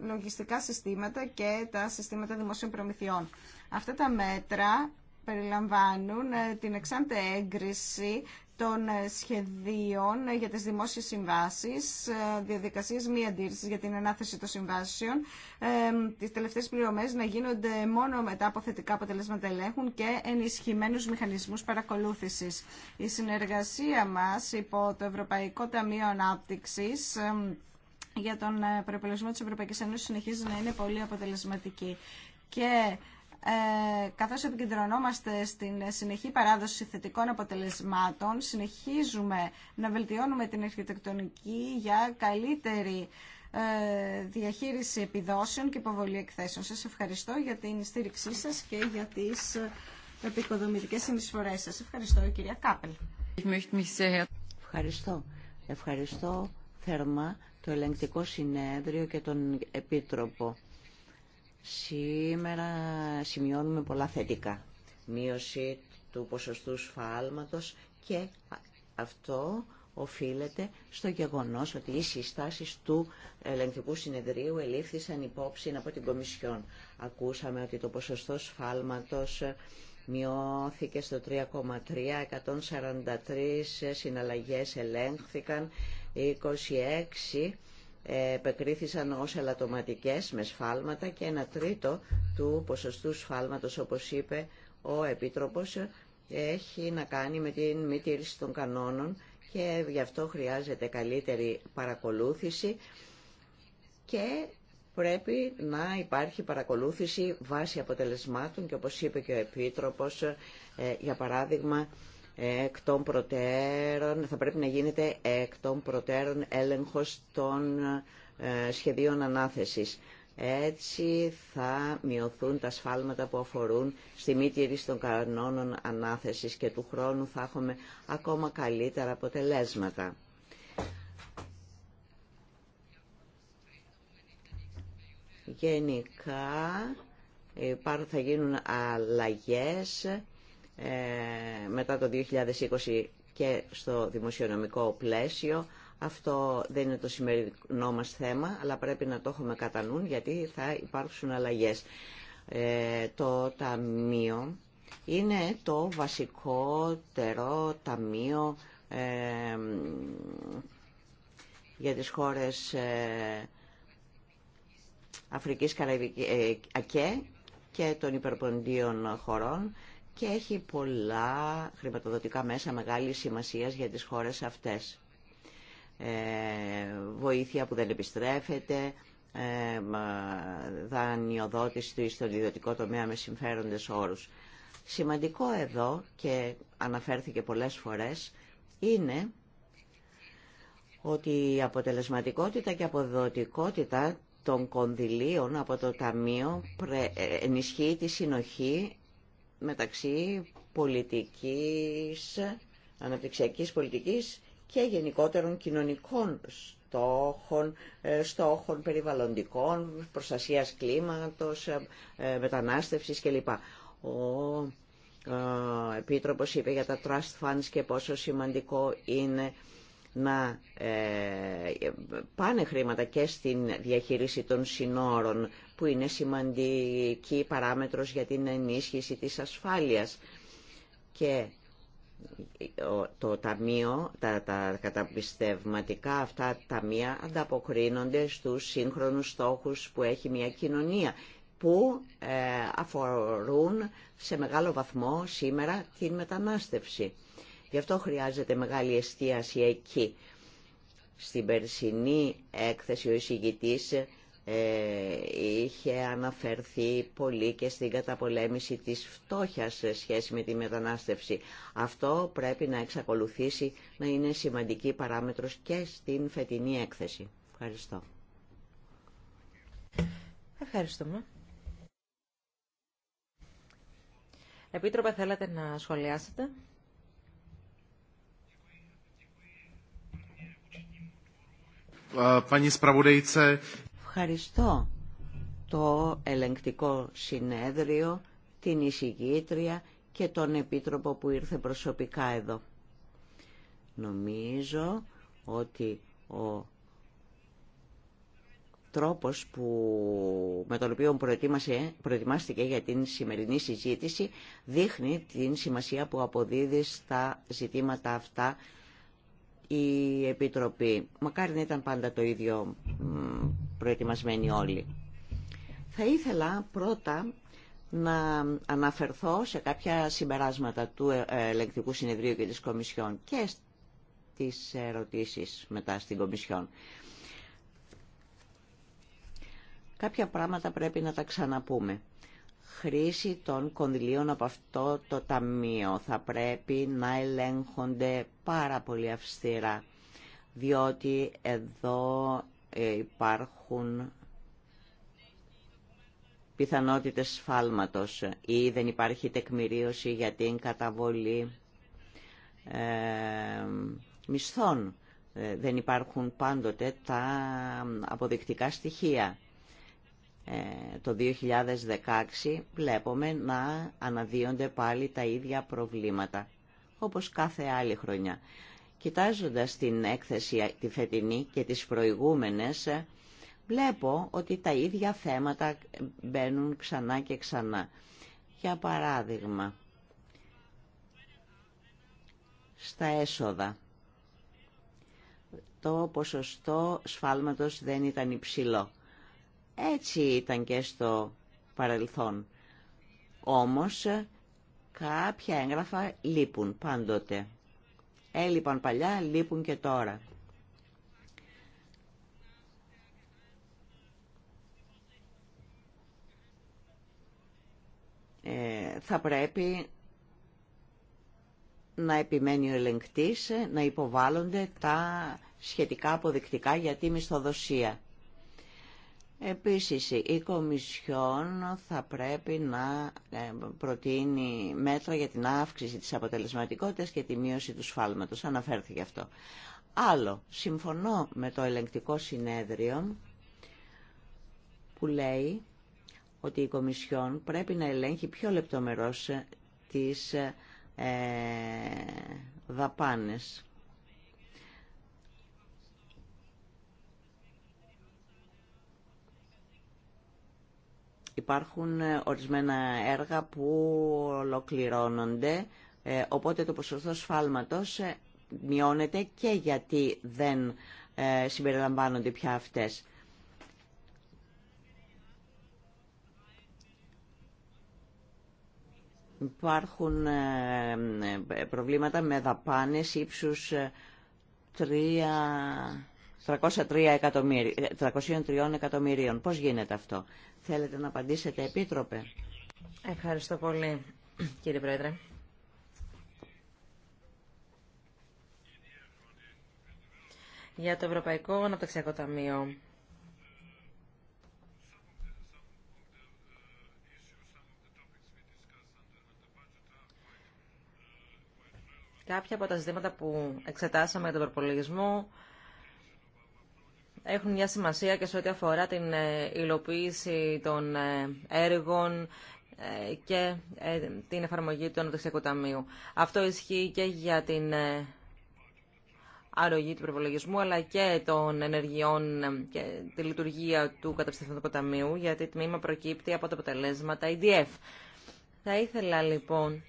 λογιστικά συστήματα και τα συστήματα δημοσίων προμηθειών. Αυτά τα μέτρα περιλαμβάνουν την εξάντε έγκριση των ε, σχεδίων ε, για τις δημόσιες συμβάσεις, ε, διαδικασίες μη αντίρρησης για την ανάθεση των συμβάσεων, τις τελευταίες πληρωμές να γίνονται μόνο μετά από θετικά αποτελέσματα ελέγχουν και ενισχυμένους μηχανισμούς παρακολούθησης. Η συνεργασία μας υπό το Ευρωπαϊκό Ταμείο Ανάπτυξης για τον προπολογισμό της Ευρωπαϊκής Ένωσης συνεχίζει να είναι πολύ αποτελεσματική. Και ε, καθώς επικεντρωνόμαστε στην συνεχή παράδοση θετικών αποτελεσμάτων, συνεχίζουμε να βελτιώνουμε την αρχιτεκτονική για καλύτερη ε, διαχείριση επιδόσεων και υποβολή εκθέσεων. Σας ευχαριστώ για την στήριξή σας και για τις ε, επικοδομητικές συνεισφορές σας. Ευχαριστώ, κυρία Κάπελ. Ευχαριστώ. Ευχαριστώ θερμά το ελεγκτικό συνέδριο και τον Επίτροπο. Σήμερα σημειώνουμε πολλά θετικά. Μείωση του ποσοστού σφάλματος και αυτό οφείλεται στο γεγονός ότι οι συστάσεις του ελεγκτικού συνεδρίου ελήφθησαν υπόψη από την Κομισιόν. Ακούσαμε ότι το ποσοστό σφάλματος μειώθηκε στο 3,3, 143 συναλλαγές ελέγχθηκαν, 26 επεκρίθησαν ως ελαττωματικές με σφάλματα και ένα τρίτο του ποσοστού σφάλματος, όπως είπε ο Επίτροπος, έχει να κάνει με την μη τήρηση των κανόνων και γι' αυτό χρειάζεται καλύτερη παρακολούθηση και πρέπει να υπάρχει παρακολούθηση βάσει αποτελεσμάτων και όπως είπε και ο Επίτροπος, ε, για παράδειγμα, εκ θα πρέπει να γίνεται εκ των προτέρων έλεγχος των ε, σχεδίων ανάθεσης. Έτσι θα μειωθούν τα σφάλματα που αφορούν στη μη τήρηση των κανόνων ανάθεσης και του χρόνου θα έχουμε ακόμα καλύτερα αποτελέσματα. Γενικά ε, θα γίνουν αλλαγές ε, μετά το 2020 και στο δημοσιονομικό πλαίσιο. Αυτό δεν είναι το σημερινό μας θέμα, αλλά πρέπει να το έχουμε κατά νου, γιατί θα υπάρξουν αλλαγές. Ε, το Ταμείο είναι το βασικότερο Ταμείο ε, για τις χώρες Αφρικής, Καραϊβικής, ΑΚΕ και των υπερποντίων χωρών και έχει πολλά χρηματοδοτικά μέσα μεγάλης σημασίας για τις χώρες αυτές. Ε, βοήθεια που δεν επιστρέφεται, ε, δανειοδότηση του στον ιδιωτικό τομέα με συμφέροντες όρους. Σημαντικό εδώ και αναφέρθηκε πολλές φορές είναι ότι η αποτελεσματικότητα και αποδοτικότητα των κονδυλίων από το Ταμείο ε, ενισχύει τη συνοχή μεταξύ πολιτικής, αναπτυξιακής πολιτικής και γενικότερων κοινωνικών στόχων, ε, στόχων περιβαλλοντικών, προστασίας κλίματος, ε, ε, μετανάστευσης κλπ. Ο Επίτροπος είπε για τα trust funds και πόσο σημαντικό είναι να ε, πάνε χρήματα και στην διαχείριση των συνόρων που είναι σημαντική παράμετρος για την ενίσχυση της ασφάλειας και το ταμείο, τα, τα καταπιστευματικά αυτά ταμεία ανταποκρίνονται στους σύγχρονους στόχους που έχει μια κοινωνία που ε, αφορούν σε μεγάλο βαθμό σήμερα την μετανάστευση. Γι' αυτό χρειάζεται μεγάλη εστίαση εκεί. Στην περσινή έκθεση ο εισηγητής ε, είχε αναφερθεί πολύ και στην καταπολέμηση της φτώχειας σε σχέση με τη μετανάστευση. Αυτό πρέπει να εξακολουθήσει να είναι σημαντική παράμετρος και στην φετινή έκθεση. Ευχαριστώ. Ευχαριστούμε. Επίτροπε, θέλατε να σχολιάσετε. Ε, Ευχαριστώ το ελεγκτικό συνέδριο, την εισηγήτρια και τον επίτροπο που ήρθε προσωπικά εδώ. Νομίζω ότι ο τρόπος που, με τον οποίο προετοιμάστηκε για την σημερινή συζήτηση δείχνει την σημασία που αποδίδει στα ζητήματα αυτά η Επιτροπή. Μακάρι να ήταν πάντα το ίδιο προετοιμασμένοι όλοι. Θα ήθελα πρώτα να αναφερθώ σε κάποια συμπεράσματα του ε, Ελεγκτικού Συνεδρίου και της Κομισιόν και στις ερωτήσεις μετά στην Κομισιόν. Κάποια πράγματα πρέπει να τα ξαναπούμε χρήση των κονδυλίων από αυτό το ταμείο θα πρέπει να ελέγχονται πάρα πολύ αυστηρά, διότι εδώ ε, υπάρχουν πιθανότητες σφάλματος ή δεν υπάρχει τεκμηρίωση για την καταβολή ε, μισθών. Ε, δεν υπάρχουν πάντοτε τα αποδεικτικά στοιχεία. Ε, το 2016 βλέπουμε να αναδύονται πάλι τα ίδια προβλήματα, όπως κάθε άλλη χρονιά. Κοιτάζοντας την έκθεση τη φετινή και τις προηγούμενες, βλέπω ότι τα ίδια θέματα μπαίνουν ξανά και ξανά. Για παράδειγμα, στα έσοδα. Το ποσοστό σφάλματος δεν ήταν υψηλό. Έτσι ήταν και στο παρελθόν. Όμως κάποια έγγραφα λείπουν πάντοτε. Έλειπαν ε, παλιά, λείπουν και τώρα. Ε, θα πρέπει να επιμένει ο ελεγκτής, να υποβάλλονται τα σχετικά αποδεικτικά για τη μισθοδοσία. Επίσης, η Κομισιόν θα πρέπει να ε, προτείνει μέτρα για την αύξηση της αποτελεσματικότητας και τη μείωση του σφάλματος. Αναφέρθηκε αυτό. Άλλο, συμφωνώ με το ελεγκτικό συνέδριο που λέει ότι η Κομισιόν πρέπει να ελέγχει πιο λεπτομερώς τις ε, δαπάνες. Υπάρχουν ε, ορισμένα έργα που ολοκληρώνονται, ε, οπότε το ποσοστό σφάλματος ε, μειώνεται και γιατί δεν συμπεριλαμβάνονται πια αυτές. Υπάρχουν προβλήματα με δαπάνες ύψους 303 εκατομμύρι, εκατομμυρίων. Πώς γίνεται αυτό. Θέλετε να απαντήσετε, Επίτροπε. Ευχαριστώ πολύ, κύριε Πρόεδρε. Για το Ευρωπαϊκό Αναπτυξιακό Ταμείο. Κάποια από τα ζητήματα που εξετάσαμε για τον προπολογισμό έχουν μια σημασία και σε ό,τι αφορά την ε, υλοποίηση των ε, έργων ε, και την εφαρμογή του Ανατοξιακού Ταμείου. Αυτό ισχύει και για την αρρωγή του προπολογισμού, αλλά και των ενεργειών και τη λειτουργία του Κατευθυντικού Ταμείου, γιατί το τμήμα προκύπτει από τα αποτελέσματα EDF. Θα ήθελα λοιπόν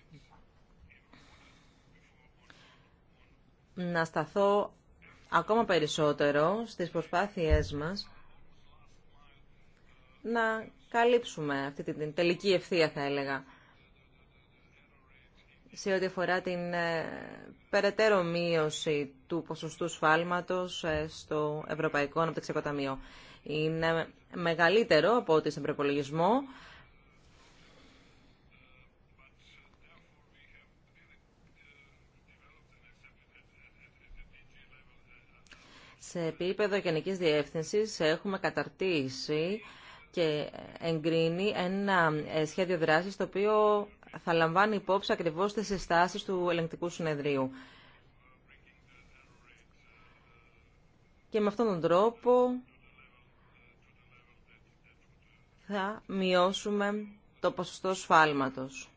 να σταθώ ακόμα περισσότερο στις προσπάθειές μας να καλύψουμε αυτή την τελική ευθεία, θα έλεγα, σε ό,τι αφορά την ε, περαιτέρω μείωση του ποσοστού σφάλματος ε, στο Ευρωπαϊκό Αναπτυξιακό Ταμείο. Είναι μεγαλύτερο από ό,τι στον προπολογισμό, Σε επίπεδο Γενικής Διεύθυνσης έχουμε καταρτήσει και εγκρίνει ένα ε, σχέδιο δράσης το οποίο θα λαμβάνει υπόψη ακριβώς τις συστάσεις του ελεγκτικού συνεδρίου. Και με αυτόν τον τρόπο θα μειώσουμε το ποσοστό σφάλματος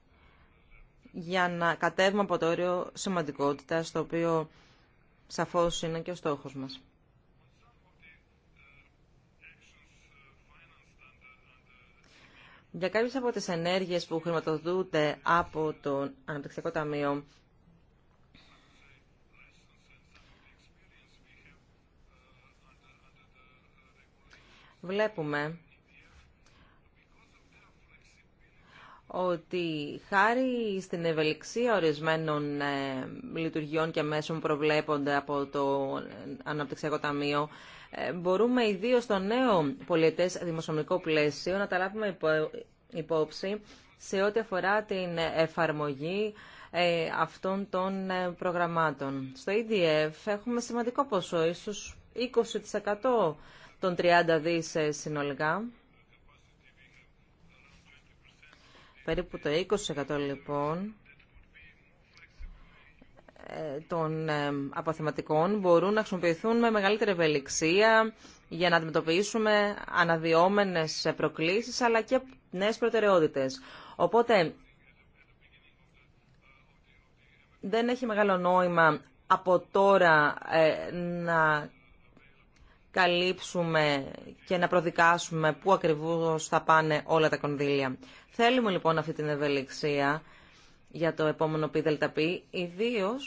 για να κατέβουμε από το όριο σημαντικότητα, το οποίο σαφώς είναι και ο στόχος μας. Για κάποιες από τις ενέργειες που χρηματοδοτούνται από το Αναπτυξιακό Ταμείο, βλέπουμε ότι χάρη στην ευελιξία ορισμένων ε, λειτουργιών και μέσων προβλέπονται από το Αναπτυξιακό Ταμείο, ε, μπορούμε ιδίω στο νέο πολιτέ δημοσιονομικό πλαίσιο να τα λάβουμε υπόψη σε ό,τι αφορά την εφαρμογή ε, αυτών των ε, προγραμμάτων. Στο EDF έχουμε σημαντικό ποσό, ίσως 20% των 30 δις συνολικά. Περίπου το 20% λοιπόν ε, των ε, αποθεματικών μπορούν να χρησιμοποιηθούν με μεγαλύτερη ευελιξία για να αντιμετωπίσουμε αναδυόμενες προκλήσεις αλλά και νέες προτεραιότητες. Οπότε δεν έχει μεγάλο νόημα από τώρα ε, να καλύψουμε και να προδικάσουμε πού ακριβώς θα πάνε όλα τα κονδύλια. Θέλουμε λοιπόν αυτή την ευελιξία για το επόμενο ΠΔΠ, ιδίω.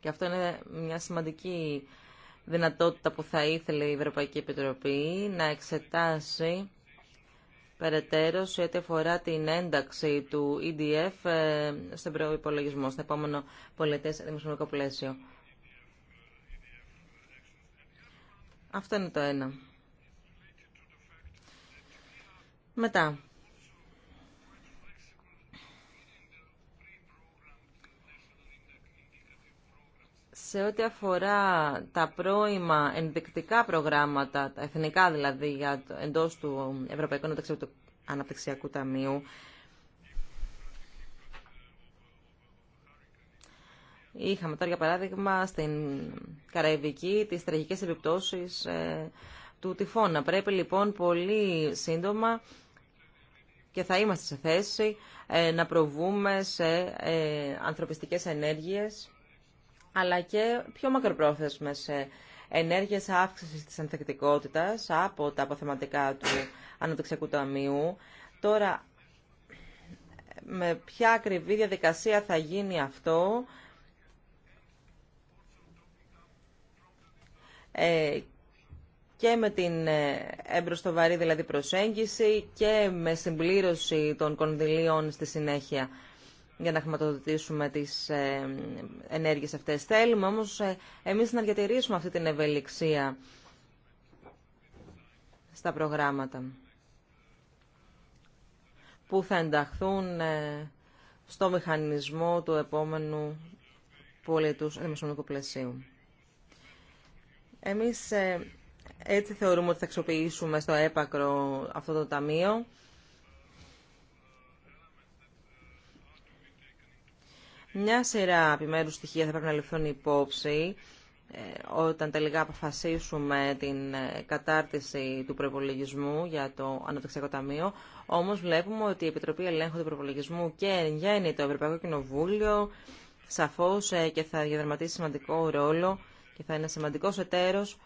και αυτό είναι μια σημαντική δυνατότητα που θα ήθελε η Ευρωπαϊκή Επιτροπή να εξετάσει περαιτέρω σε ό,τι αφορά την ένταξη του EDF ε, στον προπολογισμό, στο επόμενο πολιτές δημοσιονομικό πλαίσιο. Αυτό είναι το ένα. Μετά, σε ό,τι αφορά τα πρώιμα ενδεικτικά προγράμματα, τα εθνικά δηλαδή, για, εντός του Ευρωπαϊκού Αναπτυξιακού Ταμείου, Είχαμε τώρα, για παράδειγμα, στην Καραϊβική τις τραγικές επιπτώσεις ε, του τυφώνα. Πρέπει λοιπόν πολύ σύντομα και θα είμαστε σε θέση ε, να προβούμε σε ε, ανθρωπιστικές ενέργειες αλλά και πιο μακροπρόθεσμες ε, ενέργειες αύξησης της ανθεκτικότητας από τα αποθεματικά του Ανατοξιακού Ταμείου. Τώρα, με ποια ακριβή διαδικασία θα γίνει αυτό ε, και με την ε, εμπροστοβαρή δηλαδή προσέγγιση και με συμπλήρωση των κονδυλίων στη συνέχεια για να χρηματοδοτήσουμε τις ε, ενέργειες αυτές. Θέλουμε όμως ε, εμείς να διατηρήσουμε αυτή την ευελιξία στα προγράμματα που θα ενταχθούν ε, στο μηχανισμό του επόμενου πολίτους δημοσιονομικού πλαισίου. Εμείς έτσι θεωρούμε ότι θα αξιοποιήσουμε στο έπακρο αυτό το ταμείο Μια σειρά επιμέρου στοιχεία θα πρέπει να ληφθούν υπόψη ε, όταν τελικά αποφασίσουμε την ε, κατάρτιση του προπολογισμού για το Ανατοξιακό Ταμείο. Όμως βλέπουμε ότι η Επιτροπή Ελέγχου του Προπολογισμού και εν γέννη το Ευρωπαϊκό Κοινοβούλιο σαφώς ε, και θα διαδραματίσει σημαντικό ρόλο και θα είναι σημαντικός εταίρος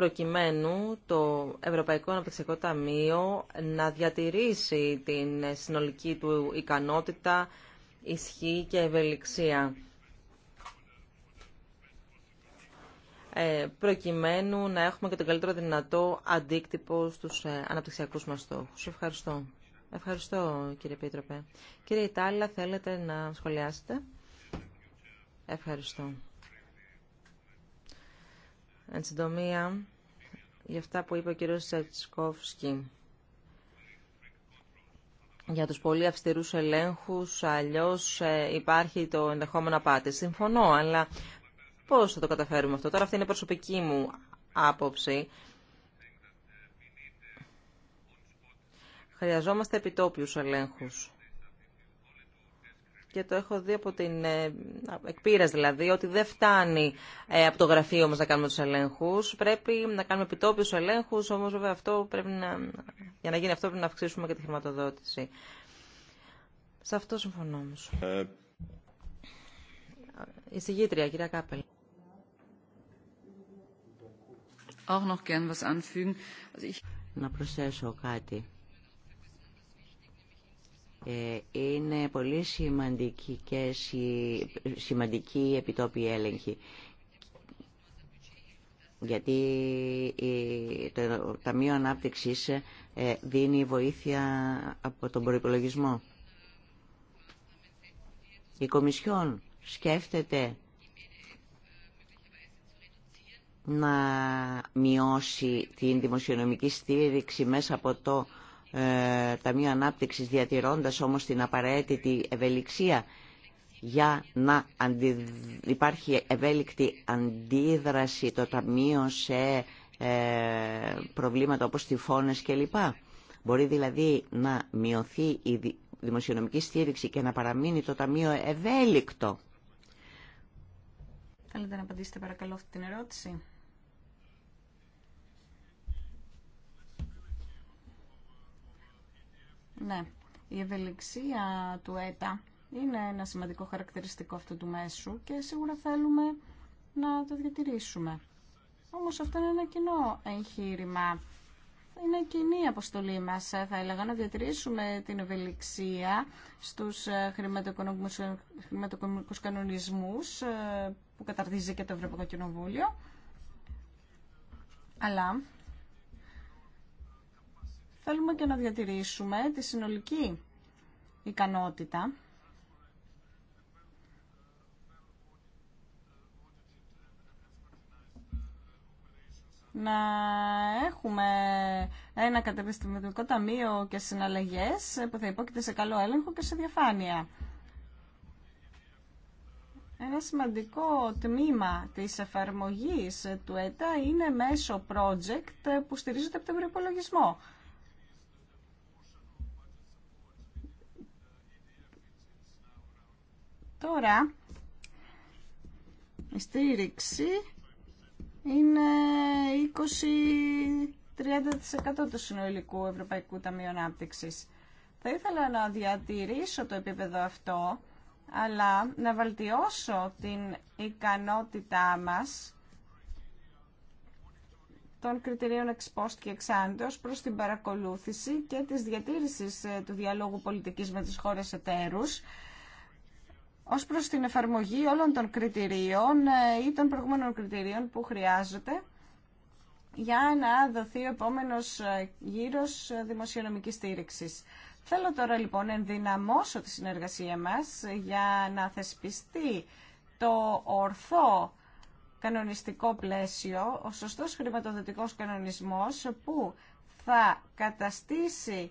προκειμένου το Ευρωπαϊκό Αναπτυξιακό Ταμείο να διατηρήσει την συνολική του ικανότητα, ισχύ και ευελιξία. Ε, προκειμένου να έχουμε και τον καλύτερο δυνατό αντίκτυπο στους ε, αναπτυξιακούς μας στόχους. Ευχαριστώ. Ευχαριστώ κύριε Πίτροπε. Κύριε Ιτάλα, θέλετε να σχολιάσετε. Ευχαριστώ. Εν συντομία, για αυτά που είπε ο κύριος Σετσκόφσκι για τους πολύ αυστηρούς ελέγχους, αλλιώς ε, υπάρχει το ενδεχόμενο απάτη. Συμφωνώ, αλλά πώς θα το καταφέρουμε αυτό. Τώρα αυτή είναι η προσωπική μου άποψη. Χρειαζόμαστε επιτόπιους ελέγχους και το έχω δει από την ε, εκπείρα δηλαδή, ότι δεν φτάνει ε, από το γραφείο μας να κάνουμε τους ελέγχους. Πρέπει να κάνουμε επιτόπιου ελέγχους, όμως βέβαια αυτό πρέπει να, για να γίνει αυτό πρέπει να αυξήσουμε και τη χρηματοδότηση. Σε αυτό συμφωνώ όμως. Ε. Η συγγήτρια, κυρία Κάπελ. Να προσθέσω κάτι. Ε, είναι πολύ σημαντική και σημαντική επιτόπιη έλεγχη. Γιατί ε, το Ταμείο Ανάπτυξης ε, δίνει βοήθεια από τον προϋπολογισμό. Η Κομισιόν σκέφτεται να μειώσει την δημοσιονομική στήριξη μέσα από το ε, Ταμείο Ανάπτυξης διατηρώντας όμως την απαραίτητη ευελιξία για να υπάρχει ευέλικτη αντίδραση το Ταμείο σε ε, προβλήματα όπως τυφώνες κλπ. Μπορεί δηλαδή να μειωθεί η δημοσιονομική στήριξη και να παραμείνει το Ταμείο ευέλικτο. Θέλετε να απαντήσετε παρακαλώ αυτή την ερώτηση. Ναι, η ευελιξία του ΕΤΑ είναι ένα σημαντικό χαρακτηριστικό αυτού του μέσου και σίγουρα θέλουμε να το διατηρήσουμε. Όμως αυτό είναι ένα κοινό εγχείρημα. Είναι κοινή αποστολή μας, ε, θα έλεγα, να διατηρήσουμε την ευελιξία στους ε, χρηματοοικονομικούς κανονισμούς ε, που καταρτίζει και το Ευρωπαϊκό Κοινοβούλιο. Αλλά θέλουμε και να διατηρήσουμε τη συνολική ικανότητα να έχουμε ένα κατεπιστημιακό ταμείο και συναλλαγές που θα υπόκειται σε καλό έλεγχο και σε διαφάνεια. Ένα σημαντικό τμήμα της εφαρμογής του ΕΤΑ είναι μέσω project που στηρίζεται από τον προπολογισμό. Τώρα, η στήριξη είναι 20-30% του συνολικού Ευρωπαϊκού Ταμείου Ανάπτυξης. Θα ήθελα να διατηρήσω το επίπεδο αυτό, αλλά να βελτιώσω την ικανότητά μας των κριτηρίων εξπόστη και εξάντως προς την παρακολούθηση και της διατήρησης ε, του διαλόγου πολιτικής με τις χώρες εταίρους ως προς την εφαρμογή όλων των κριτηρίων ε, ή των προηγούμενων κριτηρίων που χρειάζεται για να δοθεί ο επόμενος ε, γύρος ε, δημοσιονομικής στήριξης. Θέλω τώρα λοιπόν να ενδυναμώσω τη συνεργασία μας για να θεσπιστεί το ορθό κανονιστικό πλαίσιο, ο σωστός χρηματοδοτικός κανονισμός που θα καταστήσει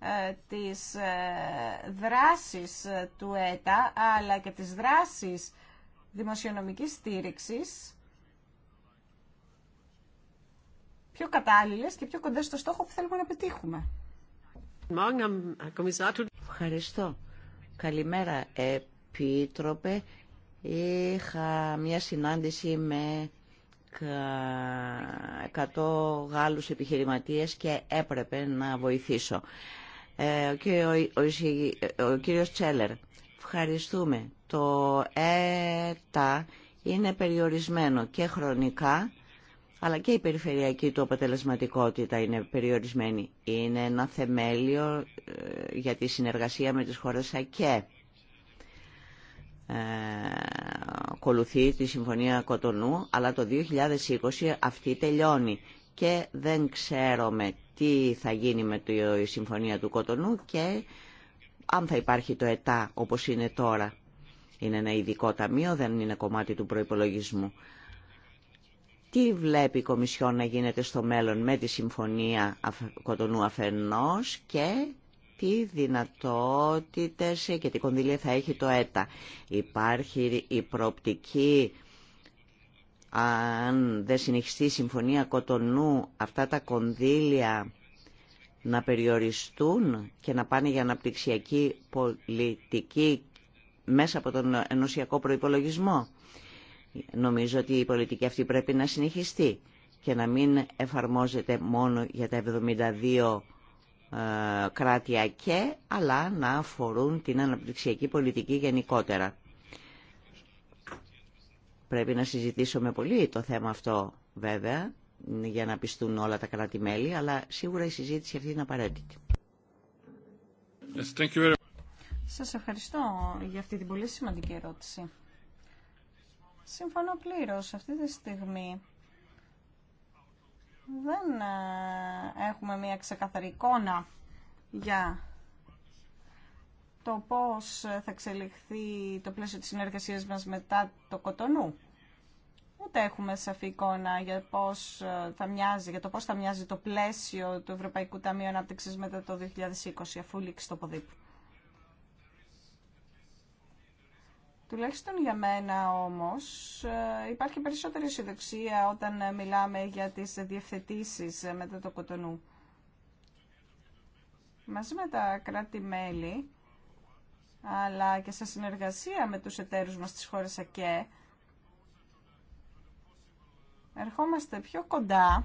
ε, τις ε, δράσεις ε, του ΕΤΑ αλλά και τις δράσεις δημοσιονομικής στήριξης πιο κατάλληλες και πιο κοντά στο στόχο που θέλουμε να πετύχουμε. Ευχαριστώ. Καλημέρα, Επίτροπε. Είχα μια συνάντηση με 100 Γάλλους επιχειρηματίες και έπρεπε να βοηθήσω. Ε, και ο, ε, ο, κύριος Τσέλερ. Ευχαριστούμε. Το ΕΤΑ είναι περιορισμένο και χρονικά, αλλά και η περιφερειακή του αποτελεσματικότητα είναι περιορισμένη. Είναι ένα θεμέλιο ε, για τη συνεργασία με τις χώρες ΑΚΕ. Ε, ακολουθεί τη Συμφωνία Κοτονού, αλλά το 2020 αυτή τελειώνει και δεν ξέρουμε τι θα γίνει με τη Συμφωνία του Κοτονού και αν θα υπάρχει το ΕΤΑ όπως είναι τώρα. Είναι ένα ειδικό ταμείο, δεν είναι κομμάτι του προϋπολογισμού. Τι βλέπει η Κομισιόν να γίνεται στο μέλλον με τη Συμφωνία Κοτονού Αφενός και τι δυνατότητες και τι κονδύλια θα έχει το ΕΤΑ. Υπάρχει η προοπτική αν δεν συνεχιστεί η Συμφωνία Κοτονού αυτά τα κονδύλια να περιοριστούν και να πάνε για αναπτυξιακή πολιτική μέσα από τον ενωσιακό προϋπολογισμό. Νομίζω ότι η πολιτική αυτή πρέπει να συνεχιστεί και να μην εφαρμόζεται μόνο για τα 72 ε, κράτη ΑΚΕ, αλλά να αφορούν την αναπτυξιακή πολιτική γενικότερα. Πρέπει να συζητήσουμε πολύ το θέμα αυτό βέβαια για να πιστούν όλα τα κράτη-μέλη, αλλά σίγουρα η συζήτηση αυτή είναι απαραίτητη. Yes, Σας ευχαριστώ για αυτή την πολύ σημαντική ερώτηση. Συμφωνώ πλήρως. Αυτή τη στιγμή δεν ε, έχουμε μια ξεκαθαρή εικόνα για το πώς θα εξελιχθεί το πλαίσιο της συνεργασίας μας μετά το κοτονού. Ούτε έχουμε σαφή εικόνα για, πώς ε, θα μοιάζει, για το πώς θα μοιάζει το πλαίσιο του Ευρωπαϊκού Ταμείου Ανάπτυξης μετά το 2020, αφού λήξει το ποδίπου. Τουλάχιστον για μένα όμως ε, υπάρχει περισσότερη αισιοδοξία όταν μιλάμε για τις διευθετήσεις μετά το κοτονού. Μαζί με τα κράτη-μέλη αλλά και σε συνεργασία με τους εταίρους μας στις χώρες ΑΚΕ, ερχόμαστε πιο κοντά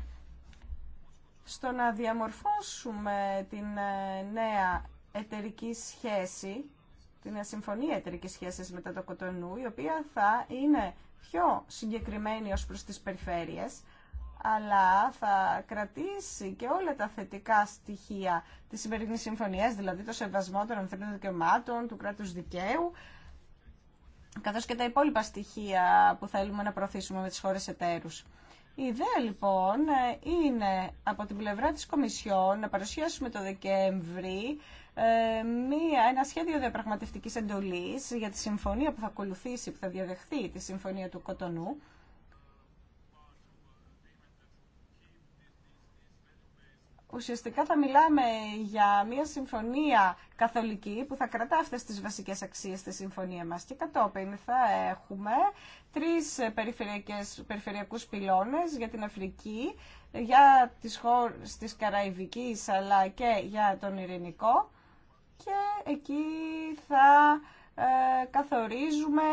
στο να διαμορφώσουμε την ε, νέα εταιρική σχέση, την συμφωνία εταιρική σχέσης μετά το Κοτονού, η οποία θα είναι πιο συγκεκριμένη ως προς τις περιφέρειες αλλά θα κρατήσει και όλα τα θετικά στοιχεία της σημερινής συμφωνίας, δηλαδή το σεβασμό των ανθρώπινων δικαιωμάτων, του κράτους δικαίου, καθώς και τα υπόλοιπα στοιχεία που θέλουμε να προωθήσουμε με τις χώρες εταίρους. Η ιδέα λοιπόν είναι από την πλευρά της Κομισιόν να παρουσιάσουμε το Δεκέμβρη ε, μία, ένα σχέδιο διαπραγματευτικής εντολής για τη συμφωνία που θα ακολουθήσει, που θα διαδεχθεί τη συμφωνία του Κοτονού ουσιαστικά θα μιλάμε για μια συμφωνία καθολική που θα κρατά αυτές τις βασικές αξίες στη συμφωνία μας και κατόπιν θα έχουμε τρεις περιφερειακούς πυλώνες για την Αφρική, για τις χώρες της Καραϊβικής αλλά και για τον Ειρηνικό και εκεί θα ε, καθορίζουμε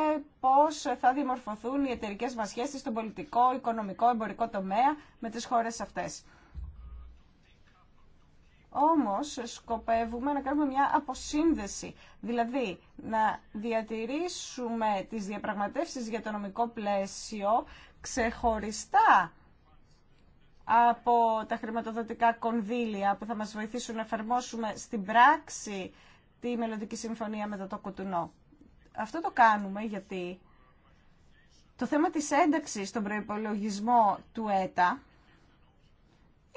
πώς θα δημορφωθούν οι εταιρικές μας σχέσεις στον πολιτικό, οικονομικό, εμπορικό τομέα με τις χώρες αυτές. Όμως σκοπεύουμε να κάνουμε μια αποσύνδεση, δηλαδή να διατηρήσουμε τις διαπραγματεύσεις για το νομικό πλαίσιο ξεχωριστά από τα χρηματοδοτικά κονδύλια που θα μας βοηθήσουν να εφαρμόσουμε στην πράξη τη μελλοντική συμφωνία με το τοκοτουνό. Αυτό το κάνουμε γιατί το θέμα της ένταξης στον προϋπολογισμό του ΕΤΑ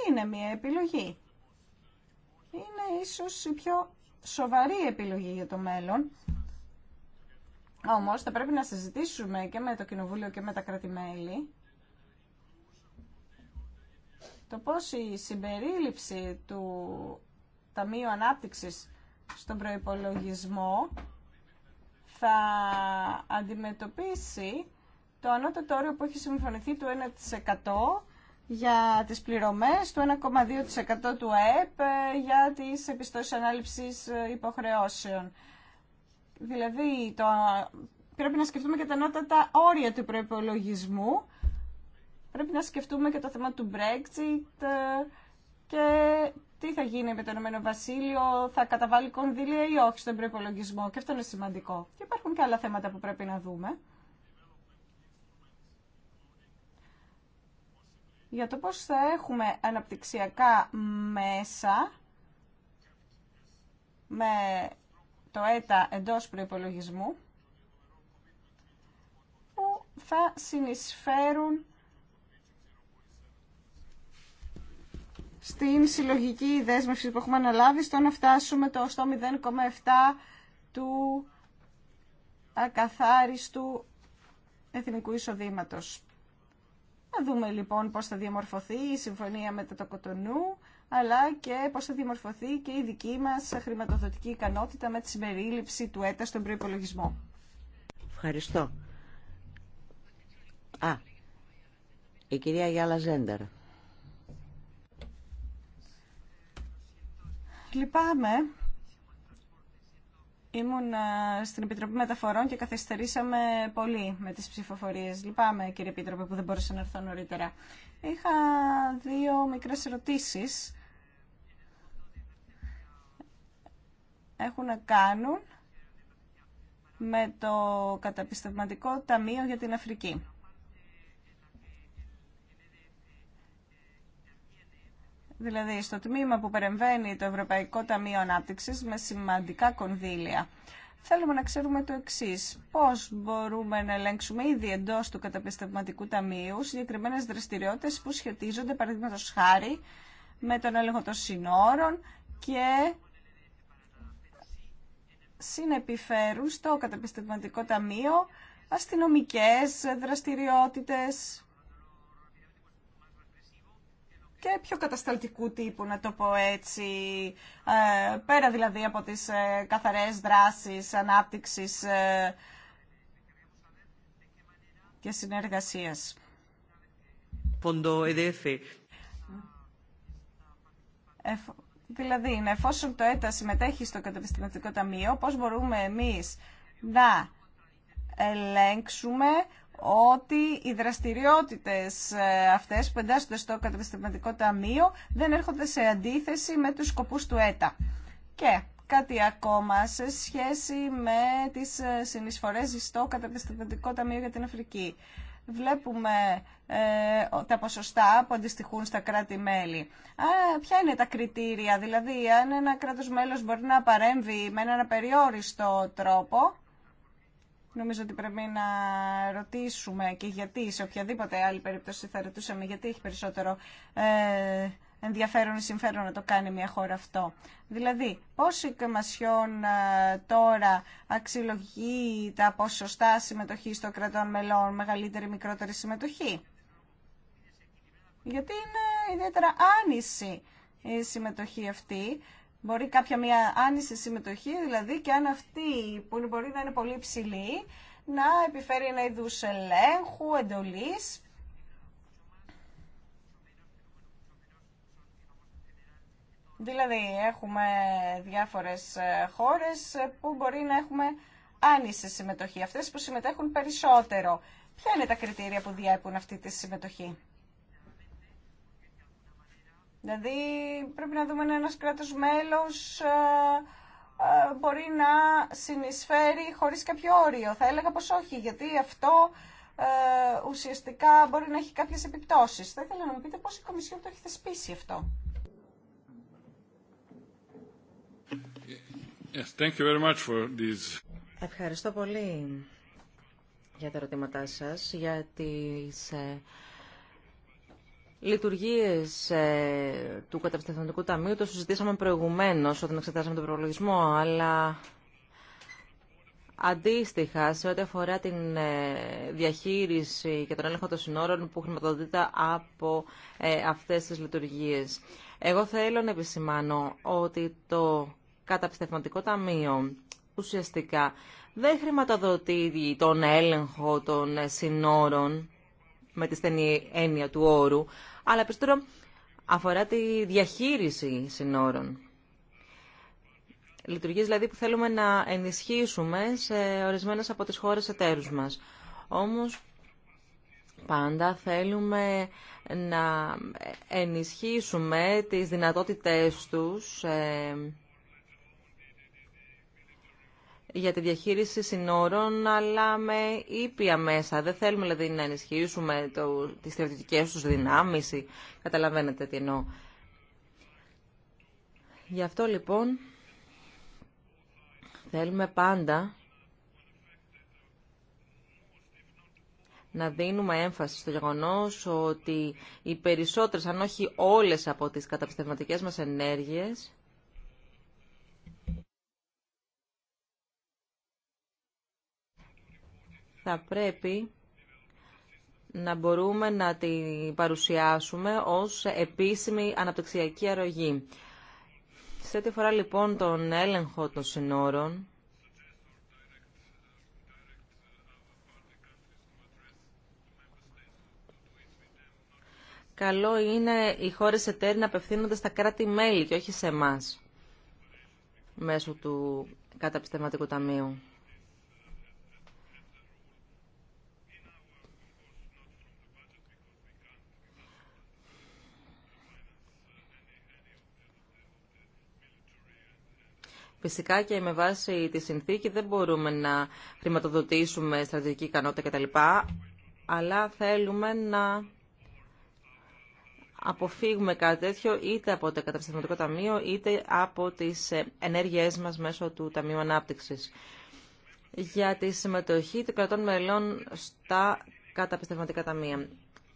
είναι μια επιλογή είναι ίσως η πιο σοβαρή επιλογή για το μέλλον. Όμως θα πρέπει να συζητήσουμε και με το Κοινοβούλιο και με τα κράτη-μέλη το πώς η συμπερίληψη του Ταμείου Ανάπτυξης στον προϋπολογισμό θα αντιμετωπίσει το ανώτατο όριο που έχει συμφωνηθεί του 1% για τις πληρωμές, του 1,2% του ΑΕΠ ε, για τις επιστώσεις ανάληψης ε, υποχρεώσεων. Δηλαδή, το, πρέπει να σκεφτούμε και τα νότατα όρια του προϋπολογισμού, πρέπει να σκεφτούμε και το θέμα του Brexit ε, και τι θα γίνει με το Ηνωμένο Βασίλειο, θα καταβάλει κονδύλια ή όχι στον προϋπολογισμό. Και αυτό είναι σημαντικό. Και υπάρχουν και άλλα θέματα που πρέπει να δούμε. για το πώς θα έχουμε αναπτυξιακά μέσα με το ΕΤΑ εντός προϋπολογισμού που θα συνεισφέρουν στην συλλογική δέσμευση που έχουμε αναλάβει στο να φτάσουμε το στο 0,7 του ακαθάριστου εθνικού εισοδήματος. Να δούμε λοιπόν πώς θα διαμορφωθεί η συμφωνία με το Κοτονού, αλλά και πώς θα διαμορφωθεί και η δική μας χρηματοδοτική ικανότητα με τη συμπερίληψη του ΕΤΑ στον προϋπολογισμό. Ευχαριστώ. Α, η κυρία Γιάλα Ζέντερ. Λυπάμαι Ήμουν ε, στην Επιτροπή Μεταφορών και καθυστερήσαμε πολύ με τις ψηφοφορίες. Λυπάμαι κύριε Επίτροπε που δεν μπορούσα να έρθω νωρίτερα. Είχα δύο μικρές ερωτήσεις. Έχουν να κάνουν με το καταπιστευματικό ταμείο για την Αφρική. δηλαδή στο τμήμα που παρεμβαίνει το Ευρωπαϊκό Ταμείο Ανάπτυξης με σημαντικά κονδύλια. Θέλουμε να ξέρουμε το εξή. Πώ μπορούμε να ελέγξουμε ήδη εντό του καταπιστευματικού ταμείου συγκεκριμένε δραστηριότητε που σχετίζονται, παραδείγματο χάρη, με τον έλεγχο των συνόρων και συνεπιφέρουν στο καταπιστευματικό ταμείο αστυνομικέ δραστηριότητε, και πιο κατασταλτικού τύπου, να το πω έτσι, ε, πέρα δηλαδή από τις ε, καθαρές δράσεις ανάπτυξης ε, και συνεργασίας. Ε, δηλαδή, ναι, εφόσον το ΕΤΑ συμμετέχει στο Καταπιστηματικό Ταμείο, πώς μπορούμε εμείς να ελέγξουμε ότι οι δραστηριότητες ε, αυτές που εντάσσονται στο καταπιστευματικό ταμείο δεν έρχονται σε αντίθεση με τους σκοπούς του ΕΤΑ. Και κάτι ακόμα σε σχέση με τις ε, συνεισφορές στο καταπιστευματικό ταμείο για την Αφρική. Βλέπουμε ε, τα ποσοστά που αντιστοιχούν στα κράτη-μέλη. Ποια είναι τα κριτήρια, δηλαδή αν ένα κράτος μέλος μπορεί να παρέμβει με έναν απεριόριστο τρόπο Νομίζω ότι πρέπει να ρωτήσουμε και γιατί σε οποιαδήποτε άλλη περίπτωση θα ρωτούσαμε γιατί έχει περισσότερο ε, ενδιαφέρον ή συμφέρον να το κάνει μια χώρα αυτό. Δηλαδή, πόσοι ε, τώρα αξιολογεί τα ποσοστά συμμετοχή στο κρατών μελών, μεγαλύτερη ή μικρότερη συμμετοχή. Γιατί είναι ιδιαίτερα άνηση η συμμετοχή αυτή Μπορεί κάποια μια άνηση συμμετοχή, δηλαδή και αν αυτή που μπορεί να είναι πολύ ψηλή, να επιφέρει ένα είδου ελέγχου, εντολή. Δηλαδή έχουμε διάφορες ε, χώρες ε, που μπορεί να έχουμε άνηση συμμετοχή, αυτές που συμμετέχουν περισσότερο. Ποια είναι τα κριτήρια που διέπουν αυτή τη συμμετοχή. Δηλαδή πρέπει να δούμε αν ένας κράτος μέλος ε, ε, μπορεί να συνεισφέρει χωρίς κάποιο όριο. Θα έλεγα πως όχι, γιατί αυτό ε, ουσιαστικά μπορεί να έχει κάποιες επιπτώσεις. Θα ήθελα να μου πείτε πώς η Κομισιόν το έχει θεσπίσει αυτό. Yes, thank you very much for this. Ευχαριστώ πολύ για τα ερωτήματά σας, για τις λειτουργίες ε, του Καταπιστευματικού Ταμείου το συζητήσαμε προηγουμένως όταν εξετάσαμε τον προλογισμό, αλλά αντίστοιχα σε ό,τι αφορά την ε, διαχείριση και τον έλεγχο των συνόρων που χρηματοδοτείται από ε, αυτές τις λειτουργίες. Εγώ θέλω να επισημάνω ότι το Καταπιστευματικό Ταμείο ουσιαστικά δεν χρηματοδοτεί τον έλεγχο των συνόρων με τη στενή έννοια του όρου, αλλά περισσότερο αφορά τη διαχείριση συνόρων. Λειτουργίες δηλαδή που θέλουμε να ενισχύσουμε σε ορισμένες από τις χώρες εταίρους μας. Όμως πάντα θέλουμε να ενισχύσουμε τις δυνατότητές τους ε, για τη διαχείριση συνόρων, αλλά με ήπια μέσα. Δεν θέλουμε δηλαδή να ενισχύσουμε το, τις θεωρητικές τους δυνάμεις. Καταλαβαίνετε τι εννοώ. Γι' αυτό λοιπόν θέλουμε πάντα να δίνουμε έμφαση στο γεγονός ότι οι περισσότερες, αν όχι όλες από τις καταπιστευματικές μας ενέργειες, θα πρέπει να μπορούμε να την παρουσιάσουμε ως επίσημη αναπτυξιακή αρρωγή. Σε ό,τι αφορά λοιπόν τον έλεγχο των συνόρων, καλό είναι οι χώρες εταίροι να απευθύνονται στα κράτη-μέλη και όχι σε εμά μέσω του καταπιστευματικού ταμείου. Φυσικά και με βάση τη συνθήκη δεν μπορούμε να χρηματοδοτήσουμε στρατηγική ικανότητα κτλ. Αλλά θέλουμε να αποφύγουμε κάτι τέτοιο είτε από το Καταπιστευματικό Ταμείο είτε από τις ε, ενέργειές μας μέσω του Ταμείου Ανάπτυξης. Για τη συμμετοχή των κρατών μελών στα καταπιστευματικά ταμεία.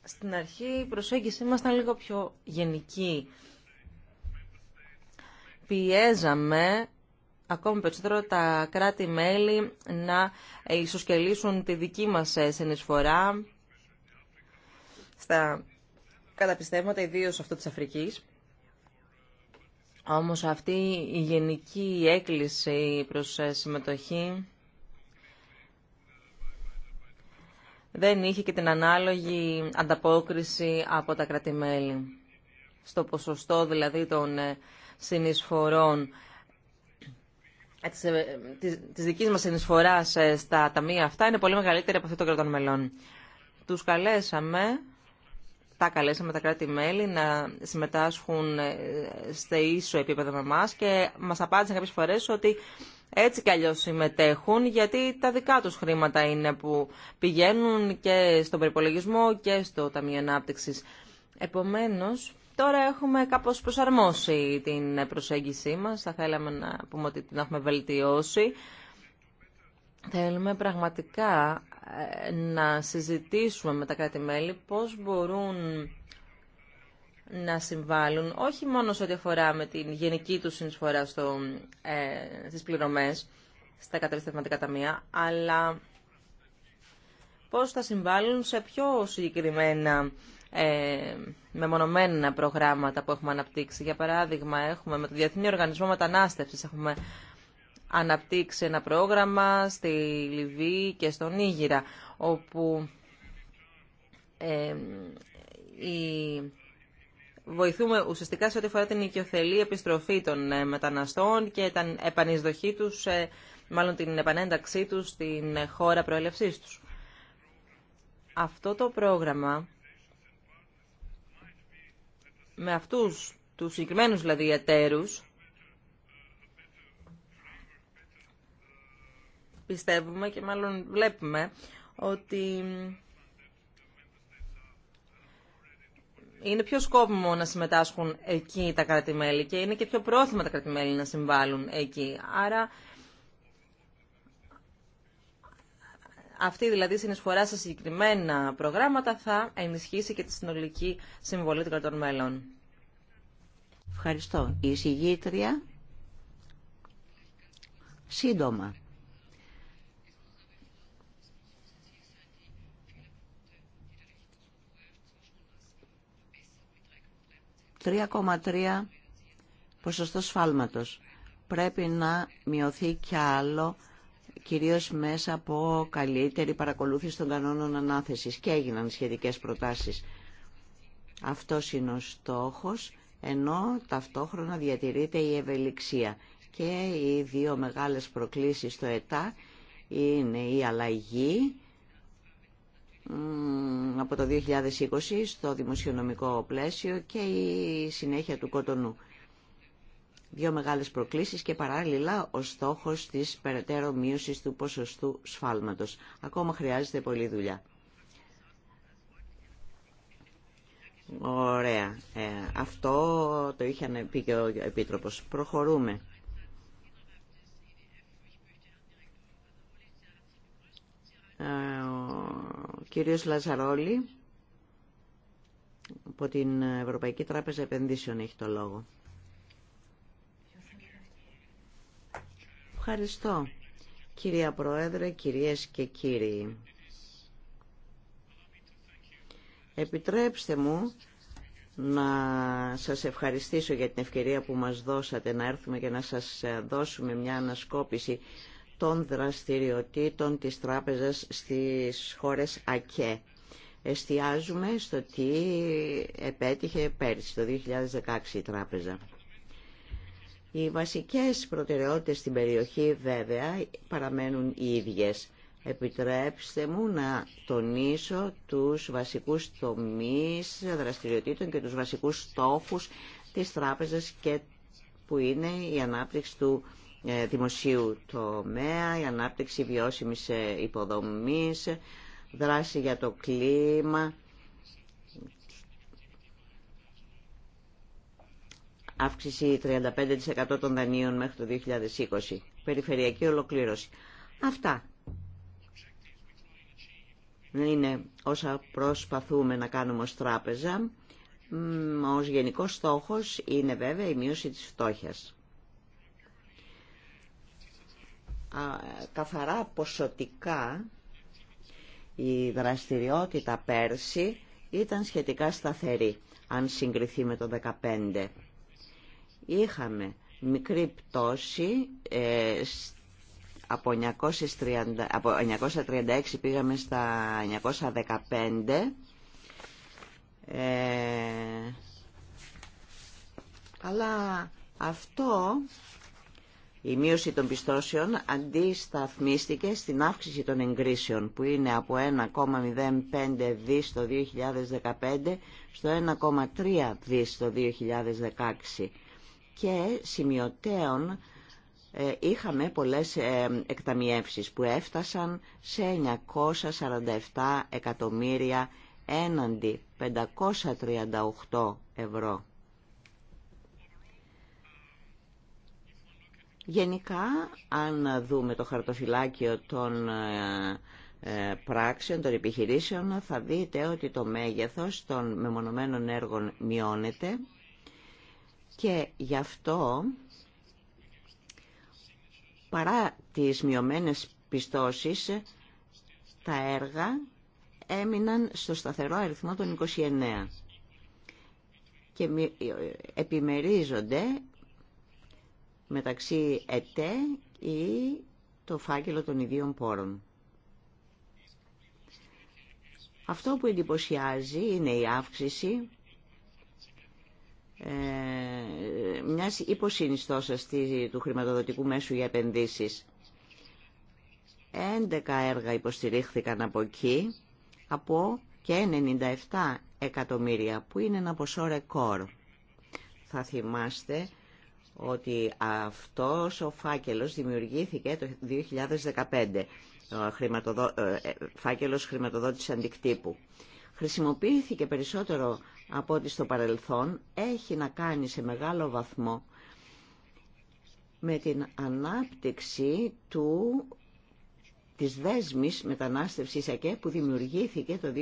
Στην αρχή η προσέγγιση μας ήταν λίγο πιο γενική. Πιέζαμε ακόμη περισσότερο τα κράτη-μέλη να ισοσκελίσουν τη δική μας ε, συνεισφορά στα καταπιστεύματα, ιδίως αυτό της Αφρικής. Όμως αυτή η γενική έκκληση προς ε, συμμετοχή δεν είχε και την ανάλογη ανταπόκριση από τα κράτη-μέλη. Στο ποσοστό δηλαδή των ε, συνεισφορών ε, ε, της δικής μας ενισφοράς ε, στα ταμεία αυτά είναι πολύ μεγαλύτερη από αυτή των κρατών μελών. Τους καλέσαμε, τα καλέσαμε τα κράτη-μέλη να συμμετάσχουν σε ίσο επίπεδο με εμά και μας απάντησαν κάποιες φορές ότι έτσι κι αλλιώς συμμετέχουν γιατί τα δικά τους χρήματα είναι που πηγαίνουν και στον περιπολογισμό και στο Ταμείο Ανάπτυξης. Επομένως, Τώρα έχουμε κάπως προσαρμόσει την προσέγγιση μας. Θα θέλαμε να πούμε ότι την έχουμε βελτιώσει. Θέλουμε πραγματικά ε, να συζητήσουμε με τα κράτη-μέλη πώς μπορούν να συμβάλλουν, όχι μόνο σε ό,τι αφορά με την γενική του συνεισφορά στο, ε, στις πληρωμές, στα καταπιστευματικά ταμεία, αλλά πώς θα συμβάλλουν σε πιο συγκεκριμένα ε, μεμονωμένα προγράμματα που έχουμε αναπτύξει. Για παράδειγμα, έχουμε με το Διεθνή Οργανισμό Μετανάστευσης έχουμε αναπτύξει ένα πρόγραμμα στη Λιβύη και στον Ήγυρα, όπου ε, βοηθούμε ουσιαστικά σε ό,τι αφορά την οικειοθελή επιστροφή των ε, μεταναστών και την επανεισδοχή τους, μάλλον την επανένταξή τους στην χώρα προέλευσής τους. Αυτό το πρόγραμμα με αυτούς τους συγκεκριμένους δηλαδή εταίρους πιστεύουμε και μάλλον βλέπουμε ότι είναι πιο σκόπιμο να συμμετάσχουν εκεί τα κράτη-μέλη και είναι και πιο πρόθυμα τα κράτη-μέλη να συμβάλλουν εκεί. Άρα Αυτή δηλαδή η συνεισφορά σε συγκεκριμένα προγράμματα θα ενισχύσει και τη συνολική συμβολή των κρατών μέλων. Ευχαριστώ. Η εισηγήτρια σύντομα. ...3,3 ποσοστό σφάλματος. Πρέπει να μειωθεί κι άλλο κυρίως μέσα από καλύτερη παρακολούθηση των κανόνων ανάθεσης και έγιναν σχετικές προτάσεις. Αυτός είναι ο στόχος, ενώ ταυτόχρονα διατηρείται η ευελιξία. Και οι δύο μεγάλες προκλήσεις στο ΕΤΑ είναι η αλλαγή από το 2020 στο δημοσιονομικό πλαίσιο και η συνέχεια του Κοτονού δύο μεγάλες προκλήσεις και παράλληλα ο στόχος της περαιτέρω μείωσης του ποσοστού σφάλματος. Ακόμα χρειάζεται πολλή δουλειά. Ωραία. Ε, αυτό το είχε πει και ο Επίτροπος. Προχωρούμε. Ε, ο κύριος Λαζαρόλη από την Ευρωπαϊκή Τράπεζα Επενδύσεων έχει το λόγο. Ευχαριστώ, κυρία Πρόεδρε, κυρίες και κύριοι. Επιτρέψτε μου να σας ευχαριστήσω για την ευκαιρία που μας δώσατε να έρθουμε και να σας δώσουμε μια ανασκόπηση των δραστηριοτήτων της τράπεζας στις χώρες ΑΚΕ. Εστιάζουμε στο τι επέτυχε πέρσι, το 2016 η τράπεζα. Οι βασικές προτεραιότητες στην περιοχή βέβαια παραμένουν οι ίδιες. Επιτρέψτε μου να τονίσω τους βασικούς τομείς δραστηριοτήτων και τους βασικούς στόχους της τράπεζας και που είναι η ανάπτυξη του ε, δημοσίου τομέα, η ανάπτυξη βιώσιμης ε, υποδομής, δράση για το κλίμα, αύξηση 35% των δανείων μέχρι το 2020, περιφερειακή ολοκλήρωση. Αυτά είναι όσα προσπαθούμε να κάνουμε ως τράπεζα. Ο γενικός στόχος είναι βέβαια η μείωση της φτώχειας. Καθαρά ποσοτικά η δραστηριότητα πέρσι ήταν σχετικά σταθερή, αν συγκριθεί με το 2015 είχαμε μικρή πτώση ε, από, 930, από 936 πήγαμε στα 915 ε, αλλά αυτό η μείωση των πιστώσεων αντισταθμίστηκε στην αύξηση των εγκρίσεων που είναι από 1,05 δις το 2015 στο 1,3 δις το 2016 και σημειωτέων ε, είχαμε πολλές ε, εκταμιεύσεις που έφτασαν σε 947 εκατομμύρια έναντι 538 ευρώ. Γενικά, αν δούμε το χαρτοφυλάκιο των ε, πράξεων, των επιχειρήσεων, θα δείτε ότι το μέγεθος των μεμονωμένων έργων μειώνεται και γι' αυτό, παρά τις μειωμένες πιστώσεις, τα έργα έμειναν στο σταθερό αριθμό των 29 και επιμερίζονται μεταξύ ΕΤΕ ή το φάκελο των ιδίων πόρων. Αυτό που εντυπωσιάζει είναι η αύξηση ε, μιας υποσυνιστώσας του χρηματοδοτικού μέσου για επενδύσεις. 11 έργα υποστηρίχθηκαν από εκεί, από και 97 εκατομμύρια, που είναι ένα ποσό ρεκόρ. Θα θυμάστε ότι αυτός ο φάκελος δημιουργήθηκε το 2015, ο ε, ε, φάκελος χρηματοδότησης αντικτύπου χρησιμοποιήθηκε περισσότερο από ό,τι στο παρελθόν, έχει να κάνει σε μεγάλο βαθμό με την ανάπτυξη του, της δέσμης μετανάστευσης ΑΚΕ που δημιουργήθηκε το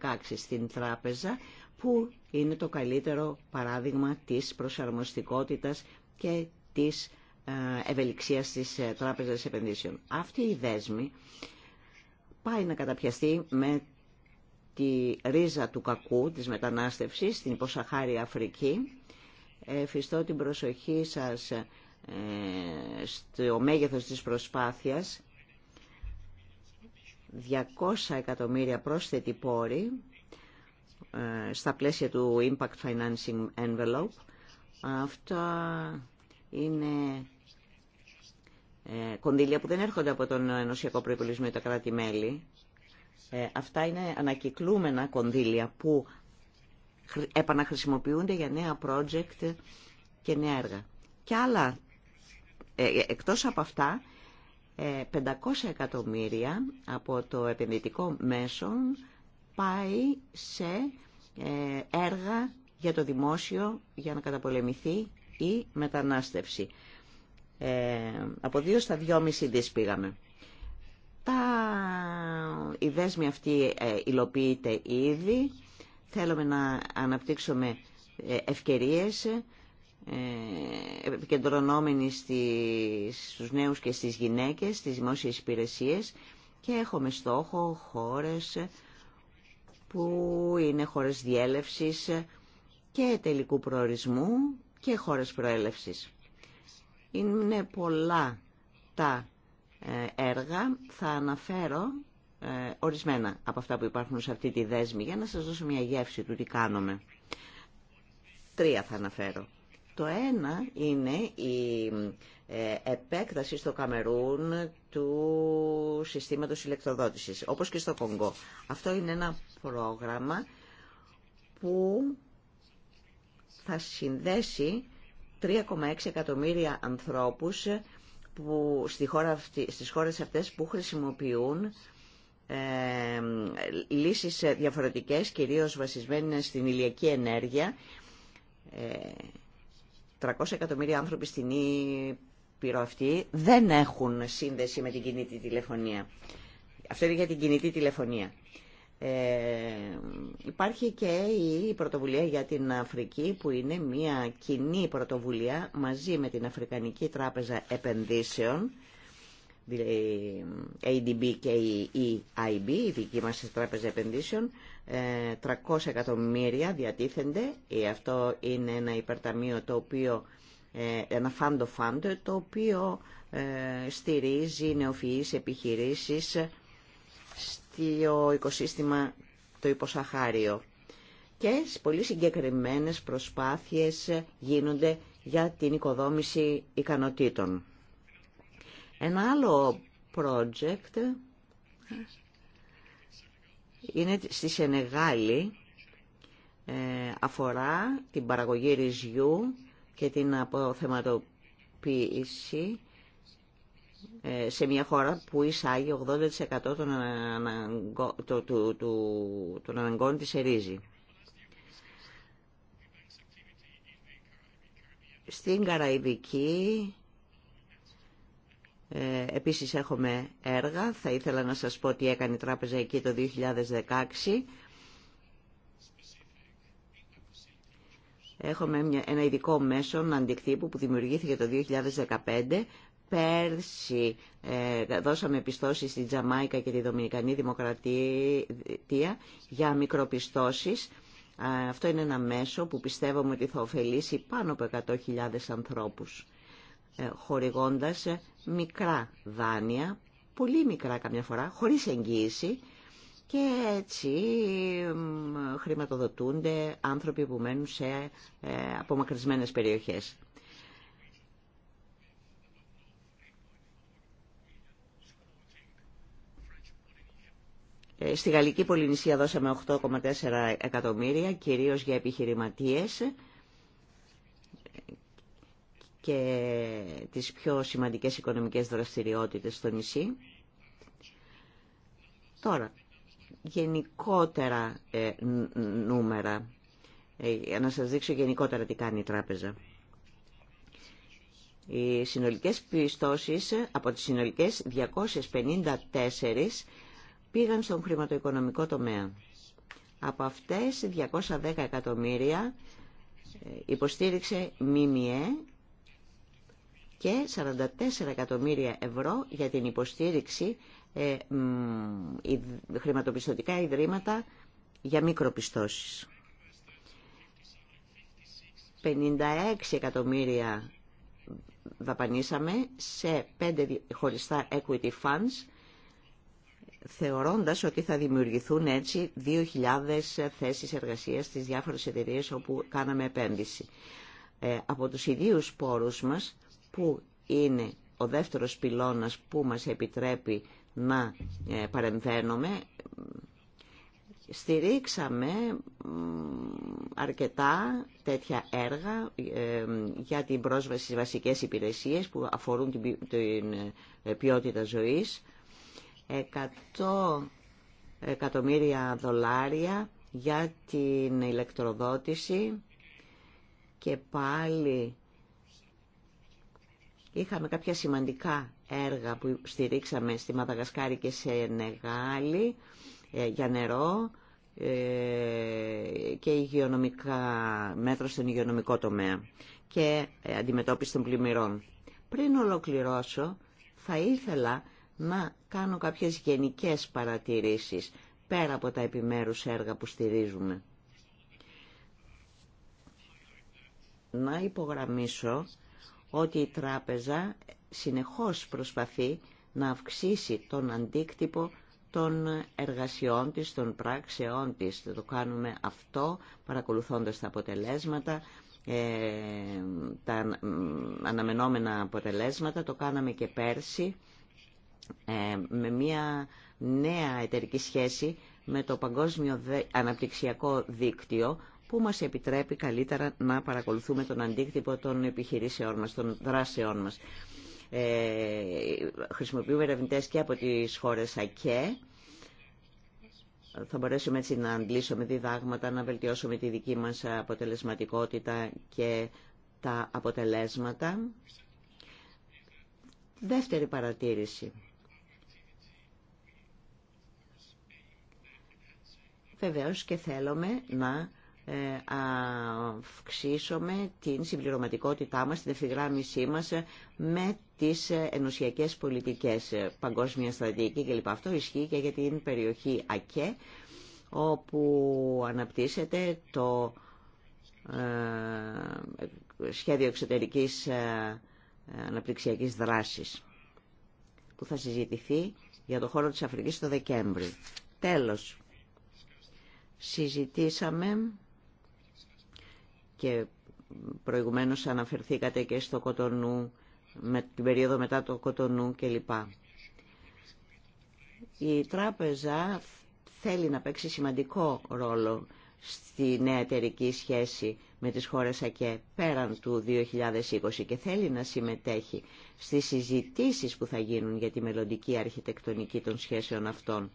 2016 στην τράπεζα που είναι το καλύτερο παράδειγμα της προσαρμοστικότητας και της ε, ευελιξίας της ε, Τράπεζας Επενδύσεων. Αυτή η δέσμη πάει να καταπιαστεί με τη ρίζα του κακού της μετανάστευσης στην υποσαχάρια Αφρική. Ε, εφιστώ την προσοχή σας ε, στο μέγεθος της προσπάθειας. 200 εκατομμύρια πρόσθετη πόρη ε, στα πλαίσια του Impact Financing Envelope. Αυτά είναι κονδύλια που δεν έρχονται από τον ενωσιακό προϋπολογισμό ή τα κράτη-μέλη. Ε, αυτά είναι ανακυκλούμενα κονδύλια που επαναχρησιμοποιούνται για νέα project και νέα έργα. Και άλλα, ε, ε, εκτός από αυτά, 500 εκατομμύρια από το επενδυτικό μέσο πάει σε έργα για το δημόσιο για να καταπολεμηθεί η μετανάστευση. από δύο στα 2,5 δις πήγαμε τα... η δέσμη αυτή ε, υλοποιείται ήδη. Θέλουμε να αναπτύξουμε ε, ευκαιρίες ε, επικεντρωνόμενοι στις, στους νέους και στις γυναίκες, στις δημόσιες υπηρεσίες και έχουμε στόχο χώρες που είναι χώρες διέλευσης και τελικού προορισμού και χώρες προέλευσης. Είναι πολλά τα ε, έργα θα αναφέρω ε, ορισμένα από αυτά που υπάρχουν σε αυτή τη δέσμη για να σας δώσω μια γεύση του τι κάνουμε. Τρία θα αναφέρω. Το ένα είναι η ε, επέκταση στο Καμερούν του συστήματος ηλεκτροδότησης, όπως και στο Κονγκό. Αυτό είναι ένα πρόγραμμα που θα συνδέσει 3,6 εκατομμύρια ανθρώπους που στη χώρα στις χώρες αυτές που χρησιμοποιούν ε, λύσεις διαφορετικές, κυρίως βασισμένες στην ηλιακή ενέργεια. Ε, 300 εκατομμύρια άνθρωποι στην Ήπειρο αυτή δεν έχουν σύνδεση με την κινητή τηλεφωνία. Αυτό είναι για την κινητή τηλεφωνία. Ε, υπάρχει και η πρωτοβουλία για την Αφρική που είναι μια κοινή πρωτοβουλία μαζί με την Αφρικανική Τράπεζα Επενδύσεων δηλαδή ADB και η EIB, η δική μας τράπεζα επενδύσεων, 300 ε, εκατομμύρια διατίθενται. Ε, αυτό είναι ένα υπερταμείο το οποίο, ένα fund of το οποίο στηρίζει νεοφυείς επιχειρήσεις το οικοσύστημα το υποσαχάριο. Και πολύ συγκεκριμένες προσπάθειες γίνονται για την οικοδόμηση ικανοτήτων. Ένα άλλο project είναι στη Σενεγάλη, ε, αφορά την παραγωγή ρυζιού και την αποθεματοποίηση ε, σε μια χώρα που εισάγει 80% των, του, των αναγκών της ερίζη. Στην Καραϊβική ε, επίσης έχουμε έργα. Θα ήθελα να σας πω τι έκανε η τράπεζα εκεί το 2016. Έχουμε ένα ειδικό μέσο αντικτύπου που δημιουργήθηκε το 2015 Πέρσι ε, δώσαμε πιστώσεις στη Τζαμάικα και τη Δομινικανή Δημοκρατία για μικροπιστώσεις. Αυτό είναι ένα μέσο που πιστεύουμε ότι θα ωφελήσει πάνω από 100.000 ανθρώπους, ε, χορηγώντας ε, μικρά δάνεια, πολύ μικρά καμιά φορά, χωρίς εγγύηση, και έτσι χρηματοδοτούνται άνθρωποι που μένουν σε απομακρυσμένες περιοχές. Ε, στη Γαλλική Πολυνησία δώσαμε 8,4 εκατομμύρια, κυρίως για επιχειρηματίες και τις πιο σημαντικές οικονομικές δραστηριότητες στο νησί. Τώρα, γενικότερα ε, νούμερα, ε, για να σας δείξω γενικότερα τι κάνει η τράπεζα. Οι συνολικές πιστώσεις από τις συνολικές 254 πήγαν στον χρηματοοικονομικό τομέα. Από αυτές, 210 εκατομμύρια ε, υποστήριξε ΜΜΕ και 44 εκατομμύρια ευρώ για την υποστήριξη ε, χρηματοπιστωτικά ιδρύματα για μικροπιστώσεις. 56 εκατομμύρια δαπανίσαμε σε 5 χωριστά equity funds θεωρώντας ότι θα δημιουργηθούν έτσι 2.000 θέσεις εργασίας στις διάφορες εταιρείες όπου κάναμε επένδυση. Ε, από τους ιδίους πόρους μας, που είναι ο δεύτερος πυλώνας που μας επιτρέπει να ε, παρεμβαίνουμε, στηρίξαμε αρκετά τέτοια έργα ε, για την πρόσβαση στις βασικές υπηρεσίες που αφορούν την ποιότητα ζωής, 100 εκατομμύρια δολάρια για την ηλεκτροδότηση και πάλι είχαμε κάποια σημαντικά έργα που στηρίξαμε στη Μαδαγασκάρη και σε Νεγάλη ε, για νερό ε, και υγειονομικά μέτρα στον υγειονομικό τομέα και ε, αντιμετώπιση των πλημμυρών. Πριν ολοκληρώσω θα ήθελα να κάνω κάποιες γενικές παρατηρήσεις πέρα από τα επιμέρους έργα που στηρίζουμε. Να υπογραμμίσω ότι η τράπεζα συνεχώς προσπαθεί να αυξήσει τον αντίκτυπο των εργασιών της, των πράξεών της. Το κάνουμε αυτό παρακολουθώντας τα αποτελέσματα, ε, τα αναμενόμενα αποτελέσματα. Το κάναμε και πέρσι ε, με μια νέα εταιρική σχέση με το Παγκόσμιο Αναπτυξιακό Δίκτυο που μας επιτρέπει καλύτερα να παρακολουθούμε τον αντίκτυπο των επιχειρήσεών μας, των δράσεών μας. Ε, χρησιμοποιούμε ερευνητέ και από τις χώρες ΑΚΕ. Θα μπορέσουμε έτσι να αντλήσουμε διδάγματα, να βελτιώσουμε τη δική μας αποτελεσματικότητα και τα αποτελέσματα. Δεύτερη παρατήρηση. Βεβαίως και θέλουμε να ε, αυξήσουμε την συμπληρωματικότητά μας, την ευθυγράμμισή μας ε, με τις ε, ενωσιακές πολιτικές, παγκόσμια στρατηγική κλπ. Αυτό ισχύει και για την περιοχή ΑΚΕ, όπου αναπτύσσεται το σχέδιο εξωτερικής αναπτυξιακής δράσης, που θα συζητηθεί για το χώρο της Αφρικής το Δεκέμβρη. Τέλος, συζητήσαμε και προηγουμένως αναφερθήκατε και στο Κοτονού, με την περίοδο μετά το Κοτονού κλπ. Η τράπεζα θέλει να παίξει σημαντικό ρόλο στη νέα εταιρική σχέση με τις χώρες ΑΚΕ πέραν του 2020 και θέλει να συμμετέχει στις συζητήσεις που θα γίνουν για τη μελλοντική αρχιτεκτονική των σχέσεων αυτών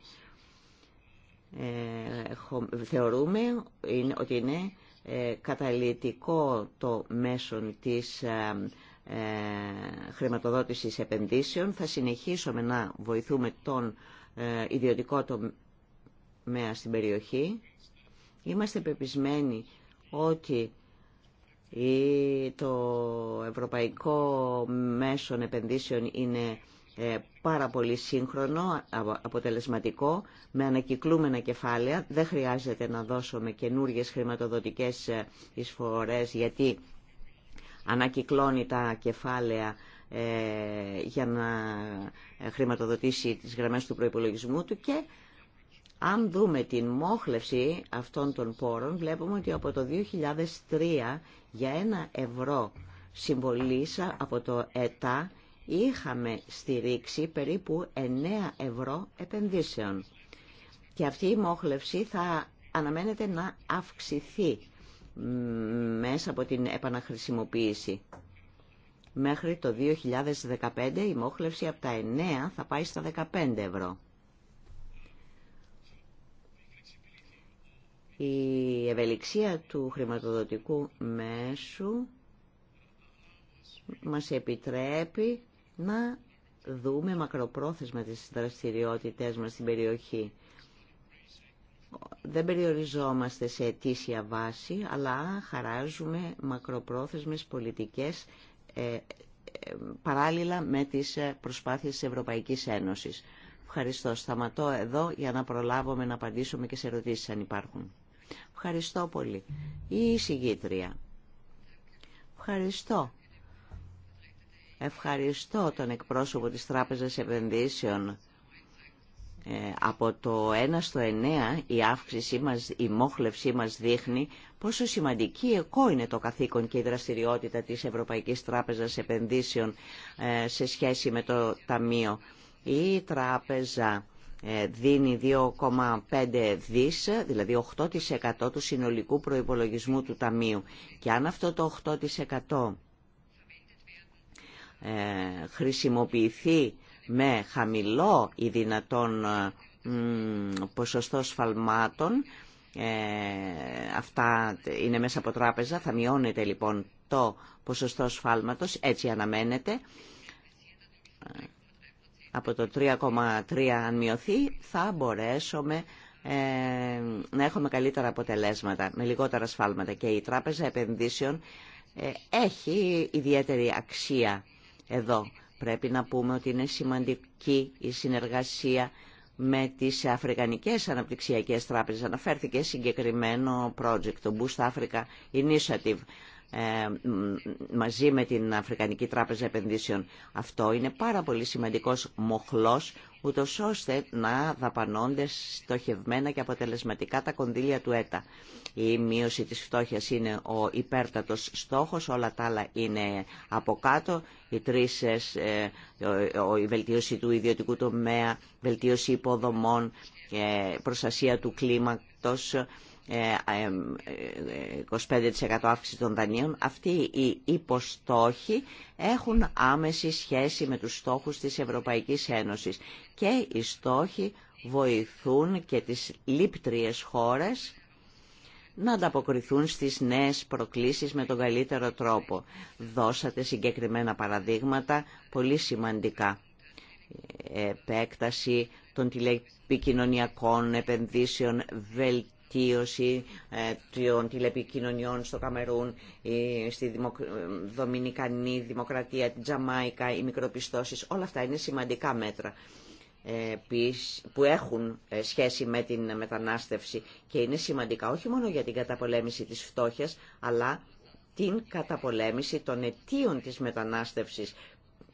θεωρούμε ότι είναι ε, καταλητικό το μέσον της ε, ε, χρηματοδότησης επενδύσεων. Θα συνεχίσουμε να βοηθούμε τον ιδιωτικό τομέα στην περιοχή. Είμαστε πεπισμένοι ότι το ευρωπαϊκό μέσον επενδύσεων είναι ε, πάρα πολύ σύγχρονο, αποτελεσματικό, με ανακυκλούμενα κεφάλαια. Δεν χρειάζεται να δώσουμε καινούριε χρηματοδοτικές ε, εισφορές γιατί ανακυκλώνει τα κεφάλαια ε, για να χρηματοδοτήσει τις γραμμές του προϋπολογισμού του και αν δούμε την μόχλευση αυτών των πόρων βλέπουμε ότι από το 2003 για ένα ευρώ συμβολήσα από το ΕΤΑ είχαμε στηρίξει περίπου 9 ευρώ επενδύσεων. Και αυτή η μόχλευση θα αναμένεται να αυξηθεί μέσα από την επαναχρησιμοποίηση. Μέχρι το 2015 η μόχλευση από τα 9 θα πάει στα 15 ευρώ. Η ευελιξία του χρηματοδοτικού μέσου μας επιτρέπει να δούμε μακροπρόθεσμα τις δραστηριότητές μας στην περιοχή. Δεν περιοριζόμαστε σε αιτήσια βάση, αλλά χαράζουμε μακροπρόθεσμες πολιτικές ε, ε, παράλληλα με τις ε, προσπάθειες της Ευρωπαϊκής Ένωσης. Ευχαριστώ. Σταματώ εδώ για να προλάβουμε να απαντήσουμε και σε ερωτήσεις αν υπάρχουν. Ευχαριστώ πολύ. Η εισηγήτρια. Ευχαριστώ. Ευχαριστώ τον εκπρόσωπο της Τράπεζας Επενδύσεων. Ε, από το 1 στο 9 η αύξησή μας, η μόχλευσή μας δείχνει πόσο σημαντική εκό είναι το καθήκον και η δραστηριότητα της Ευρωπαϊκής Τράπεζας Επενδύσεων ε, σε σχέση με το Ταμείο. Η Τράπεζα ε, δίνει 2,5 δις, δηλαδή 8% του συνολικού προϋπολογισμού του Ταμείου. Και αν αυτό το 8% ε, χρησιμοποιηθεί με χαμηλό ή δυνατόν ε, ποσοστό σφαλμάτων. Ε, αυτά είναι μέσα από τράπεζα. Θα μειώνεται λοιπόν το ποσοστό σφάλματος, έτσι αναμένεται. Από το 3,3 αν μειωθεί θα μπορέσουμε να έχουμε καλύτερα αποτελέσματα, με λιγότερα σφάλματα. Και η Τράπεζα Επενδύσεων έχει ιδιαίτερη αξία εδώ πρέπει να πούμε ότι είναι σημαντική η συνεργασία με τις Αφρικανικές Αναπτυξιακές Τράπεζες. Αναφέρθηκε συγκεκριμένο project, το Boost Africa Initiative, ε, μαζί με την Αφρικανική Τράπεζα Επενδύσεων. Αυτό είναι πάρα πολύ σημαντικός μοχλός ούτω ώστε να δαπανώνται στοχευμένα και αποτελεσματικά τα κονδύλια του ΕΤΑ. Η μείωση της φτώχειας είναι ο υπέρτατος στόχος, όλα τα άλλα είναι από κάτω. Οι τρεις, ε, ε, η βελτίωση του ιδιωτικού τομέα, βελτίωση υποδομών, ε, προστασία του κλίματος, 25% αύξηση των δανείων, αυτοί οι υποστόχοι έχουν άμεση σχέση με τους στόχους της Ευρωπαϊκής Ένωσης και οι στόχοι βοηθούν και τις λύπτριες χώρες να ανταποκριθούν στις νέες προκλήσεις με τον καλύτερο τρόπο. Δώσατε συγκεκριμένα παραδείγματα, πολύ σημαντικά. Επέκταση των τηλεπικοινωνιακών επενδύσεων, βελτίωση βελτίωση ε, των τηλεπικοινωνιών στο Καμερούν, στη Δομινικανή Δημοκρατία, την Τζαμάικα, οι μικροπιστώσεις. Όλα αυτά είναι σημαντικά μέτρα ε, που έχουν ε, σχέση με την μετανάστευση και είναι σημαντικά όχι μόνο για την καταπολέμηση της φτώχειας, αλλά την καταπολέμηση των αιτίων της μετανάστευσης.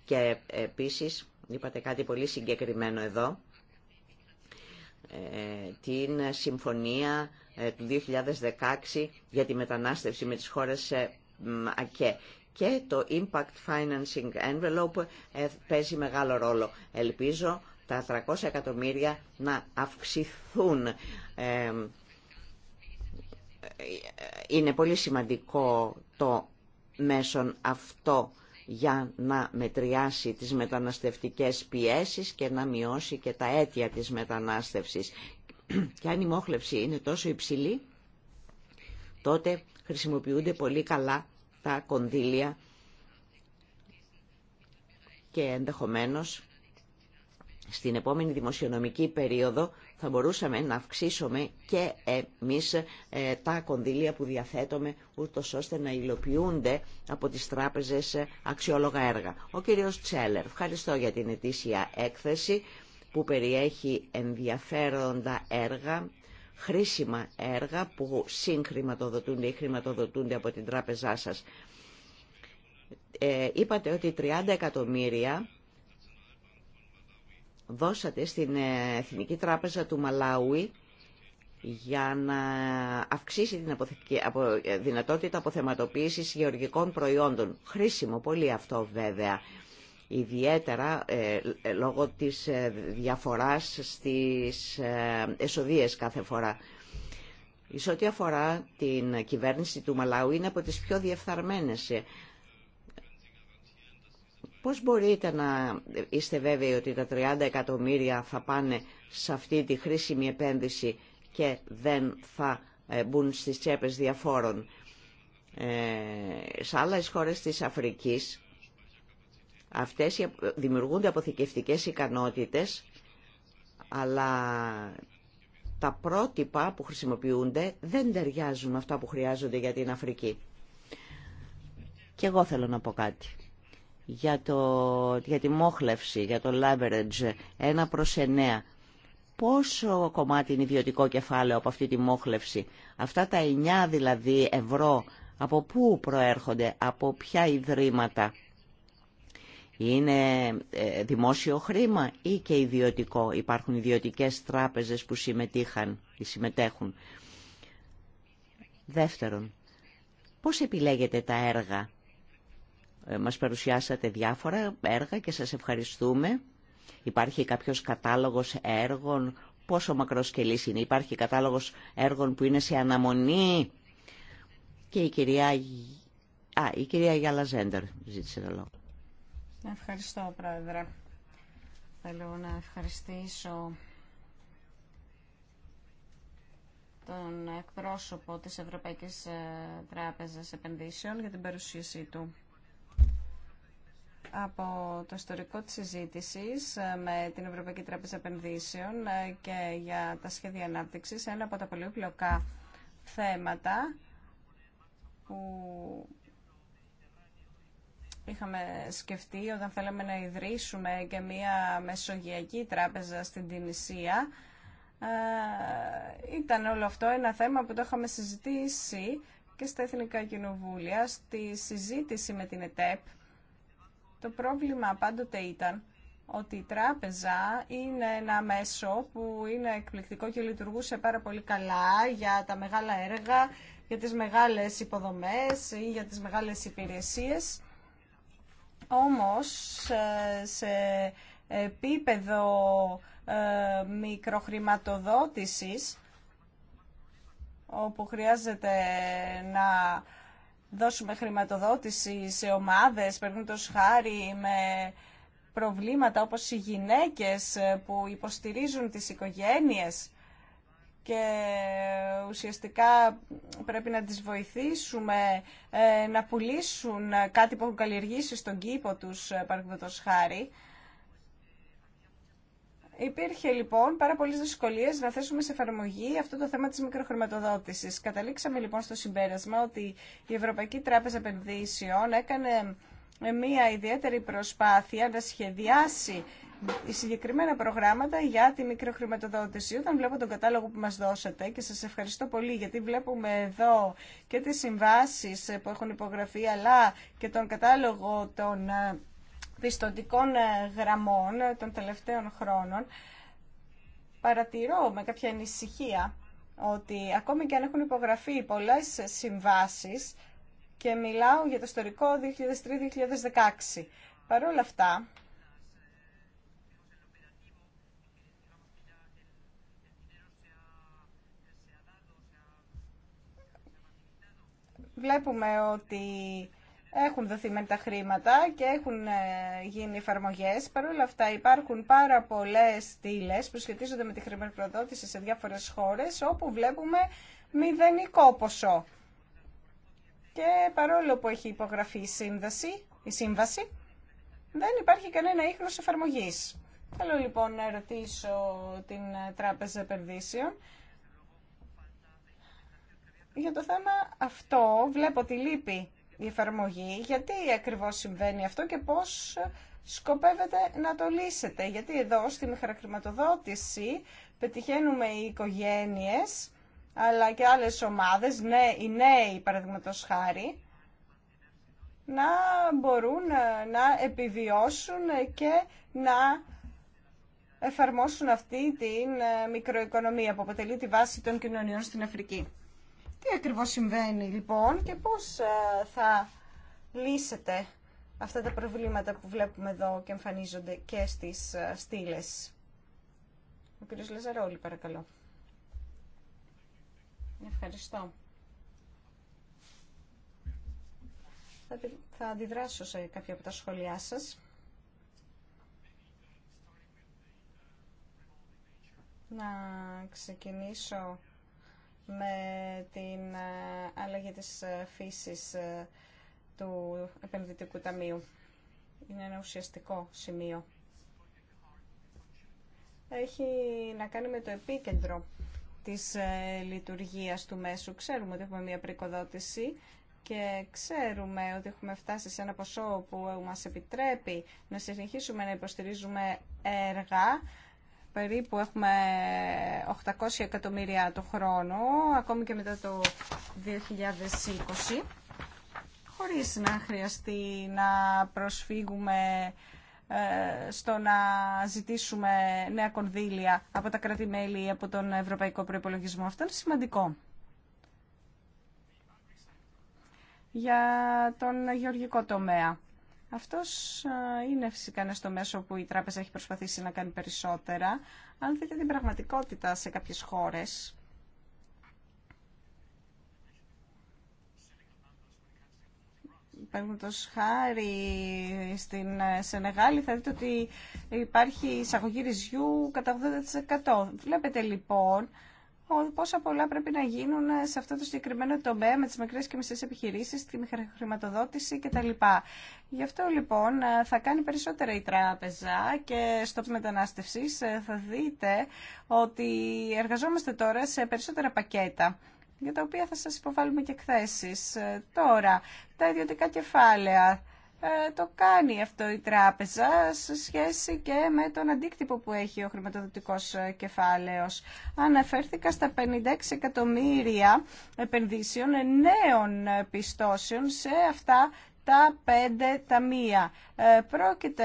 Και επίσης, είπατε κάτι πολύ συγκεκριμένο εδώ, την συμφωνία ε, του 2016 για τη μετανάστευση με τις χώρες ε, ΑΚΕ. Και το Impact Financing Envelope ε, παίζει μεγάλο ρόλο. Ελπίζω τα 300 εκατομμύρια να αυξηθούν. Είναι πολύ σημαντικό το μέσον αυτό για να μετριάσει τις μεταναστευτικές πιέσεις και να μειώσει και τα αίτια της μετανάστευσης. Και αν η μόχλευση είναι τόσο υψηλή, τότε χρησιμοποιούνται πολύ καλά τα κονδύλια και ενδεχομένως στην επόμενη δημοσιονομική περίοδο θα μπορούσαμε να αυξήσουμε και εμείς ε, τα κονδύλια που διαθέτουμε ούτω ώστε να υλοποιούνται από τις τράπεζες ε, αξιόλογα έργα. Ο κύριος Τσέλερ, ευχαριστώ για την ετήσια έκθεση που περιέχει ενδιαφέροντα έργα, χρήσιμα έργα που συγχρηματοδοτούνται ή χρηματοδοτούνται από την τράπεζά σας. Ε, είπατε ότι 30 εκατομμύρια δώσατε στην ε, Εθνική Τράπεζα του Μαλάουι για να αυξήσει την ε, δυνατότητα αποθεματοποίησης γεωργικών προϊόντων. Χρήσιμο πολύ αυτό βέβαια, ιδιαίτερα ε, λόγω της διαφοράς στις εσοδίες κάθε φορά. Η ό,τι αφορά την κυβέρνηση του Μαλάου είναι από τις πιο διεφθαρμένες Πώς μπορείτε να είστε βέβαιοι ότι τα 30 εκατομμύρια θα πάνε σε αυτή τη χρήσιμη επένδυση και δεν θα ε, μπουν στις τσέπες διαφόρων. Ε, σε άλλες χώρες της Αφρικής αυτές δημιουργούνται αποθηκευτικές ικανότητες αλλά τα πρότυπα που χρησιμοποιούνται δεν ταιριάζουν με αυτά που χρειάζονται για την Αφρική. Και εγώ θέλω να πω κάτι για, το, για τη μόχλευση, για το leverage ένα προς 9. Πόσο κομμάτι είναι ιδιωτικό κεφάλαιο από αυτή τη μόχλευση. Αυτά τα 9 δηλαδή ευρώ από πού προέρχονται, από ποια ιδρύματα. Είναι ε, δημόσιο χρήμα ή και ιδιωτικό. Υπάρχουν ιδιωτικές τράπεζες που συμμετείχαν ή συμμετέχουν. Δεύτερον, πώς επιλέγετε τα έργα ε, μας παρουσιάσατε διάφορα έργα και σας ευχαριστούμε. Υπάρχει κάποιος κατάλογος έργων, πόσο μακροσκελής είναι. Υπάρχει κατάλογος έργων που είναι σε αναμονή. Και η κυρία, Α, η κυρία Γιάλα Ζέντερ ζήτησε το λόγο. Ευχαριστώ, Πρόεδρε. Θέλω να ευχαριστήσω τον εκπρόσωπο της Ευρωπαϊκής ε, Τράπεζας Επενδύσεων για την παρουσίασή του από το ιστορικό της συζήτηση ε, με την Ευρωπαϊκή Τράπεζα Επενδύσεων ε, και για τα σχέδια ανάπτυξης, ένα από τα πολύπλοκά θέματα που είχαμε σκεφτεί όταν θέλαμε να ιδρύσουμε και μία μεσογειακή τράπεζα στην Τινησία. Ε, ήταν όλο αυτό ένα θέμα που το είχαμε συζητήσει και στα Εθνικά Κοινοβούλια, στη συζήτηση με την ΕΤΕΠ, το πρόβλημα πάντοτε ήταν ότι η τράπεζα είναι ένα μέσο που είναι εκπληκτικό και λειτουργούσε πάρα πολύ καλά για τα μεγάλα έργα, για τις μεγάλες υποδομές ή για τις μεγάλες υπηρεσίες. Όμως ε, σε επίπεδο ε, μικροχρηματοδότησης όπου χρειάζεται να δώσουμε χρηματοδότηση σε ομάδες, το χάρη με προβλήματα όπως οι γυναίκες που υποστηρίζουν τις οικογένειες και ουσιαστικά πρέπει να τις βοηθήσουμε ε, να πουλήσουν κάτι που έχουν καλλιεργήσει στον κήπο τους, ε, παραδείγματος χάρη. Υπήρχε λοιπόν πάρα πολλέ δυσκολίε να θέσουμε σε εφαρμογή αυτό το θέμα τη μικροχρηματοδότηση. Καταλήξαμε λοιπόν στο συμπέρασμα ότι η Ευρωπαϊκή Τράπεζα Επενδύσεων έκανε μια ιδιαίτερη προσπάθεια να σχεδιάσει συγκεκριμένα προγράμματα για τη μικροχρηματοδότηση. Όταν βλέπω τον κατάλογο που μας δώσατε και σας ευχαριστώ πολύ γιατί βλέπουμε εδώ και τις συμβάσεις που έχουν υπογραφεί αλλά και τον κατάλογο των ε, πιστοντικών ε, γραμμών ε, των τελευταίων χρόνων, παρατηρώ με κάποια ανησυχία ότι ακόμη και αν έχουν υπογραφεί πολλές συμβάσεις και μιλάω για το ιστορικό 2003-2016, παρόλα αυτά βλέπουμε ότι έχουν δοθεί με τα χρήματα και έχουν ε, γίνει εφαρμογέ. Παρ' όλα αυτά υπάρχουν πάρα πολλέ στήλε που σχετίζονται με τη χρηματοδότηση σε διάφορε χώρε όπου βλέπουμε μηδενικό ποσό. Και παρόλο που έχει υπογραφεί η, σύμβαση, η σύμβαση, δεν υπάρχει κανένα ίχνος εφαρμογή. Θέλω λοιπόν να ρωτήσω την Τράπεζα Επενδύσεων. Για το θέμα αυτό βλέπω τη λείπει η γιατί ακριβώς συμβαίνει αυτό και πώς σκοπεύετε να το λύσετε. Γιατί εδώ στη χαρακτηματοδότηση πετυχαίνουμε οι οικογένειες, αλλά και άλλες ομάδες, ναι, οι νέοι παραδείγματος χάρη, να μπορούν ε, να επιβιώσουν και να εφαρμόσουν αυτή την ε, μικροοικονομία που αποτελεί τη βάση των κοινωνιών στην Αφρική. Τι ακριβώς συμβαίνει λοιπόν και πώς ε, θα λύσετε αυτά τα προβλήματα που βλέπουμε εδώ και εμφανίζονται και στις ε, στήλε. Ο κύριος Λαζαρόλη παρακαλώ. Ευχαριστώ. Θα αντιδράσω σε κάποια από τα σχόλιά σας. Να ξεκινήσω με την ε, αλλαγή της ε, φύσης ε, του επενδυτικού ταμείου. Είναι ένα ουσιαστικό σημείο. Έχει να κάνει με το επίκεντρο της λειτουργίας του μέσου. Ξέρουμε ότι έχουμε μια πρικοδότηση και ξέρουμε ότι έχουμε φτάσει σε ένα ποσό που μας επιτρέπει να συνεχίσουμε να υποστηρίζουμε έργα περίπου έχουμε 800 εκατομμύρια το χρόνο, ακόμη και μετά το 2020, χωρίς να χρειαστεί να προσφύγουμε ε, στο να ζητήσουμε νέα κονδύλια από τα κράτη-μέλη ή από τον Ευρωπαϊκό Προϋπολογισμό. Αυτό είναι σημαντικό. Για τον γεωργικό τομέα. Αυτός είναι φυσικά ένα μέσο που η τράπεζα έχει προσπαθήσει να κάνει περισσότερα. Αν δείτε την πραγματικότητα σε κάποιες χώρες, παραδείγματο χάρη στην ε, Σενεγάλη, θα δείτε ότι υπάρχει εισαγωγή ρυζιού κατά 80%. Βλέπετε λοιπόν πόσα πολλά πρέπει να γίνουν ε, σε αυτό το συγκεκριμένο τομέα με τις μικρές και μισές επιχειρήσεις, τη χρηματοδότηση κτλ. Γι' αυτό λοιπόν ε, θα κάνει περισσότερα η τράπεζα και στο μετανάστευση ε, θα δείτε ότι εργαζόμαστε τώρα σε περισσότερα πακέτα για τα οποία θα σας υποβάλουμε και εκθέσεις. Τώρα, τα ιδιωτικά κεφάλαια ε, το κάνει αυτό η τράπεζα σε σχέση και με τον αντίκτυπο που έχει ο χρηματοδοτικός ε, κεφάλαιος. Αναφέρθηκα στα 56 εκατομμύρια επενδύσεων ε, νέων πιστώσεων σε αυτά τα πέντε ταμεία. πρόκειται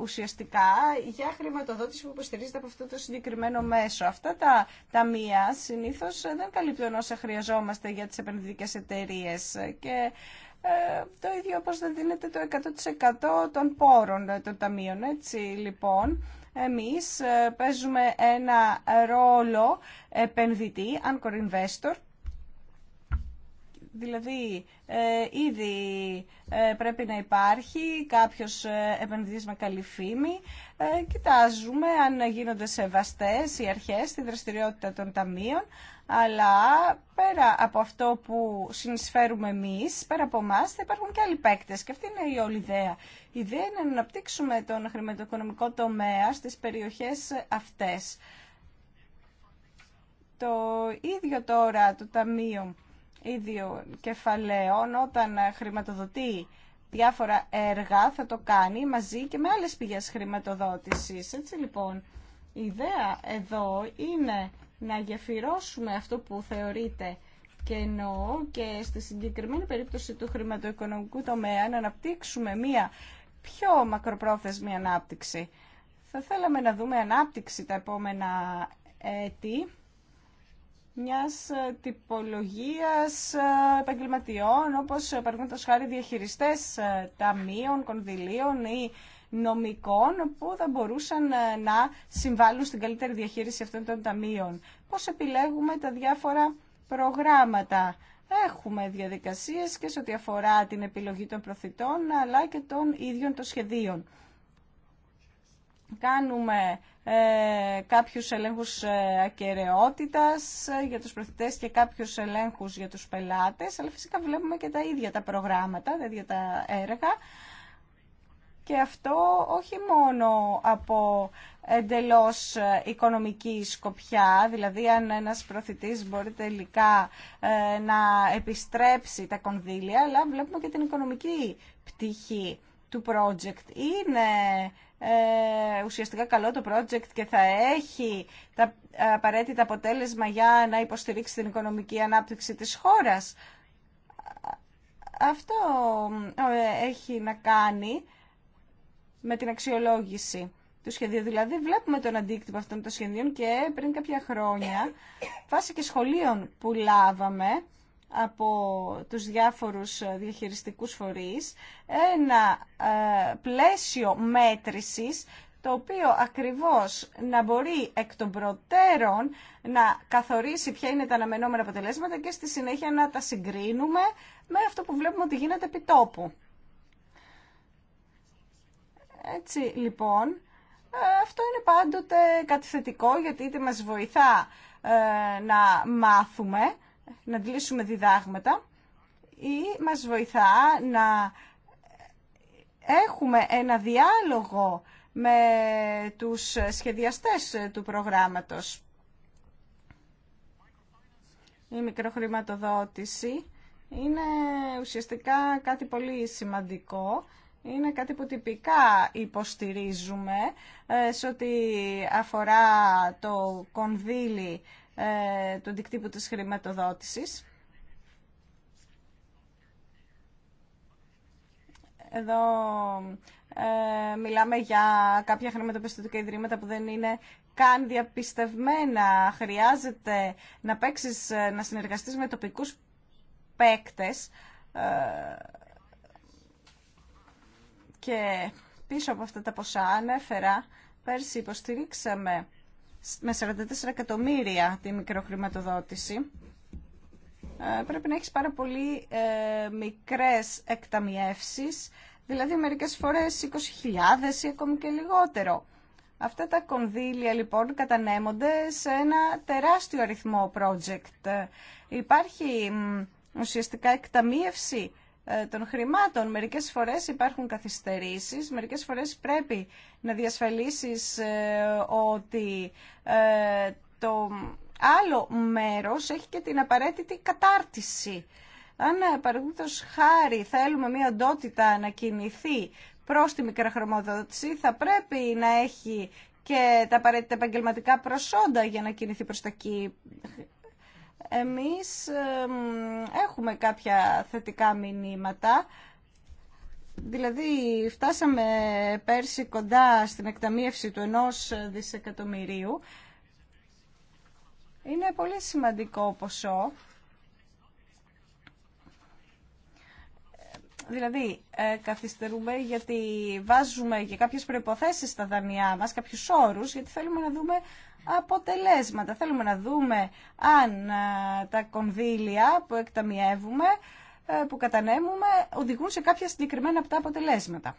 ουσιαστικά για χρηματοδότηση που υποστηρίζεται από αυτό το συγκεκριμένο μέσο. Αυτά τα ταμεία συνήθως δεν καλύπτουν όσα χρειαζόμαστε για τις επενδυτικές εταιρείες και ε, το ίδιο όπως δεν δίνεται το 100% των πόρων ε, των ταμείων. Έτσι λοιπόν, εμείς ε, παίζουμε ένα ρόλο επενδυτή, anchor investor, Δηλαδή, ήδη πρέπει να υπάρχει κάποιος επενδυτής με καλή φήμη. κοιτάζουμε αν γίνονται σεβαστές οι αρχές στη δραστηριότητα των ταμείων αλλά πέρα από αυτό που συνεισφέρουμε εμείς, πέρα από εμά, θα υπάρχουν και άλλοι παίκτες. Και αυτή είναι η όλη ιδέα. Η ιδέα είναι να αναπτύξουμε τον χρηματοοικονομικό τομέα στις περιοχές αυτές. Το ίδιο τώρα το Ταμείο ίδιο Κεφαλαίων, όταν χρηματοδοτεί διάφορα έργα, θα το κάνει μαζί και με άλλες πηγές χρηματοδότησης. Έτσι λοιπόν, η ιδέα εδώ είναι να γεφυρώσουμε αυτό που θεωρείται κενό και στη συγκεκριμένη περίπτωση του χρηματοοικονομικού τομέα να αναπτύξουμε μία πιο μακροπρόθεσμη ανάπτυξη. Θα θέλαμε να δούμε ανάπτυξη τα επόμενα έτη μιας τυπολογίας ε, επαγγελματιών όπως ε, παραδείγματος χάρη διαχειριστές ε, ταμείων, κονδυλίων ή νομικών που θα μπορούσαν ε, να συμβάλλουν στην καλύτερη διαχείριση αυτών των ταμείων. Πώς επιλέγουμε τα διάφορα προγράμματα. Έχουμε διαδικασίες και σε ό,τι αφορά την επιλογή των προθητών αλλά και των ίδιων των σχεδίων. Κάνουμε ε, κάποιους ελέγχους ε, ακαιρεότητας ε, για τους προθητές και κάποιους ελέγχους για τους πελάτες, αλλά φυσικά βλέπουμε και τα ίδια τα προγράμματα, τα ίδια τα έργα, και αυτό όχι μόνο από εντελώς οικονομική σκοπιά, δηλαδή αν ένας προθητής μπορεί τελικά ε, να επιστρέψει τα κονδύλια, αλλά βλέπουμε και την οικονομική πτυχή του project. Είναι ε, ουσιαστικά καλό το project και θα έχει τα απαραίτητα αποτέλεσμα για να υποστηρίξει την οικονομική ανάπτυξη της χώρας. Αυτό ε, έχει να κάνει με την αξιολόγηση του σχεδίου. Δηλαδή βλέπουμε τον αντίκτυπο αυτών των σχεδίων και πριν κάποια χρόνια, βάσει και σχολείων που λάβαμε από τους διάφορους διαχειριστικούς φορείς, ένα ε, πλαίσιο μέτρησης το οποίο ακριβώς να μπορεί εκ των προτέρων να καθορίσει ποια είναι τα αναμενόμενα αποτελέσματα και στη συνέχεια να τα συγκρίνουμε με αυτό που βλέπουμε ότι γίνεται επί έτσι λοιπόν, ε, αυτό είναι πάντοτε κάτι θετικό γιατί είτε μας βοηθά ε, να μάθουμε, να αντιλήσουμε διδάγματα ή μας βοηθά να έχουμε ένα διάλογο με τους σχεδιαστές του προγράμματος. Η μικροχρηματοδότηση είναι ουσιαστικά κάτι πολύ σημαντικό είναι κάτι που τυπικά υποστηρίζουμε ε, σε ό,τι αφορά το κονδύλι ε, του αντικτύπου της χρηματοδότησης. Εδώ ε, μιλάμε για κάποια χρηματοπιστωτικά ιδρύματα που δεν είναι καν διαπιστευμένα. Χρειάζεται να παίξεις, ε, να συνεργαστείς με τοπικούς παίκτες και πίσω από αυτά τα ποσά ανέφερα, πέρσι υποστηρίξαμε με 44 εκατομμύρια τη μικροχρηματοδότηση. Ε, πρέπει να έχεις πάρα πολύ ε, μικρές εκταμιεύσεις, δηλαδή μερικές φορές 20.000 ή ακόμη και λιγότερο. Αυτά τα κονδύλια λοιπόν κατανέμονται σε ένα τεράστιο αριθμό project. Ε, υπάρχει ουσιαστικά εκταμίευση ε, των χρημάτων. Μερικές φορές υπάρχουν καθυστερήσεις, μερικές φορές πρέπει να διασφαλίσεις ε, ότι ε, το άλλο μέρος έχει και την απαραίτητη κατάρτιση. Αν παραδείγματος χάρη θέλουμε μια οντότητα να κινηθεί προς τη μικραχρωμοδότηση, θα πρέπει να έχει και τα απαραίτητα επαγγελματικά προσόντα για να κινηθεί προς τα εκεί εμείς έχουμε κάποια θετικά μηνύματα. Δηλαδή φτάσαμε πέρσι κοντά στην εκταμείευση του ενός δισεκατομμυρίου. Είναι πολύ σημαντικό ποσό. Δηλαδή, ε, καθυστερούμε γιατί βάζουμε και κάποιες προϋποθέσεις στα δανειά μας, κάποιους όρους, γιατί θέλουμε να δούμε αποτελέσματα. Θέλουμε να δούμε αν ε, τα κονδύλια που εκταμιεύουμε, ε, που κατανέμουμε, οδηγούν σε κάποια συγκεκριμένα από τα αποτελέσματα.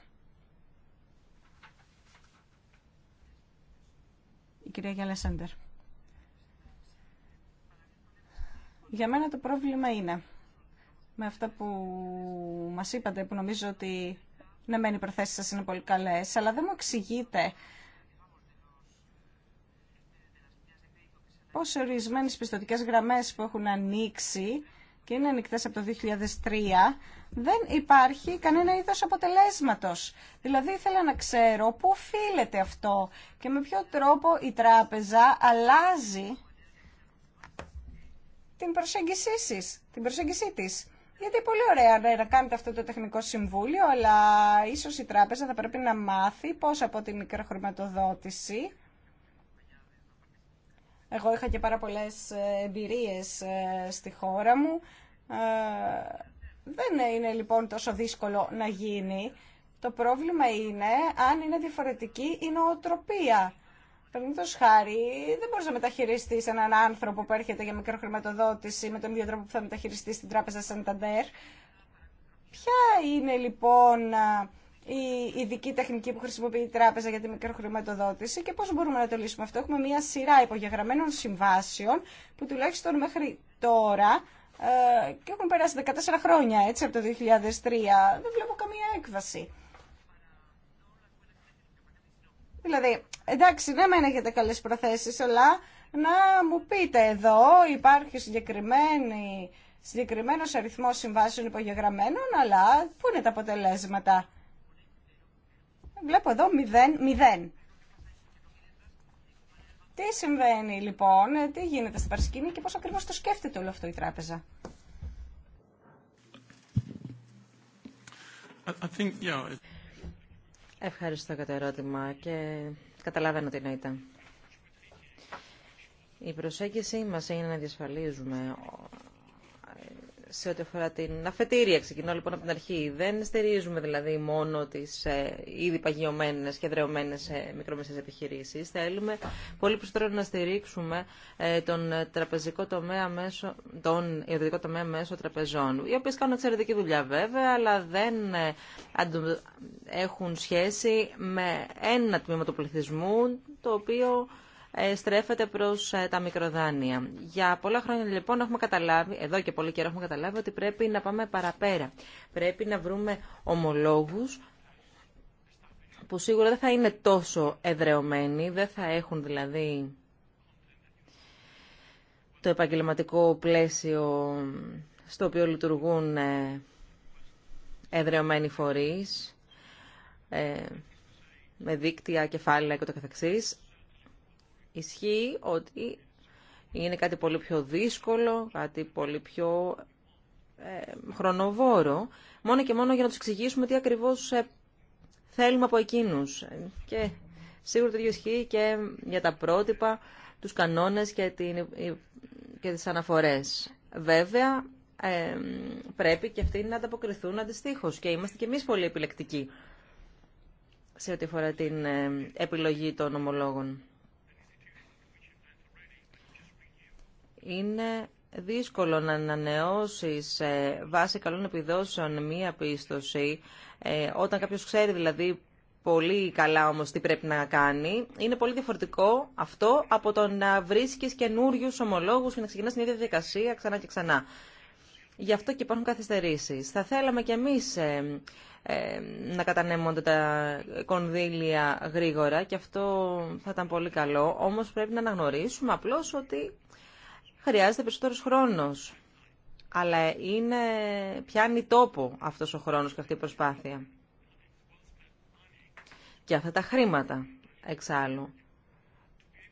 Η κυρία Για μένα το πρόβλημα είναι με αυτά που μας είπατε, που νομίζω ότι ναι, μένει, οι προθέσεις σας είναι πολύ καλές, αλλά δεν μου εξηγείτε πως ορισμένε πιστοτικές γραμμές που έχουν ανοίξει και είναι ανοιχτέ από το 2003, δεν υπάρχει κανένα είδο αποτελέσματο. Δηλαδή ήθελα να ξέρω πού οφείλεται αυτό και με ποιο τρόπο η τράπεζα αλλάζει την προσέγγισή της. Την προσέγγισή Γιατί πολύ ωραία να κάνετε αυτό το τεχνικό συμβούλιο, αλλά ίσως η τράπεζα θα πρέπει να μάθει πώς από τη μικροχρηματοδότηση εγώ είχα και πάρα πολλές ε, εμπειρίες ε, στη χώρα μου. Ε, δεν είναι λοιπόν τόσο δύσκολο να γίνει. Το πρόβλημα είναι αν είναι διαφορετική η νοοτροπία. Παραδείγματο χάρη, δεν μπορεί να μεταχειριστεί έναν άνθρωπο που έρχεται για μικροχρηματοδότηση με τον ίδιο τρόπο που θα μεταχειριστεί στην τράπεζα Σανταντέρ. Ποια είναι λοιπόν η ειδική τεχνική που χρησιμοποιεί η τράπεζα για τη μικροχρηματοδότηση και πώς μπορούμε να το λύσουμε αυτό. Έχουμε μια σειρά υπογεγραμμένων συμβάσεων που τουλάχιστον μέχρι τώρα ε, και έχουν περάσει 14 χρόνια έτσι από το 2003 δεν βλέπω καμία έκβαση. Δηλαδή, εντάξει, δεν μεν έχετε καλέ προθέσει, αλλά να μου πείτε εδώ υπάρχει συγκεκριμένο συγκεκριμένος αριθμός συμβάσεων υπογεγραμμένων, αλλά πού είναι τα αποτελέσματα. Βλέπω εδώ 0, μηδέν. Τι συμβαίνει λοιπόν, ε, τι γίνεται στην παρασκήνη και πώς ακριβώς το σκέφτεται όλο αυτό η τράπεζα. I Ευχαριστώ για το ερώτημα και καταλαβαίνω τι ήταν Η προσέγγιση μας είναι να διασφαλίζουμε σε ό,τι αφορά την αφετήρια. Ξεκινώ λοιπόν από την αρχή. Δεν στηρίζουμε δηλαδή μόνο τι ε, ήδη παγιωμένε και δρεωμένε μικρομεσαίε επιχειρήσει. Θέλουμε πολύ περισσότερο να στηρίξουμε ε, τον τραπεζικό τομέα μέσω, τον ιδιωτικό τομέα μέσω τραπεζών, οι οποίε κάνουν εξαιρετική δουλειά βέβαια, αλλά δεν ε, έχουν σχέση με ένα τμήμα του πληθυσμού το οποίο ε, στρέφεται προς ε, τα μικροδάνεια. Για πολλά χρόνια λοιπόν έχουμε καταλάβει, εδώ και πολύ καιρό έχουμε καταλάβει ότι πρέπει να πάμε παραπέρα. Πρέπει να βρούμε ομολόγους που σίγουρα δεν θα είναι τόσο εδρεωμένοι, δεν θα έχουν δηλαδή το επαγγελματικό πλαίσιο στο οποίο λειτουργούν ε, εδρεωμένοι φορείς, με δίκτυα, κεφάλαια και το καθεξής. Ισχύει ότι είναι κάτι πολύ πιο δύσκολο, κάτι πολύ πιο ε, χρονοβόρο, μόνο και μόνο για να τους εξηγήσουμε τι ακριβώς ε, θέλουμε από εκείνους. Και σίγουρα το ίδιο ισχύει και για τα πρότυπα, τους κανόνες και, την, και τις αναφορές. Βέβαια, ε, πρέπει και αυτοί να ανταποκριθούν αντιστοίχως και είμαστε και εμείς πολύ επιλεκτικοί σε ό,τι αφορά την επιλογή των ομολόγων. Είναι δύσκολο να ανανεώσει βάσει καλών επιδόσεων μία πίστοση, ε, όταν κάποιος ξέρει δηλαδή πολύ καλά όμως τι πρέπει να κάνει, είναι πολύ διαφορετικό αυτό από το να βρίσκεις καινούριου ομολόγους και να ξεκινάς την ίδια διαδικασία ξανά και ξανά. Γι' αυτό και υπάρχουν καθυστερήσεις. Θα θέλαμε κι εμείς ε, ε, να κατανέμονται τα κονδύλια γρήγορα και αυτό θα ήταν πολύ καλό. Όμως πρέπει να αναγνωρίσουμε απλώς ότι χρειάζεται περισσότερο χρόνο, Αλλά είναι, πιάνει τόπο αυτός ο χρόνος και αυτή η προσπάθεια. Και αυτά τα χρήματα, εξάλλου,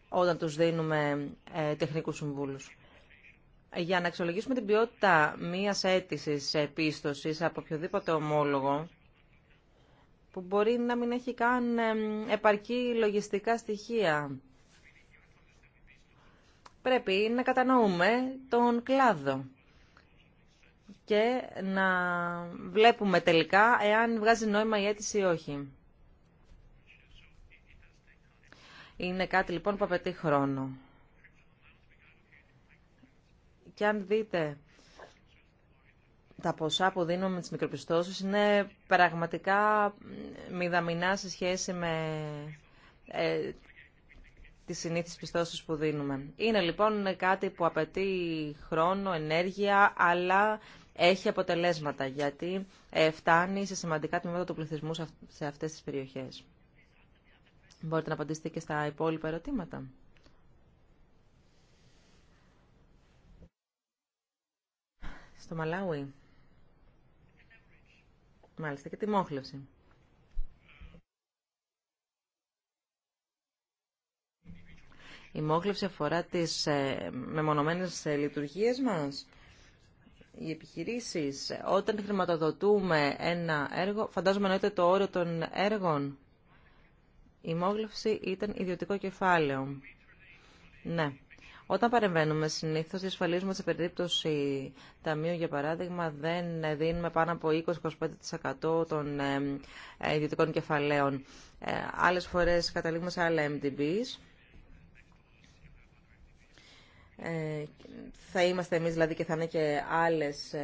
όταν τους δίνουμε ε, τεχνικούς συμβούλους. Για να εξολογήσουμε την ποιότητα μίας αίτησης επίστοσης από οποιοδήποτε ομόλογο, που μπορεί να μην έχει καν επαρκή λογιστικά στοιχεία πρέπει να κατανοούμε τον κλάδο και να βλέπουμε τελικά εάν βγάζει νόημα η αίτηση ή όχι. Είναι κάτι λοιπόν που απαιτεί χρόνο. Και αν δείτε τα ποσά που δίνουμε με τις μικροπιστώσεις είναι πραγματικά μηδαμινά σε σχέση με ε, τις συνήθεις πιστώσεις που δίνουμε. Είναι λοιπόν κάτι που απαιτεί χρόνο, ενέργεια, αλλά έχει αποτελέσματα, γιατί ε, φτάνει σε σημαντικά τμήματα του πληθυσμού σε αυτές τις περιοχές. Μπορείτε να απαντήσετε και στα υπόλοιπα ερωτήματα. Στο Μαλάουι. Μάλιστα και τη μόχλωση. Η μόχλευση αφορά τις ε, μεμονωμένες ε, λειτουργίες μας. Οι επιχειρήσεις, όταν χρηματοδοτούμε ένα έργο, φαντάζομαι εννοείται το όριο των έργων. Η μόγλευση ήταν ιδιωτικό κεφάλαιο. Ναι. Όταν παρεμβαίνουμε συνήθως διασφαλίζουμε σε περίπτωση ταμείου για παράδειγμα δεν δίνουμε πάνω από 20-25% των ε, ιδιωτικών κεφαλαίων. Άλλες φορές καταλήγουμε σε άλλα MDBs ε, θα είμαστε εμείς δηλαδή και θα είναι και άλλες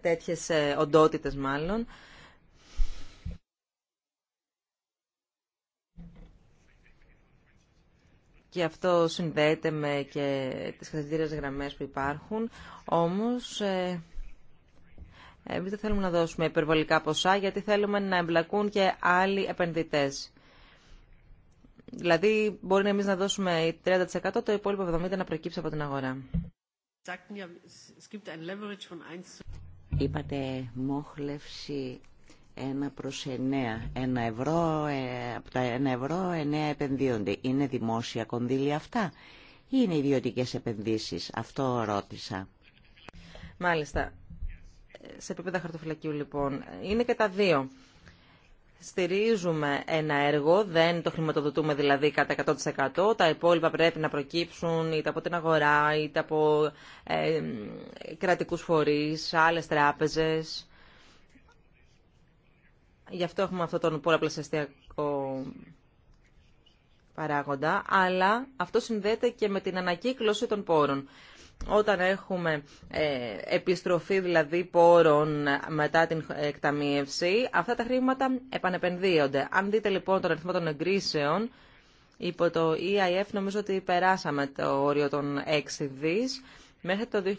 τέτοιες ε, οντότητες μάλλον. και αυτό συνδέεται με και τις χαρακτηριές γραμμές που υπάρχουν. Όμως, ε, εμείς δεν θέλουμε να δώσουμε υπερβολικά ποσά, γιατί θέλουμε να εμπλακούν και άλλοι επενδυτές. Δηλαδή μπορεί εμεί να δώσουμε 30% το υπόλοιπο 70% να προκύψει από την αγορά. Είπατε μόχλευση 1 προ 9. Ένα ευρώ, ε, από τα 1 ευρώ 9 επενδύονται. Είναι δημόσια κονδύλια αυτά ή είναι ιδιωτικέ επενδύσεις. Αυτό ρώτησα. Μάλιστα. Σε επίπεδα χαρτοφυλακίου λοιπόν. Είναι και τα δύο στηρίζουμε ένα έργο, δεν το χρηματοδοτούμε δηλαδή κατά 100%. Τα υπόλοιπα πρέπει να προκύψουν είτε από την αγορά, είτε από ε, κρατικούς φορείς, άλλες τράπεζες. Γι' αυτό έχουμε αυτόν τον πολλαπλασιαστιακό παράγοντα, αλλά αυτό συνδέεται και με την ανακύκλωση των πόρων όταν έχουμε ε, επιστροφή δηλαδή πόρων μετά την εκταμίευση, αυτά τα χρήματα επανεπενδύονται. Αν δείτε λοιπόν τον αριθμό των εγκρίσεων, υπό το EIF νομίζω ότι περάσαμε το όριο των 6 δις. Μέχρι το 2020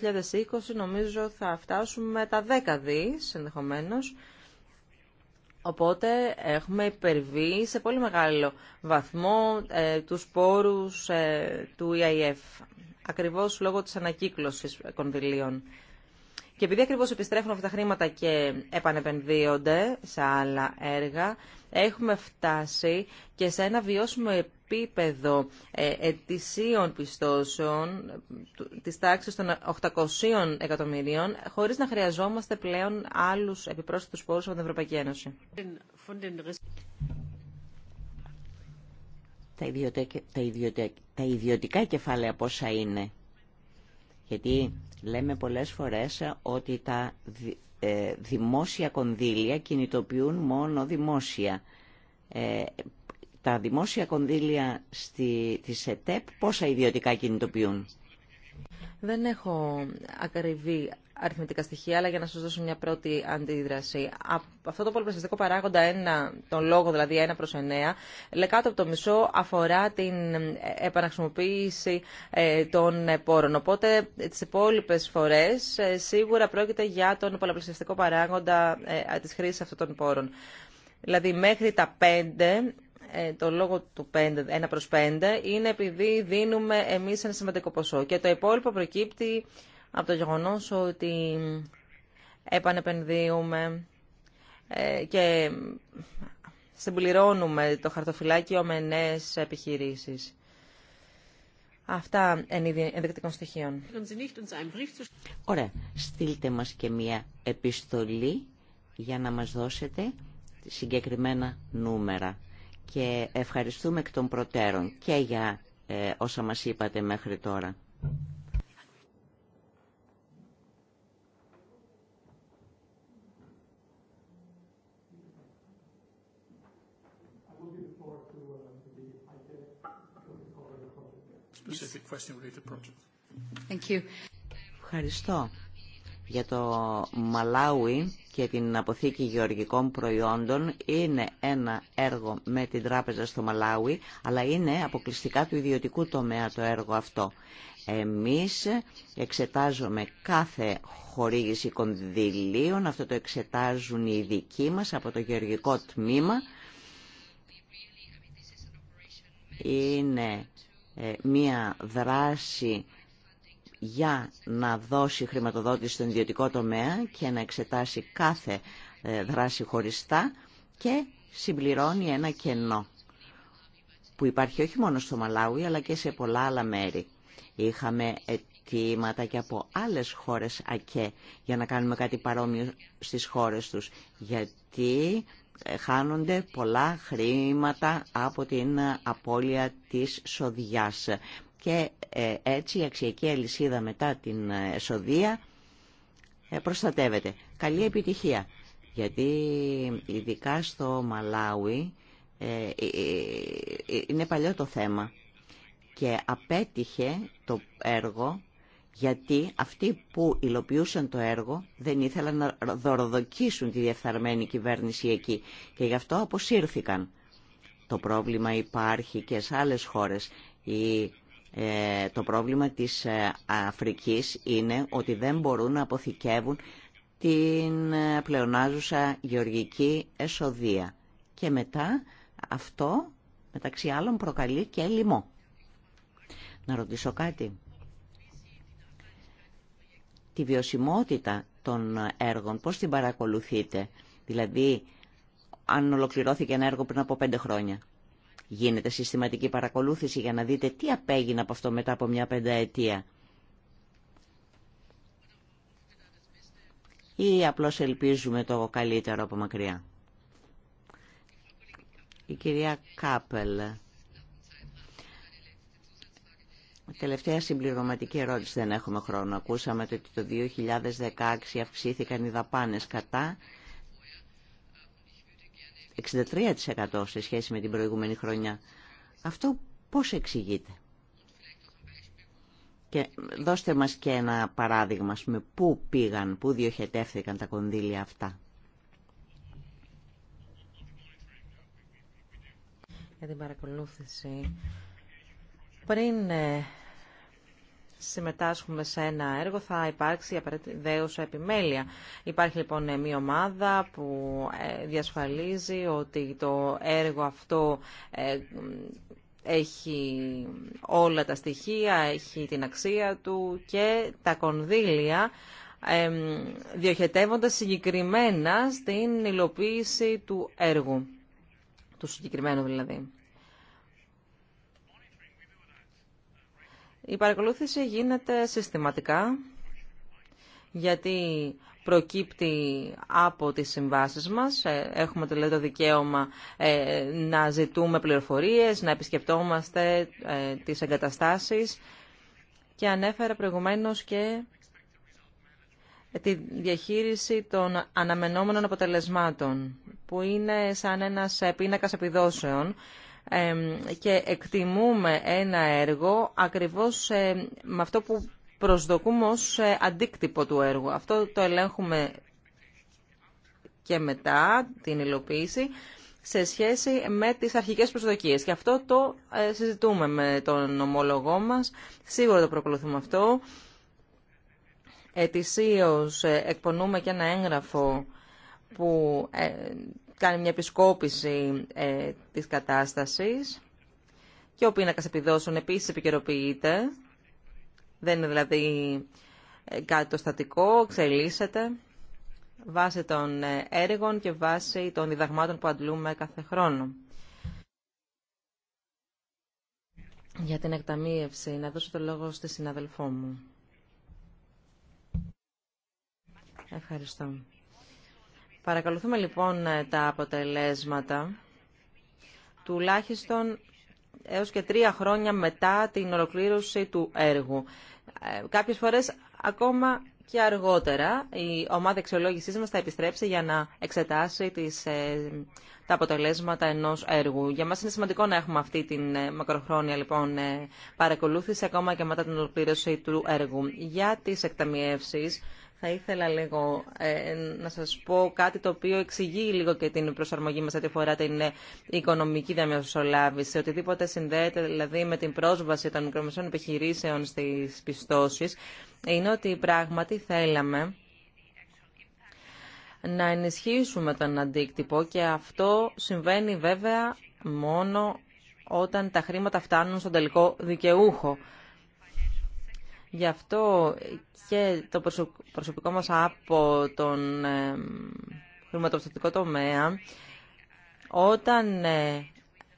νομίζω θα φτάσουμε τα 10 δις ενδεχομένως. Οπότε έχουμε υπερβεί σε πολύ μεγάλο βαθμό ε, τους πόρους ε, του EIF ακριβώς λόγω τη ανακύκλωση κονδυλίων. Και επειδή ακριβώς επιστρέφουν αυτά τα χρήματα και επανεπενδύονται σε άλλα έργα, έχουμε φτάσει και σε ένα βιώσιμο επίπεδο ε, ετησίων πιστώσεων της τάξης των 800 εκατομμυρίων, χωρίς να χρειαζόμαστε πλέον άλλους επιπρόσθετους πόρους από την Ευρωπαϊκή Ένωση τα ιδιωτικά, τα, τα κεφάλαια πόσα είναι. Γιατί λέμε πολλές φορές ότι τα ε, δημόσια κονδύλια κινητοποιούν μόνο δημόσια. Ε, τα δημόσια κονδύλια στη, της ΕΤΕΠ πόσα ιδιωτικά κινητοποιούν. Δεν έχω ακριβή αριθμητικά στοιχεία, αλλά για να σα δώσω μια πρώτη αντίδραση. Από αυτό το πολυπλασιαστικό παράγοντα, ένα, τον λόγο δηλαδή 1 προ 9, λέει κάτω από το μισό αφορά την ε, επαναχρησιμοποίηση ε, των πόρων. Οπότε τι υπόλοιπε φορές ε, σίγουρα πρόκειται για τον πολλαπλασιαστικό παράγοντα τη χρήση αυτών των πόρων. Δηλαδή μέχρι τα 5 το λόγο του 5, 1 προς 5 είναι επειδή δίνουμε εμείς ένα σημαντικό ποσό και το υπόλοιπο προκύπτει από το γεγονός ότι επανεπενδύουμε ε, και συμπληρώνουμε το χαρτοφυλάκιο με νέες επιχειρήσεις. Αυτά εν ενδεικτικών στοιχείων. Ωραία. Στείλτε μας και μία επιστολή για να μας δώσετε συγκεκριμένα νούμερα. Και ευχαριστούμε εκ των προτέρων και για ε, όσα μας είπατε μέχρι τώρα. Ευχαριστώ. Για το Μαλάουι και την αποθήκη γεωργικών προϊόντων είναι ένα έργο με την τράπεζα στο Μαλάουι, αλλά είναι αποκλειστικά του ιδιωτικού τομέα το έργο αυτό. Εμείς εξετάζουμε κάθε χορήγηση κονδυλίων, αυτό το εξετάζουν οι ειδικοί μας από το γεωργικό τμήμα. Είναι ε, μία δράση για να δώσει χρηματοδότηση στον ιδιωτικό τομέα και να εξετάσει κάθε ε, δράση χωριστά και συμπληρώνει ένα κενό που υπάρχει όχι μόνο στο Μαλάουι αλλά και σε πολλά άλλα μέρη. Είχαμε αιτήματα και από άλλες χώρες ΑΚΕ για να κάνουμε κάτι παρόμοιο στις χώρες τους γιατί χάνονται πολλά χρήματα από την απώλεια της σοδιάς. Και ε, έτσι η αξιακή αλυσίδα μετά την ε, σοδία ε, προστατεύεται. Καλή επιτυχία, γιατί ειδικά στο Μαλάουι είναι παλιό το θέμα και απέτυχε το έργο γιατί αυτοί που υλοποιούσαν το έργο δεν ήθελαν να δωροδοκίσουν τη διεφθαρμένη κυβέρνηση εκεί και γι' αυτό αποσύρθηκαν. Το πρόβλημα υπάρχει και σε άλλες χώρες. Η, ε, το πρόβλημα της ε, Αφρικής είναι ότι δεν μπορούν να αποθηκεύουν την ε, πλεονάζουσα γεωργική εσοδεία. Και μετά αυτό, μεταξύ άλλων, προκαλεί και λοιμό. Να ρωτήσω κάτι τη βιωσιμότητα των έργων, πώς την παρακολουθείτε. Δηλαδή, αν ολοκληρώθηκε ένα έργο πριν από πέντε χρόνια. Γίνεται συστηματική παρακολούθηση για να δείτε τι απέγινε από αυτό μετά από μια πενταετία. Ή απλώς ελπίζουμε το καλύτερο από μακριά. Η κυρία Κάπελ. Τελευταία συμπληρωματική ερώτηση δεν έχουμε χρόνο. Ακούσαμε ότι το 2016 αυξήθηκαν οι δαπάνες κατά 63% σε σχέση με την προηγούμενη χρονιά. Αυτό πώς εξηγείται. Και δώστε μας και ένα παράδειγμα, με πού πήγαν, πού διοχετεύθηκαν τα κονδύλια αυτά. Για την παρακολούθηση πριν ε, συμμετάσχουμε σε ένα έργο θα υπάρξει δέουσα επιμέλεια. Υπάρχει λοιπόν ε, μια ομάδα που ε, διασφαλίζει ότι το έργο αυτό έχει όλα τα στοιχεία, έχει την αξία του και τα κονδύλια διοχετεύονται συγκεκριμένα στην υλοποίηση του έργου, του συγκεκριμένου δηλαδή. Η παρακολούθηση γίνεται συστηματικά γιατί προκύπτει από τις συμβάσεις μας. Ε, έχουμε δηλαδή, το δικαίωμα ε, να ζητούμε πληροφορίες, να επισκεπτόμαστε ε, τις εγκαταστάσεις και ανέφερα προηγουμένως και τη διαχείριση των αναμενόμενων αποτελεσμάτων, που είναι σαν ένας πίνακας επιδόσεων και εκτιμούμε ένα έργο ακριβώς ε, με αυτό που προσδοκούμε ως ε, αντίκτυπο του έργου. Αυτό το ελέγχουμε και μετά την υλοποίηση σε σχέση με τις αρχικές προσδοκίες. Και αυτό το ε, συζητούμε με τον ομόλογό μας. Σίγουρα το προκολουθούμε αυτό. Ετησίως εκπονούμε και ένα έγγραφο που κάνει μια επισκόπηση ε, της κατάστασης και ο πίνακας επιδόσεων επίσης επικαιροποιείται. Δεν είναι δηλαδή ε, κάτι το στατικό, εξελίσσεται βάσει των ε, έργων και βάσει των διδαγμάτων που αντλούμε κάθε χρόνο. Για την εκταμείευση, να δώσω το λόγο στη συναδελφό μου. Ευχαριστώ. Παρακολουθούμε λοιπόν ε, τα αποτελέσματα τουλάχιστον έως και τρία χρόνια μετά την ολοκλήρωση του έργου. Ε, κάποιες φορές ακόμα και αργότερα η ομάδα αξιολόγησή μας θα επιστρέψει για να εξετάσει τις, ε, τα αποτελέσματα ενός έργου. Για μας είναι σημαντικό να έχουμε αυτή την μακροχρόνια λοιπόν, παρακολούθηση ακόμα και μετά την ολοκλήρωση του έργου. Για τις εκταμιεύσεις θα ήθελα λίγο ε, να σας πω κάτι το οποίο εξηγεί λίγο και την προσαρμογή μας ό,τι φορά την ε, οικονομική διαμεσολάβηση. Οτιδήποτε συνδέεται δηλαδή με την πρόσβαση των μικρομεσών επιχειρήσεων στις πιστώσεις είναι ότι πράγματι θέλαμε να ενισχύσουμε τον αντίκτυπο και αυτό συμβαίνει βέβαια μόνο όταν τα χρήματα φτάνουν στον τελικό δικαιούχο. Γι' αυτό και το προσωπικό μας από τον χρηματοπιστωτικό τομέα, όταν ε,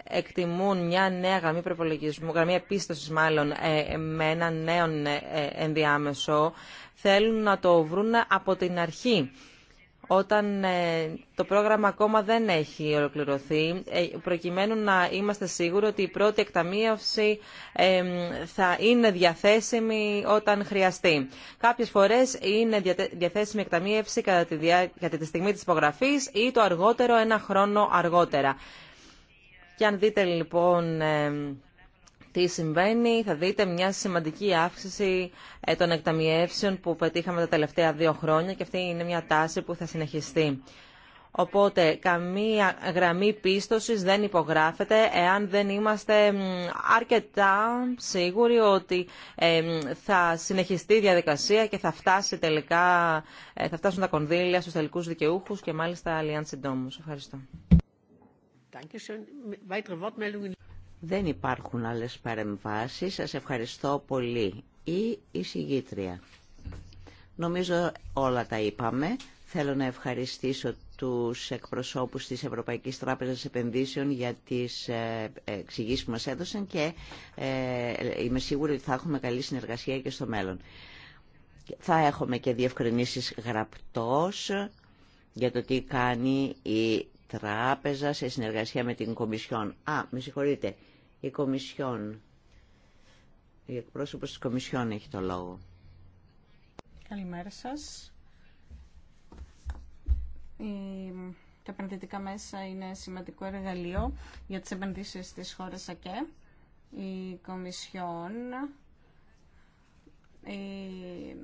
εκτιμούν μια νέα γραμμή προπολογισμού, γραμμή επίστασης μάλλον, ε, με ένα νέο ε, ενδιάμεσο, θέλουν να το βρουν από την αρχή όταν ε, το πρόγραμμα ακόμα δεν έχει ολοκληρωθεί, ε, προκειμένου να είμαστε σίγουροι ότι η πρώτη εκταμείευση θα είναι διαθέσιμη όταν χρειαστεί. Κάποιες φορές είναι διαθέσιμη εκταμείευση κατά τη, διά... κατά τη στιγμή της υπογραφής ή το αργότερο ένα χρόνο αργότερα. Και αν δείτε λοιπόν τι συμβαίνει, θα δείτε μια σημαντική αύξηση ε, των εκταμιεύσεων που πετύχαμε τα τελευταία δύο χρόνια και αυτή είναι μια τάση που θα συνεχιστεί. Οπότε, καμία γραμμή πίστοσης δεν υπογράφεται εάν δεν είμαστε αρκετά σίγουροι ότι ε, θα συνεχιστεί η διαδικασία και θα, φτάσει τελικά, ε, θα φτάσουν τα κονδύλια στους τελικούς δικαιούχους και μάλιστα αλλιάν συντόμους. Ευχαριστώ. Δεν υπάρχουν άλλες παρεμβάσεις. Σας ευχαριστώ πολύ. Ή η εισηγήτρια. Νομίζω όλα τα είπαμε. Θέλω να ευχαριστήσω τους εκπροσώπους της Ευρωπαϊκής Τράπεζας Επενδύσεων για τις ε, εξηγήσεις που μας έδωσαν και ε, είμαι σίγουρη ότι θα έχουμε καλή συνεργασία και στο μέλλον. Θα έχουμε και διευκρινήσεις γραπτός για το τι κάνει η τράπεζα σε συνεργασία με την Κομισιόν. Α, με συγχωρείτε, η Κομισιόν. Η εκπρόσωπος της Κομισιόν έχει το λόγο. Καλημέρα σας. Τα επενδυτικά μέσα είναι σημαντικό εργαλείο για τις επενδύσεις της χώρας ΑΚΕ. Η Κομισιόν η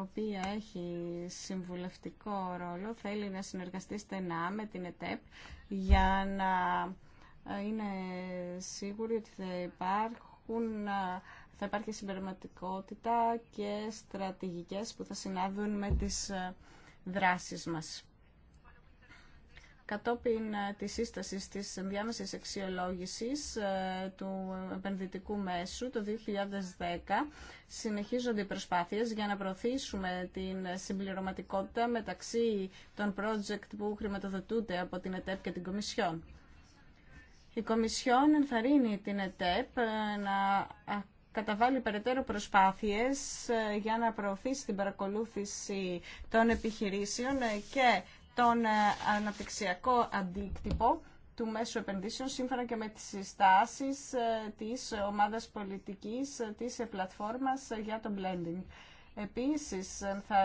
οποία έχει συμβουλευτικό ρόλο, θέλει να συνεργαστεί στενά με την ΕΤΕΠ για να ε, είναι σίγουροι ότι θα υπάρχουν ε, θα υπάρχει συμπεριματικότητα και στρατηγικές που θα συνάδουν με τις ε, δράσεις μας κατόπιν ε, της σύσταση της ενδιάμεση αξιολόγηση ε, του επενδυτικού μέσου το 2010 συνεχίζονται οι προσπάθειες για να προωθήσουμε την συμπληρωματικότητα μεταξύ των project που χρηματοδοτούνται από την ΕΤΕΠ και την Κομισιόν. Η Κομισιόν ενθαρρύνει την ΕΤΕΠ ε, να καταβάλει περαιτέρω προσπάθειες για να προωθήσει την παρακολούθηση των επιχειρήσεων και τον ε, αναπτυξιακό αντίκτυπο του μέσου επενδύσεων σύμφωνα και με τις συστάσεις ε, της ομάδας πολιτικής ε, της πλατφόρμας για το blending. Επίσης, θα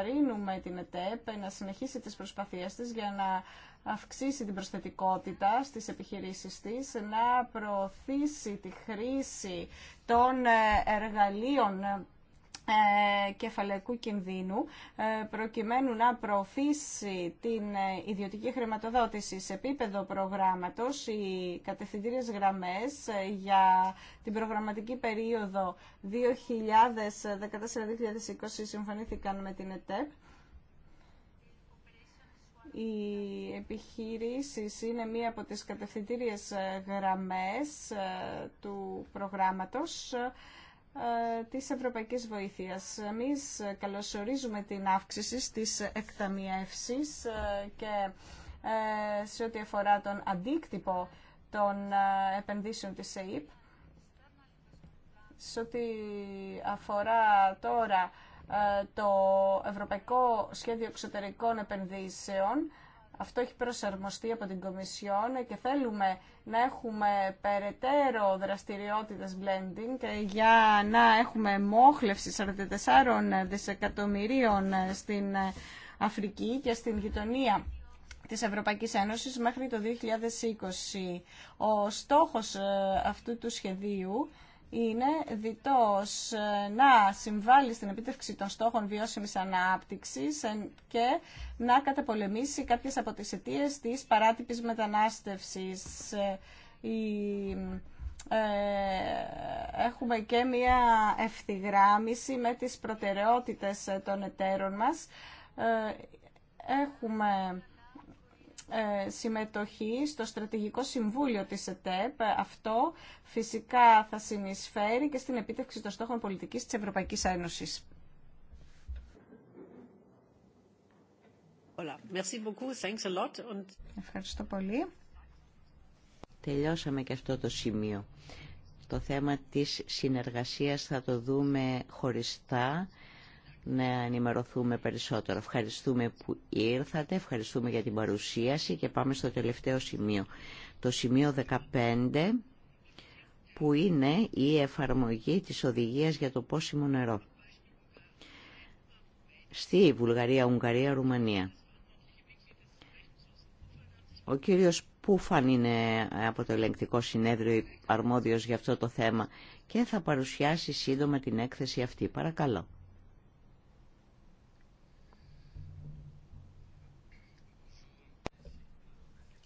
την ΕΤΕΠ να συνεχίσει τις προσπαθίες της για να αυξήσει την προσθετικότητα στις επιχειρήσεις της, να προωθήσει τη χρήση των εργαλείων ε, κεφαλαϊκού κινδύνου ε, προκειμένου να προωθήσει την ε, ιδιωτική χρηματοδότηση σε επίπεδο προγράμματος οι κατευθυντήριες γραμμές για την προγραμματική περίοδο 2014-2020 συμφωνήθηκαν με την ΕΤΕΠ οι επιχειρήσεις είναι μία από τις κατευθυντήριες γραμμές του προγράμματος ε, της ευρωπαϊκής βοήθειας. Εμείς καλωσορίζουμε την αύξηση της εκταμιεύσεις ε, και ε, σε ό,τι αφορά τον αντίκτυπο των επενδύσεων της ΕΕΠ. Σε ό,τι αφορά τώρα το Ευρωπαϊκό Σχέδιο Εξωτερικών Επενδύσεων, αυτό έχει προσαρμοστεί από την Κομισιόν και θέλουμε να έχουμε περαιτέρω δραστηριότητες blending για να έχουμε μόχλευση 44 δισεκατομμυρίων στην Αφρική και στην γειτονία της Ευρωπαϊκής Ένωσης μέχρι το 2020. Ο στόχος ε, αυτού του σχεδίου είναι διτός ε, να συμβάλλει στην επίτευξη των στόχων βιώσιμης ανάπτυξης και να καταπολεμήσει κάποιες από τις αιτίες της παράτυπης μετανάστευσης. Ε, ε, έχουμε και μία ευθυγράμμιση με τις προτεραιότητες των εταίρων μας. Έχουμε ε, συμμετοχή στο Στρατηγικό Συμβούλιο της ΕΤΕΠ. Αυτό φυσικά θα συνεισφέρει και στην επίτευξη των στόχων πολιτικής της Ευρωπαϊκής Ένωσης. Ευχαριστώ πολύ. Τελειώσαμε και αυτό το σημείο. Το θέμα της συνεργασίας θα το δούμε χωριστά να ενημερωθούμε περισσότερο. Ευχαριστούμε που ήρθατε, ευχαριστούμε για την παρουσίαση και πάμε στο τελευταίο σημείο. Το σημείο 15 που είναι η εφαρμογή της οδηγίας για το πόσιμο νερό. Στη Βουλγαρία, Ουγγαρία, Ρουμανία. Ο κύριος Πούφαν είναι από το ελεγκτικό συνέδριο αρμόδιος για αυτό το θέμα και θα παρουσιάσει σύντομα την έκθεση αυτή. Παρακαλώ.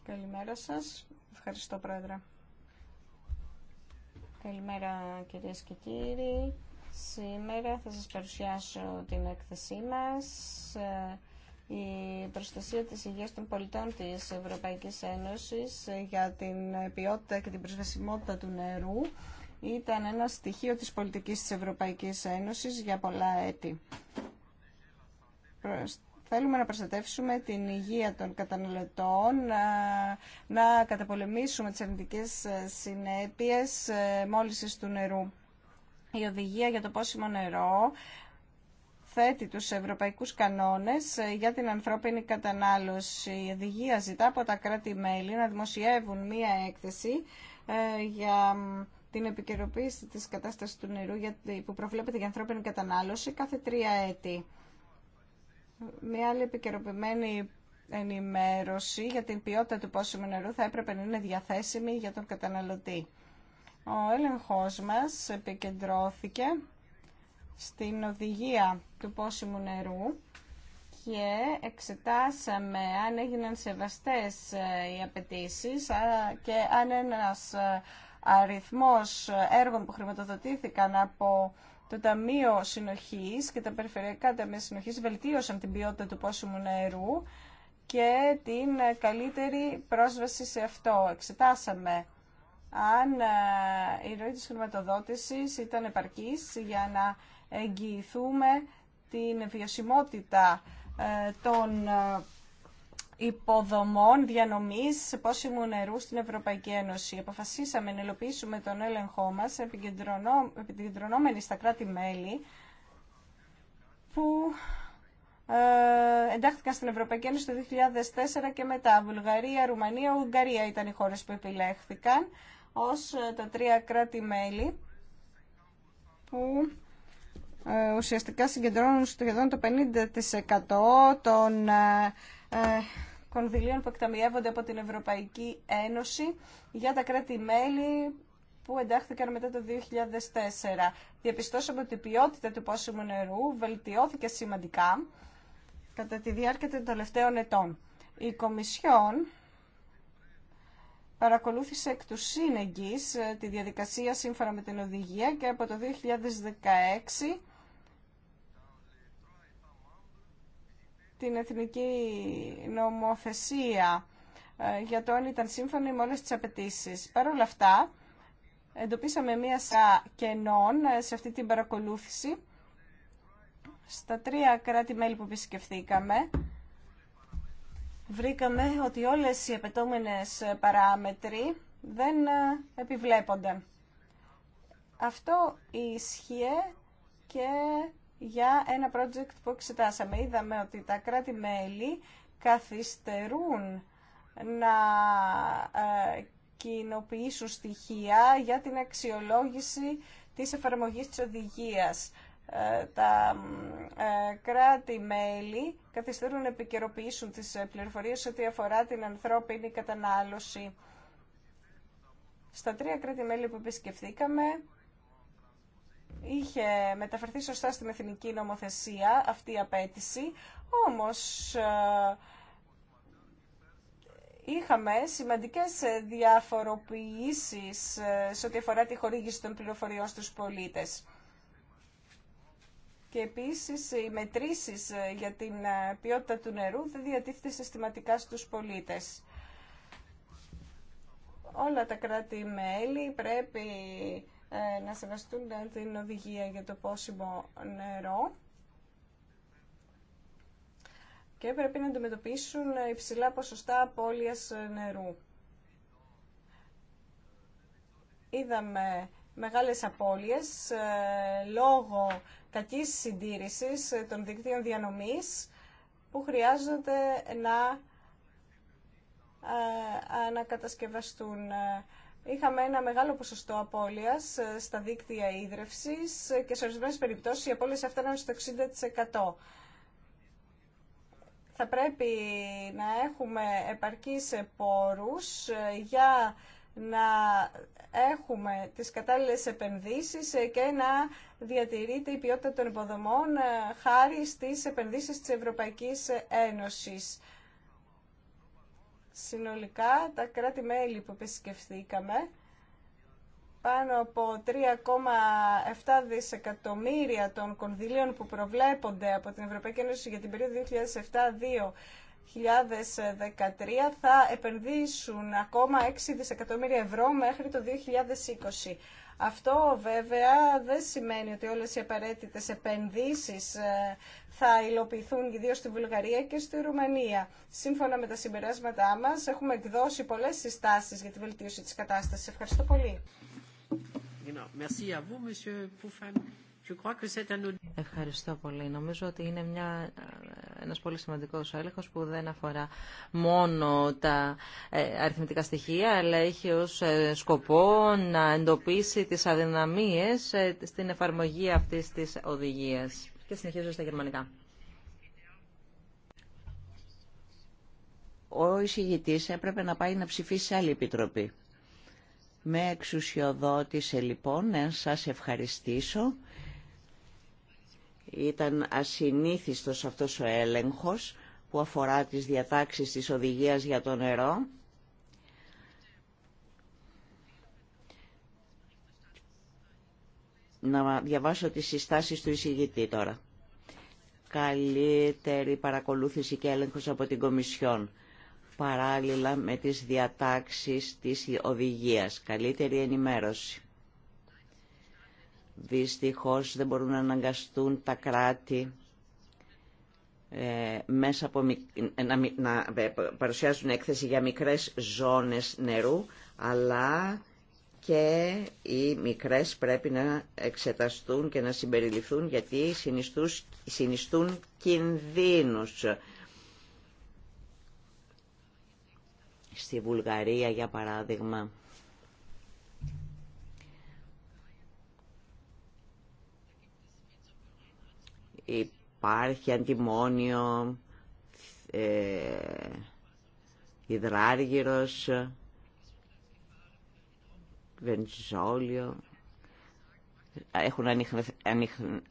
Καλημέρα σας. Ευχαριστώ, Πρόεδρε. Καλημέρα, κυρίες και κύριοι. Σήμερα θα σας παρουσιάσω την έκθεσή μας η προστασία της υγείας των πολιτών της Ευρωπαϊκής Ένωσης για την ποιότητα και την προσβασιμότητα του νερού ήταν ένα στοιχείο της πολιτικής της Ευρωπαϊκής Ένωσης για πολλά έτη. Θέλουμε να προστατεύσουμε την υγεία των καταναλωτών, να, καταπολεμήσουμε τις αρνητικές ε, συνέπειες ε, μόλυσης του νερού. Η οδηγία για το πόσιμο νερό θέτει τους ευρωπαϊκούς κανόνες ε, για την ανθρώπινη κατανάλωση. Η οδηγία ζητά από τα κράτη-μέλη να δημοσιεύουν μία έκθεση για την επικαιροποίηση της κατάστασης του νερού που προβλέπεται για ανθρώπινη κατανάλωση κάθε τρία έτη. Μια άλλη επικαιροποιημένη ενημέρωση για την ποιότητα του πόσιμου νερού θα έπρεπε να είναι διαθέσιμη για τον καταναλωτή. Ο έλεγχος μας επικεντρώθηκε στην οδηγία του πόσιμου νερού και εξετάσαμε αν έγιναν σεβαστές ε, οι απαιτήσει και αν ένας ε, αριθμός έργων που χρηματοδοτήθηκαν από το Ταμείο συνοχή και τα Περιφερειακά Ταμεία Συνοχής βελτίωσαν την ποιότητα του πόσιμου νερού και την καλύτερη πρόσβαση σε αυτό. Εξετάσαμε αν ε, η ροή της χρηματοδότησης ήταν επαρκής για να εγγυηθούμε την βιωσιμότητα ε, των ε, υποδομών διανομής πόσιμου νερού στην Ευρωπαϊκή Ένωση. Αποφασίσαμε να υλοποιήσουμε τον έλεγχό μα, επικεντρωνόμενοι στα κράτη-μέλη που ε, εντάχθηκαν στην Ευρωπαϊκή Ένωση το 2004 και μετά. Βουλγαρία, Ρουμανία, Ουγγαρία ήταν οι χώρες που επιλέχθηκαν ως ε, τα τρία κράτη-μέλη που ε, ουσιαστικά συγκεντρώνουν σχεδόν το 50% των ε, κονδυλίων που εκταμιεύονται από την Ευρωπαϊκή Ένωση για τα κράτη-μέλη που εντάχθηκαν μετά το 2004. Διαπιστώσαμε ότι η ποιότητα του πόσιμου νερού βελτιώθηκε σημαντικά κατά τη διάρκεια των τελευταίων ετών. Η Κομισιόν παρακολούθησε εκ του σύνεγγυς ε, τη διαδικασία σύμφωνα με την οδηγία και από το 2016 την εθνική νομοθεσία ε, για το αν ήταν σύμφωνοι με όλες τις απαιτήσει. Παρ' όλα αυτά, εντοπίσαμε μία σα κενών ε, σε αυτή την παρακολούθηση στα τρία κράτη-μέλη που επισκεφθήκαμε. Βρήκαμε ότι όλες οι επετόμενες παράμετροι δεν ε, επιβλέπονται. Αυτό ισχύει και για ένα project που εξετάσαμε. Είδαμε ότι τα κράτη-μέλη καθυστερούν να ε, κοινοποιήσουν στοιχεία για την αξιολόγηση της εφαρμογής της οδηγίας. Ε, τα ε, κράτη-μέλη καθυστερούν να επικαιροποιήσουν τις πληροφορίες ό,τι αφορά την ανθρώπινη κατανάλωση. Στα τρία κράτη-μέλη που επισκεφθήκαμε, είχε μεταφερθεί σωστά στην εθνική νομοθεσία αυτή η απέτηση, όμως ε, είχαμε σημαντικές ε, διαφοροποιήσεις ε, σε ό,τι αφορά τη χορήγηση των πληροφοριών στους πολίτες. Και επίσης οι μετρήσεις για την ποιότητα του νερού δεν διατίθεται συστηματικά στους πολίτες. Όλα τα κράτη-μέλη πρέπει ε, να σεβαστούν την οδηγία για το πόσιμο νερό και πρέπει να αντιμετωπίσουν υψηλά ποσοστά απώλειας νερού. Είδαμε μεγάλες απώλειες ε, λόγω κακής συντήρησης των δικτύων διανομής που χρειάζονται να ε, ανακατασκευαστούν. Είχαμε ένα μεγάλο ποσοστό απώλειας ε, στα δίκτυα ίδρυυση ε, και σε ορισμένε περιπτώσεις οι απώλειες έφταναν στο 60%. Θα πρέπει να έχουμε επαρκείς πόρους ε, για να έχουμε τις κατάλληλες επενδύσεις και να διατηρείται η ποιότητα των υποδομών χάρη στις επενδύσεις της Ευρωπαϊκής Ένωσης. Συνολικά τα κράτη-μέλη που επισκεφθήκαμε πάνω από 3,7 δισεκατομμύρια των κονδυλίων που προβλέπονται από την Ευρωπαϊκή Ένωση για την περίοδο 2007-2013 θα επενδύσουν ακόμα 6 δισεκατομμύρια ευρώ μέχρι το 2020. Αυτό βέβαια δεν σημαίνει ότι όλες οι απαραίτητες επενδύσεις ε, θα υλοποιηθούν ιδίω στη Βουλγαρία και στη Ρουμανία. Σύμφωνα με τα συμπεράσματά μας έχουμε εκδώσει πολλές συστάσεις για τη βελτίωση της κατάστασης. Ευχαριστώ πολύ. Ευχαριστώ πολύ. Νομίζω ότι είναι μια, ένας πολύ σημαντικός έλεγχος που δεν αφορά μόνο τα ε, αριθμητικά στοιχεία, αλλά έχει ως ε, σκοπό να εντοπίσει τις αδυναμίες ε, στην εφαρμογή αυτής της οδηγίας. Και συνεχίζω στα γερμανικά. Ο εισηγητής έπρεπε να πάει να ψηφίσει σε άλλη επιτροπή. Με εξουσιοδότησε λοιπόν να σας ευχαριστήσω ήταν ασυνήθιστος αυτός ο έλεγχος που αφορά τις διατάξεις της οδηγίας για το νερό. Να διαβάσω τις συστάσεις του εισηγητή τώρα. Καλύτερη παρακολούθηση και έλεγχος από την Κομισιόν παράλληλα με τις διατάξεις της οδηγίας. Καλύτερη ενημέρωση. Δυστυχώς δεν μπορούν να αναγκαστούν τα κράτη ε, μέσα από, ε, να, να ε, παρουσιάζουν έκθεση για μικρές ζώνες νερού, αλλά και οι μικρές πρέπει να εξεταστούν και να συμπεριληφθούν γιατί συνιστούν κινδύνους. Στη Βουλγαρία, για παράδειγμα, Υπάρχει αντιμόνιο, ε, υδράργυρος, βενζόλιο. Έχουν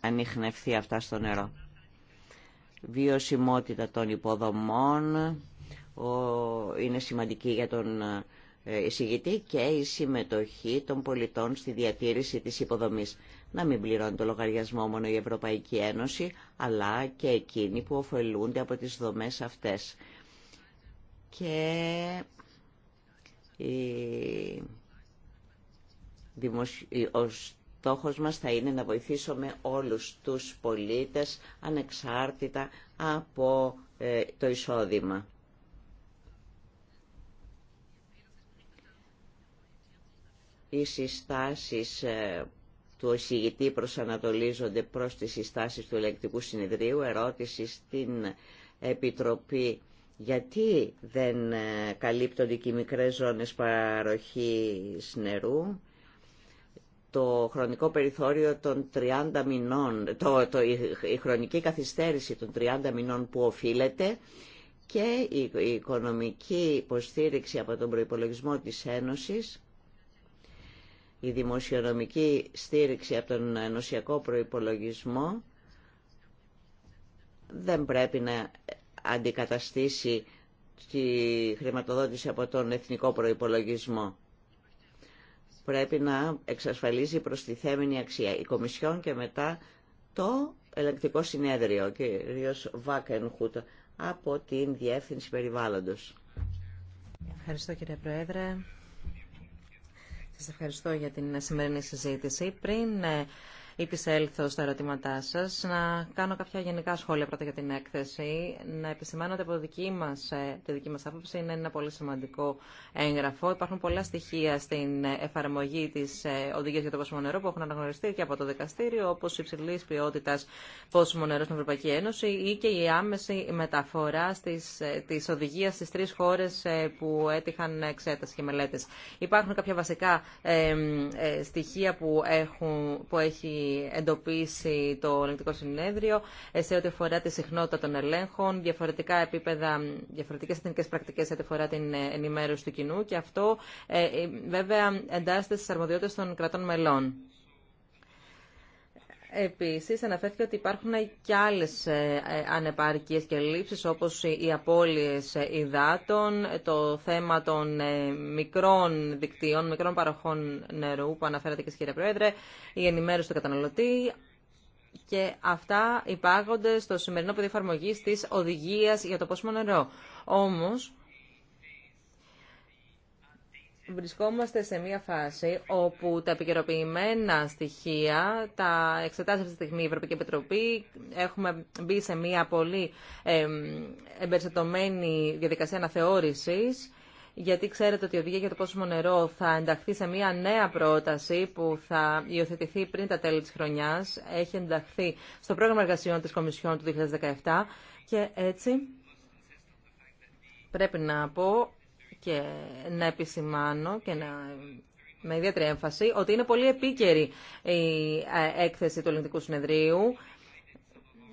ανοιχνευθεί αυτά στο νερό. Βιωσιμότητα των υποδομών ο, είναι σημαντική για τον ε, εισηγητή και η συμμετοχή των πολιτών στη διατήρηση της υποδομής να μην πληρώνει το λογαριασμό μόνο η Ευρωπαϊκή Ένωση, αλλά και εκείνοι που ωφελούνται από τις δομές αυτές. Και ο στόχος μας θα είναι να βοηθήσουμε όλους τους πολίτες ανεξάρτητα από ε, το εισόδημα. Οι συστάσεις ε, του οσηγητή προσανατολίζονται προς τις συστάσεις του ελεκτικού συνεδρίου. Ερώτηση στην Επιτροπή γιατί δεν ε, καλύπτονται και οι μικρές ζώνες παροχής νερού. Το χρονικό περιθώριο των 30 μηνών, το, το, η, χρονική καθυστέρηση των 30 μηνών που οφείλεται και η, οικονομική υποστήριξη από τον προϋπολογισμό της Ένωσης η δημοσιονομική στήριξη από τον ενωσιακό προϋπολογισμό δεν πρέπει να αντικαταστήσει τη χρηματοδότηση από τον εθνικό προϋπολογισμό. Πρέπει να εξασφαλίζει προστιθέμενη αξία η Κομισιόν και μετά το ελεκτικό συνέδριο, κυρίως Βάκενχουτ, από την Διεύθυνση Περιβάλλοντος. Ευχαριστώ κύριε Πρόεδρε. Σας ευχαριστώ για την σημερινή συζήτηση. Πριν ε, επισέλθω στα ερωτήματά σα Να κάνω κάποια γενικά σχόλια πρώτα για την έκθεση. Να επισημάνω ότι από δική μας, ε, τη δική μα άποψη είναι ένα πολύ σημαντικό έγγραφο. Υπάρχουν πολλά στοιχεία στην εφαρμογή τη ε, οδηγία για το πόσιμο νερό που έχουν αναγνωριστεί και από το δικαστήριο, όπως υψηλή ποιότητα πόσιμο νερό στην Ευρωπαϊκή Ένωση ή και η άμεση μεταφορά ε, τη οδηγία στι τρει χώρε που έτυχαν εξέταση και μελέτε. Υπάρχουν κάποια βασικά στοιχεία που, έχουν, που έχει εντοπίσει το ελεγκτικό συνέδριο ε, σε ό,τι αφορά τη συχνότητα των ελέγχων, διαφορετικά επίπεδα, διαφορετικέ εθνικέ πρακτικέ σε ό,τι αφορά την ε, ενημέρωση του κοινού και αυτό ε, βέβαια εντάσσεται στι αρμοδιότητε των κρατών μελών. Επίσης, αναφέρθηκε ότι υπάρχουν και άλλες ε, ανεπάρκειες και λήψεις, όπως οι απώλειες ε, υδάτων, το θέμα των ε, μικρών δικτύων, μικρών παροχών νερού, που αναφέρατε και κύριε Πρόεδρε, η ενημέρωση του καταναλωτή, και αυτά υπάγονται στο σημερινό πεδίο εφαρμογή τη οδηγία για το πόσιμο νερό. Όμως, βρισκόμαστε σε μια φάση όπου τα επικαιροποιημένα στοιχεία τα εξετάζει αυτή τη στιγμή η Ευρωπαϊκή Επιτροπή. Έχουμε μπει σε μια πολύ εμπεριστατωμένη διαδικασία αναθεώρησης γιατί ξέρετε ότι η οδηγία για το Πόσο νερό θα ενταχθεί σε μια νέα πρόταση που θα υιοθετηθεί πριν τα τέλη της χρονιάς. Έχει ενταχθεί στο πρόγραμμα εργασιών της Κομισιόν του 2017 και έτσι πρέπει να πω και να επισημάνω και να με ιδιαίτερη έμφαση ότι είναι πολύ επίκαιρη η ε, έκθεση του Ελληνικού Συνεδρίου.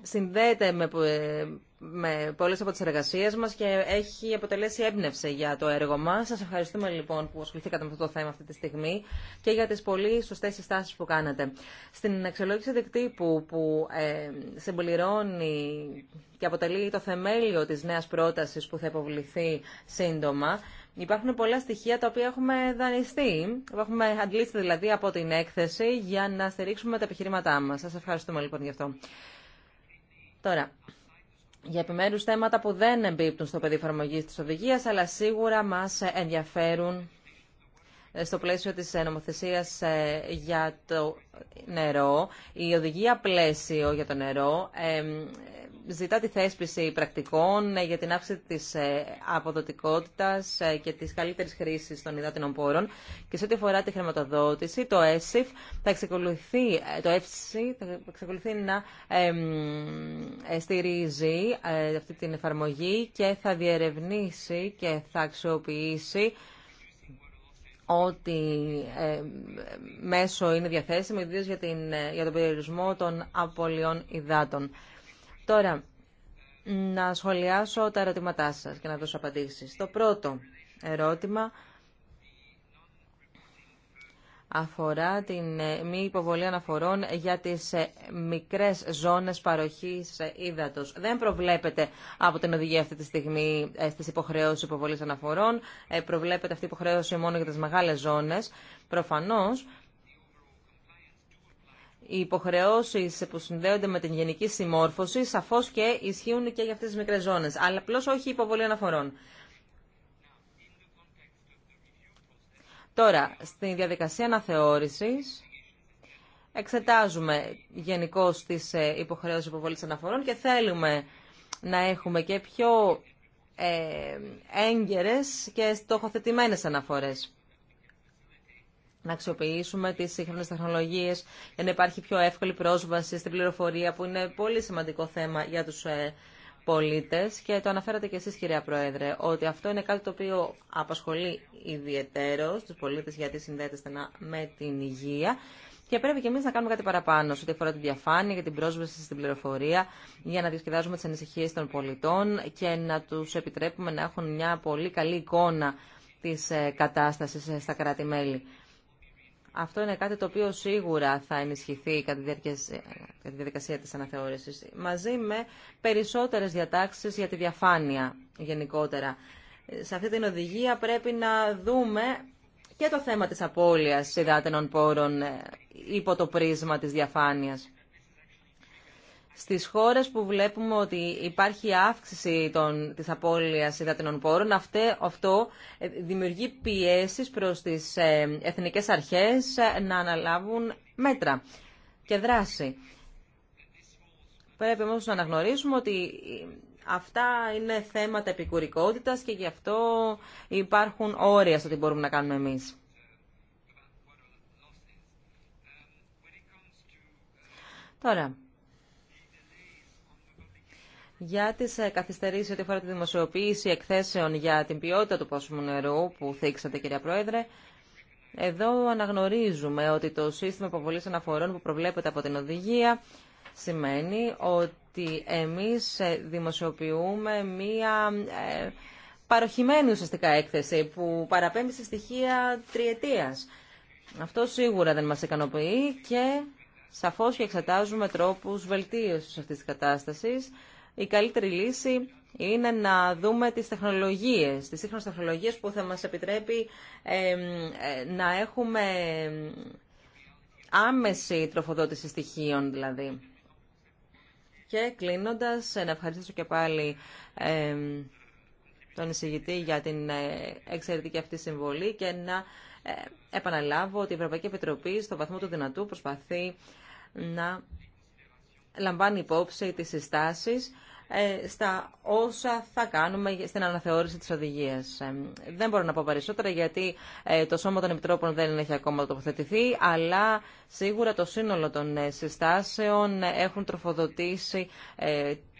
Συνδέεται με, ε, με πολλές από τις εργασίες μας και έχει αποτελέσει έμπνευση για το έργο μας. Σας ευχαριστούμε λοιπόν που ασχοληθήκατε με αυτό το θέμα αυτή τη στιγμή και για τις πολύ σωστές συστάσεις που κάνατε. Στην αξιολόγηση δικτύπου που ε, συμπληρώνει και αποτελεί το θεμέλιο της νέας πρότασης που θα υποβληθεί σύντομα, Υπάρχουν πολλά στοιχεία τα οποία έχουμε δανειστεί, που έχουμε αντλήσει δηλαδή από την έκθεση για να στηρίξουμε τα επιχειρήματά μας. Σας ευχαριστούμε λοιπόν γι' αυτό. Τώρα, για επιμέρου θέματα που δεν εμπίπτουν στο πεδίο εφαρμογή τη οδηγία, αλλά σίγουρα μα ενδιαφέρουν στο πλαίσιο της νομοθεσίας ε, για το νερό. Η οδηγία πλαίσιο για το νερό ε, ζητά τη θέσπιση πρακτικών ε, για την αύξηση της ε, αποδοτικότητας ε, και της καλύτερης χρήσης των υδάτινων πόρων και σε ό,τι αφορά τη χρηματοδότηση, το ΕΣΥΦ θα εξεκολουθεί το θα εξακολουθεί να στηρίζει αυτή την εφαρμογή και θα διερευνήσει και θα αξιοποιήσει ότι ε, μέσο είναι διαθέσιμο, ιδίω για, για τον περιορισμό των απολειών υδάτων. Τώρα, να σχολιάσω τα ερωτήματά σας και να δώσω απαντήσεις. Το πρώτο ερώτημα αφορά την ε, μη υποβολή αναφορών για τις ε, μικρές ζώνες παροχής ε, ύδατος. Δεν προβλέπεται από την οδηγία αυτή τη στιγμή στις υποχρεώσεις υποβολής αναφορών. Προβλέπεται αυτή η υποχρέωση μόνο για τις μεγάλες ζώνες. Προφανώς, οι υποχρεώσεις που συνδέονται με την γενική συμμόρφωση σαφώ και ισχύουν και για αυτές τις μικρέ ζώνε, αλλά απλώ όχι υποβολή αναφορών. Τώρα, στη διαδικασία αναθεώρησης εξετάζουμε γενικώ τι ε, υποχρεώσεις υποβολής αναφορών και θέλουμε να έχουμε και πιο ε, έγκαιρες και στοχοθετημένες αναφορές να αξιοποιήσουμε τις σύγχρονες τεχνολογίες για να υπάρχει πιο εύκολη πρόσβαση στην πληροφορία που είναι πολύ σημαντικό θέμα για τους ε, πολίτες και το αναφέρατε και εσείς κυρία Πρόεδρε ότι αυτό είναι κάτι το οποίο απασχολεί ιδιαίτερο τους πολίτες γιατί συνδέεται στενά με την υγεία και πρέπει και εμεί να κάνουμε κάτι παραπάνω σε ό,τι αφορά την διαφάνεια και την πρόσβαση στην πληροφορία για να διασκεδάζουμε τι ανησυχίε των πολιτών και να του επιτρέπουμε να έχουν μια πολύ καλή εικόνα τη ε, κατάσταση ε, στα κράτη-μέλη. Αυτό είναι κάτι το οποίο σίγουρα θα ενισχυθεί κατά τη διαδικασία, κατά τη διαδικασία της αναθεώρησης, μαζί με περισσότερες διατάξεις για τη διαφάνεια γενικότερα. Σε αυτή την οδηγία πρέπει να δούμε και το θέμα της απώλειας υδάτενων πόρων ε, υπό το πρίσμα της διαφάνειας στις χώρες που βλέπουμε ότι υπάρχει αύξηση των, της απώλειας υδατινών πόρων, αυτέ, αυτό ε, δημιουργεί πιέσεις προς τις ε, εθνικές αρχές ε, να αναλάβουν μέτρα και δράση. Πρέπει όμως να αναγνωρίσουμε ότι αυτά είναι θέματα επικουρικότητας και γι' αυτό υπάρχουν όρια στο τι μπορούμε να κάνουμε εμείς. Τώρα, για τι ε, καθυστερήσει ό,τι αφορά τη δημοσιοποίηση εκθέσεων για την ποιότητα του πόσιμου νερού που θίξατε κυρία Πρόεδρε, εδώ αναγνωρίζουμε ότι το σύστημα υποβολή αναφορών που προβλέπεται από την οδηγία σημαίνει ότι εμείς ε, δημοσιοποιούμε μία ε, παροχημένη ουσιαστικά έκθεση που παραπέμπει σε στοιχεία τριετίας. Αυτό σίγουρα δεν μας ικανοποιεί και σαφώς και εξετάζουμε τρόπους βελτίωσης αυτής της κατάστασης η καλύτερη λύση είναι να δούμε τις τεχνολογίες, τις σύγχρονες τεχνολογίες που θα μας επιτρέπει ε, να έχουμε άμεση τροφοδότηση στοιχείων δηλαδή. Και κλείνοντας, να ευχαριστήσω και πάλι τον εισηγητή για την ε, εξαιρετική αυτή συμβολή και να ε, επαναλάβω ότι η Ευρωπαϊκή Επιτροπή στο βαθμό του δυνατού προσπαθεί να λαμβάνει υπόψη τις συστάσεις ε, στα όσα θα κάνουμε στην αναθεώρηση της οδηγίας. Ε, δεν μπορώ να πω περισσότερα γιατί ε, το Σώμα των Επιτρόπων δεν έχει ακόμα τοποθετηθεί, αλλά σίγουρα το σύνολο των συστάσεων έχουν τροφοδοτήσει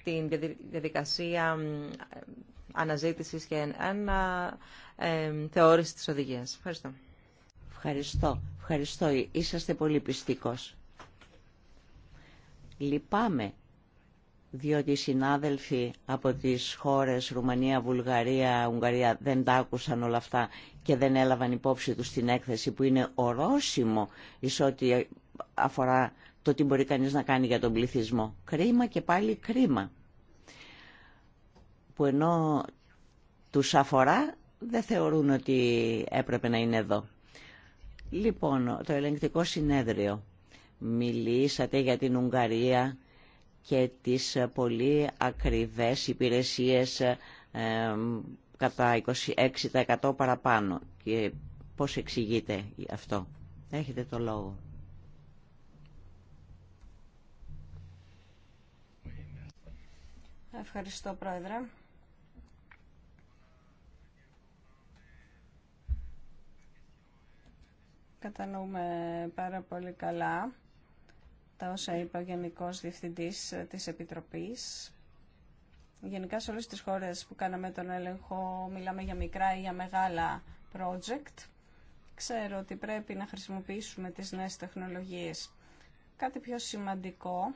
την διαδικασία αναζήτησης και αναθεώρηση της οδηγίας. Ευχαριστώ. Ευχαριστώ. Ευχαριστώ. Είσαστε πολύ πιστικός. Λυπάμαι διότι οι συνάδελφοι από τις χώρες Ρουμανία, Βουλγαρία, Ουγγαρία δεν τα άκουσαν όλα αυτά και δεν έλαβαν υπόψη τους την έκθεση που είναι ορόσημο εις ό,τι αφορά το τι μπορεί κανείς να κάνει για τον πληθυσμό. Κρίμα και πάλι κρίμα. Που ενώ τους αφορά δεν θεωρούν ότι έπρεπε να είναι εδώ. Λοιπόν, το ελεγκτικό συνέδριο. Μιλήσατε για την Ουγγαρία και τις πολύ ακριβές υπηρεσίες κατά 26% παραπάνω. Και πώς εξηγείται αυτό. Έχετε το λόγο. Ευχαριστώ, Πρόεδρε. Κατανοούμε πάρα πολύ καλά τα όσα είπε ο Γενικός Διευθυντής της Επιτροπής. Γενικά σε όλες τις χώρες που κάναμε τον έλεγχο μιλάμε για μικρά ή για μεγάλα project. Ξέρω ότι πρέπει να χρησιμοποιήσουμε τις νέες τεχνολογίες. Κάτι πιο σημαντικό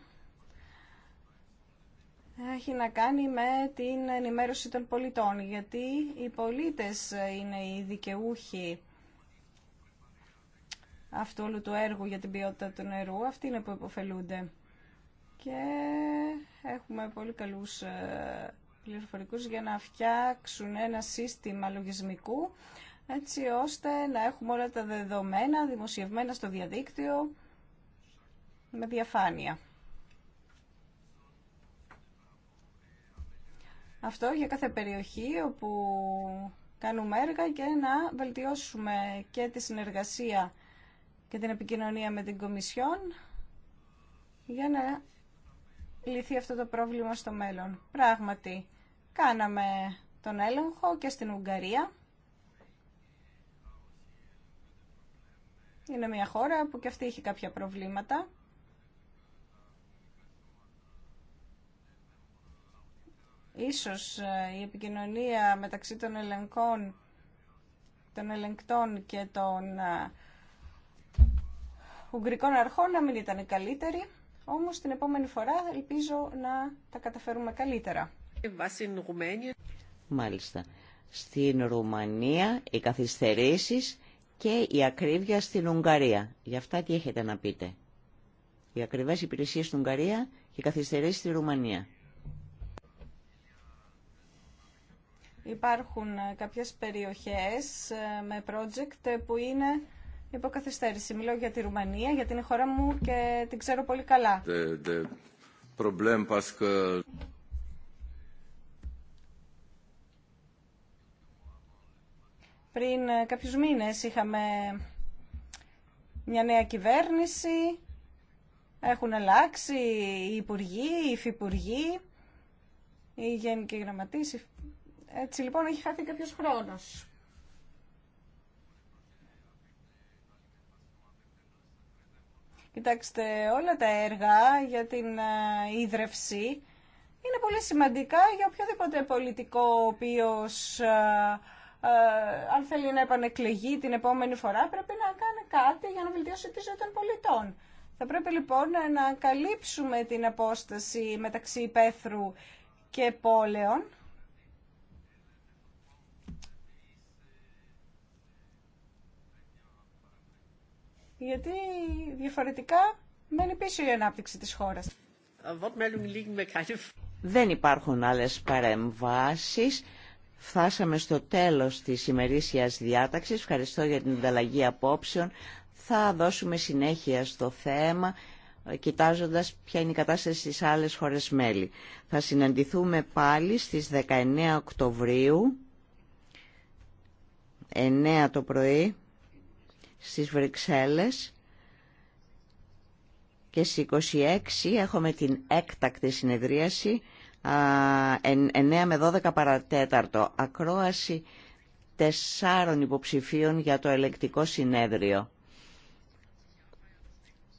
έχει να κάνει με την ενημέρωση των πολιτών, γιατί οι πολίτες είναι οι δικαιούχοι αυτού όλου του έργου για την ποιότητα του νερού, αυτοί είναι που υποφελούνται. Και έχουμε πολύ καλούς ε, πληροφορικούς για να φτιάξουν ένα σύστημα λογισμικού, έτσι ώστε να έχουμε όλα τα δεδομένα δημοσιευμένα στο διαδίκτυο με διαφάνεια. Αυτό για κάθε περιοχή όπου κάνουμε έργα και να βελτιώσουμε και τη συνεργασία και την επικοινωνία με την Κομισιόν για να λυθεί αυτό το πρόβλημα στο μέλλον. Πράγματι, κάναμε τον έλεγχο και στην Ουγγαρία. Είναι μια χώρα που και αυτή έχει κάποια προβλήματα. Ίσως ε, η επικοινωνία μεταξύ των ελεγκών, των ελεγκτών και των ε, Ουγγρικών Αρχών να μην ήταν καλύτερη, όμως την επόμενη φορά ελπίζω να τα καταφέρουμε καλύτερα. Μάλιστα. Στην Ρουμανία οι καθυστερήσεις και η ακρίβεια στην Ουγγαρία. Γι' αυτά τι έχετε να πείτε. Οι ακριβές υπηρεσίες στην Ουγγαρία και οι καθυστερήσεις στην Ρουμανία. Υπάρχουν κάποιες περιοχές ε, με project που είναι υποκαθυστέρηση. Μιλώ για τη Ρουμανία, γιατί είναι η χώρα μου και την ξέρω πολύ καλά. Πριν ε, κάποιους μήνες είχαμε μια νέα κυβέρνηση, έχουν αλλάξει οι υπουργοί, οι υφυπουργοί, οι γενικοί γραμματείς. Έτσι λοιπόν έχει χάθει κάποιος χρόνος. Κοιτάξτε, όλα τα έργα για την ε, ίδρευση είναι πολύ σημαντικά για οποιοδήποτε πολιτικό ο οποίος ε, ε, αν θέλει να επανεκλεγεί την επόμενη φορά, πρέπει να κάνει κάτι για να βελτιώσει τη ζωή των πολιτών. Θα πρέπει λοιπόν να καλύψουμε την απόσταση μεταξύ υπαίθρου και πόλεων γιατί διαφορετικά μένει πίσω η ανάπτυξη της χώρας. Äh, Δεν υπάρχουν άλλες παρεμβάσεις. Φτάσαμε στο τέλος της ημερήσιας διάταξης. Ευχαριστώ για την ανταλλαγή απόψεων. Θα δώσουμε συνέχεια στο θέμα, κοιτάζοντας ποια είναι η κατάσταση στις άλλες χώρες μέλη. Θα συναντηθούμε πάλι στις 19 Οκτωβρίου, 9 το πρωί στις Βρυξέλλες και στις 26 έχουμε την έκτακτη συνεδρίαση 9 με 12 παρατέταρτο ακρόαση τεσσάρων υποψηφίων για το ελεκτικό συνέδριο.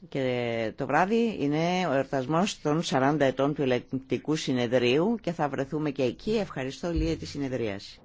Και το βράδυ είναι ο εορτασμός των 40 ετών του ελεκτικού συνεδρίου και θα βρεθούμε και εκεί. Ευχαριστώ λίγη τη συνεδρίαση.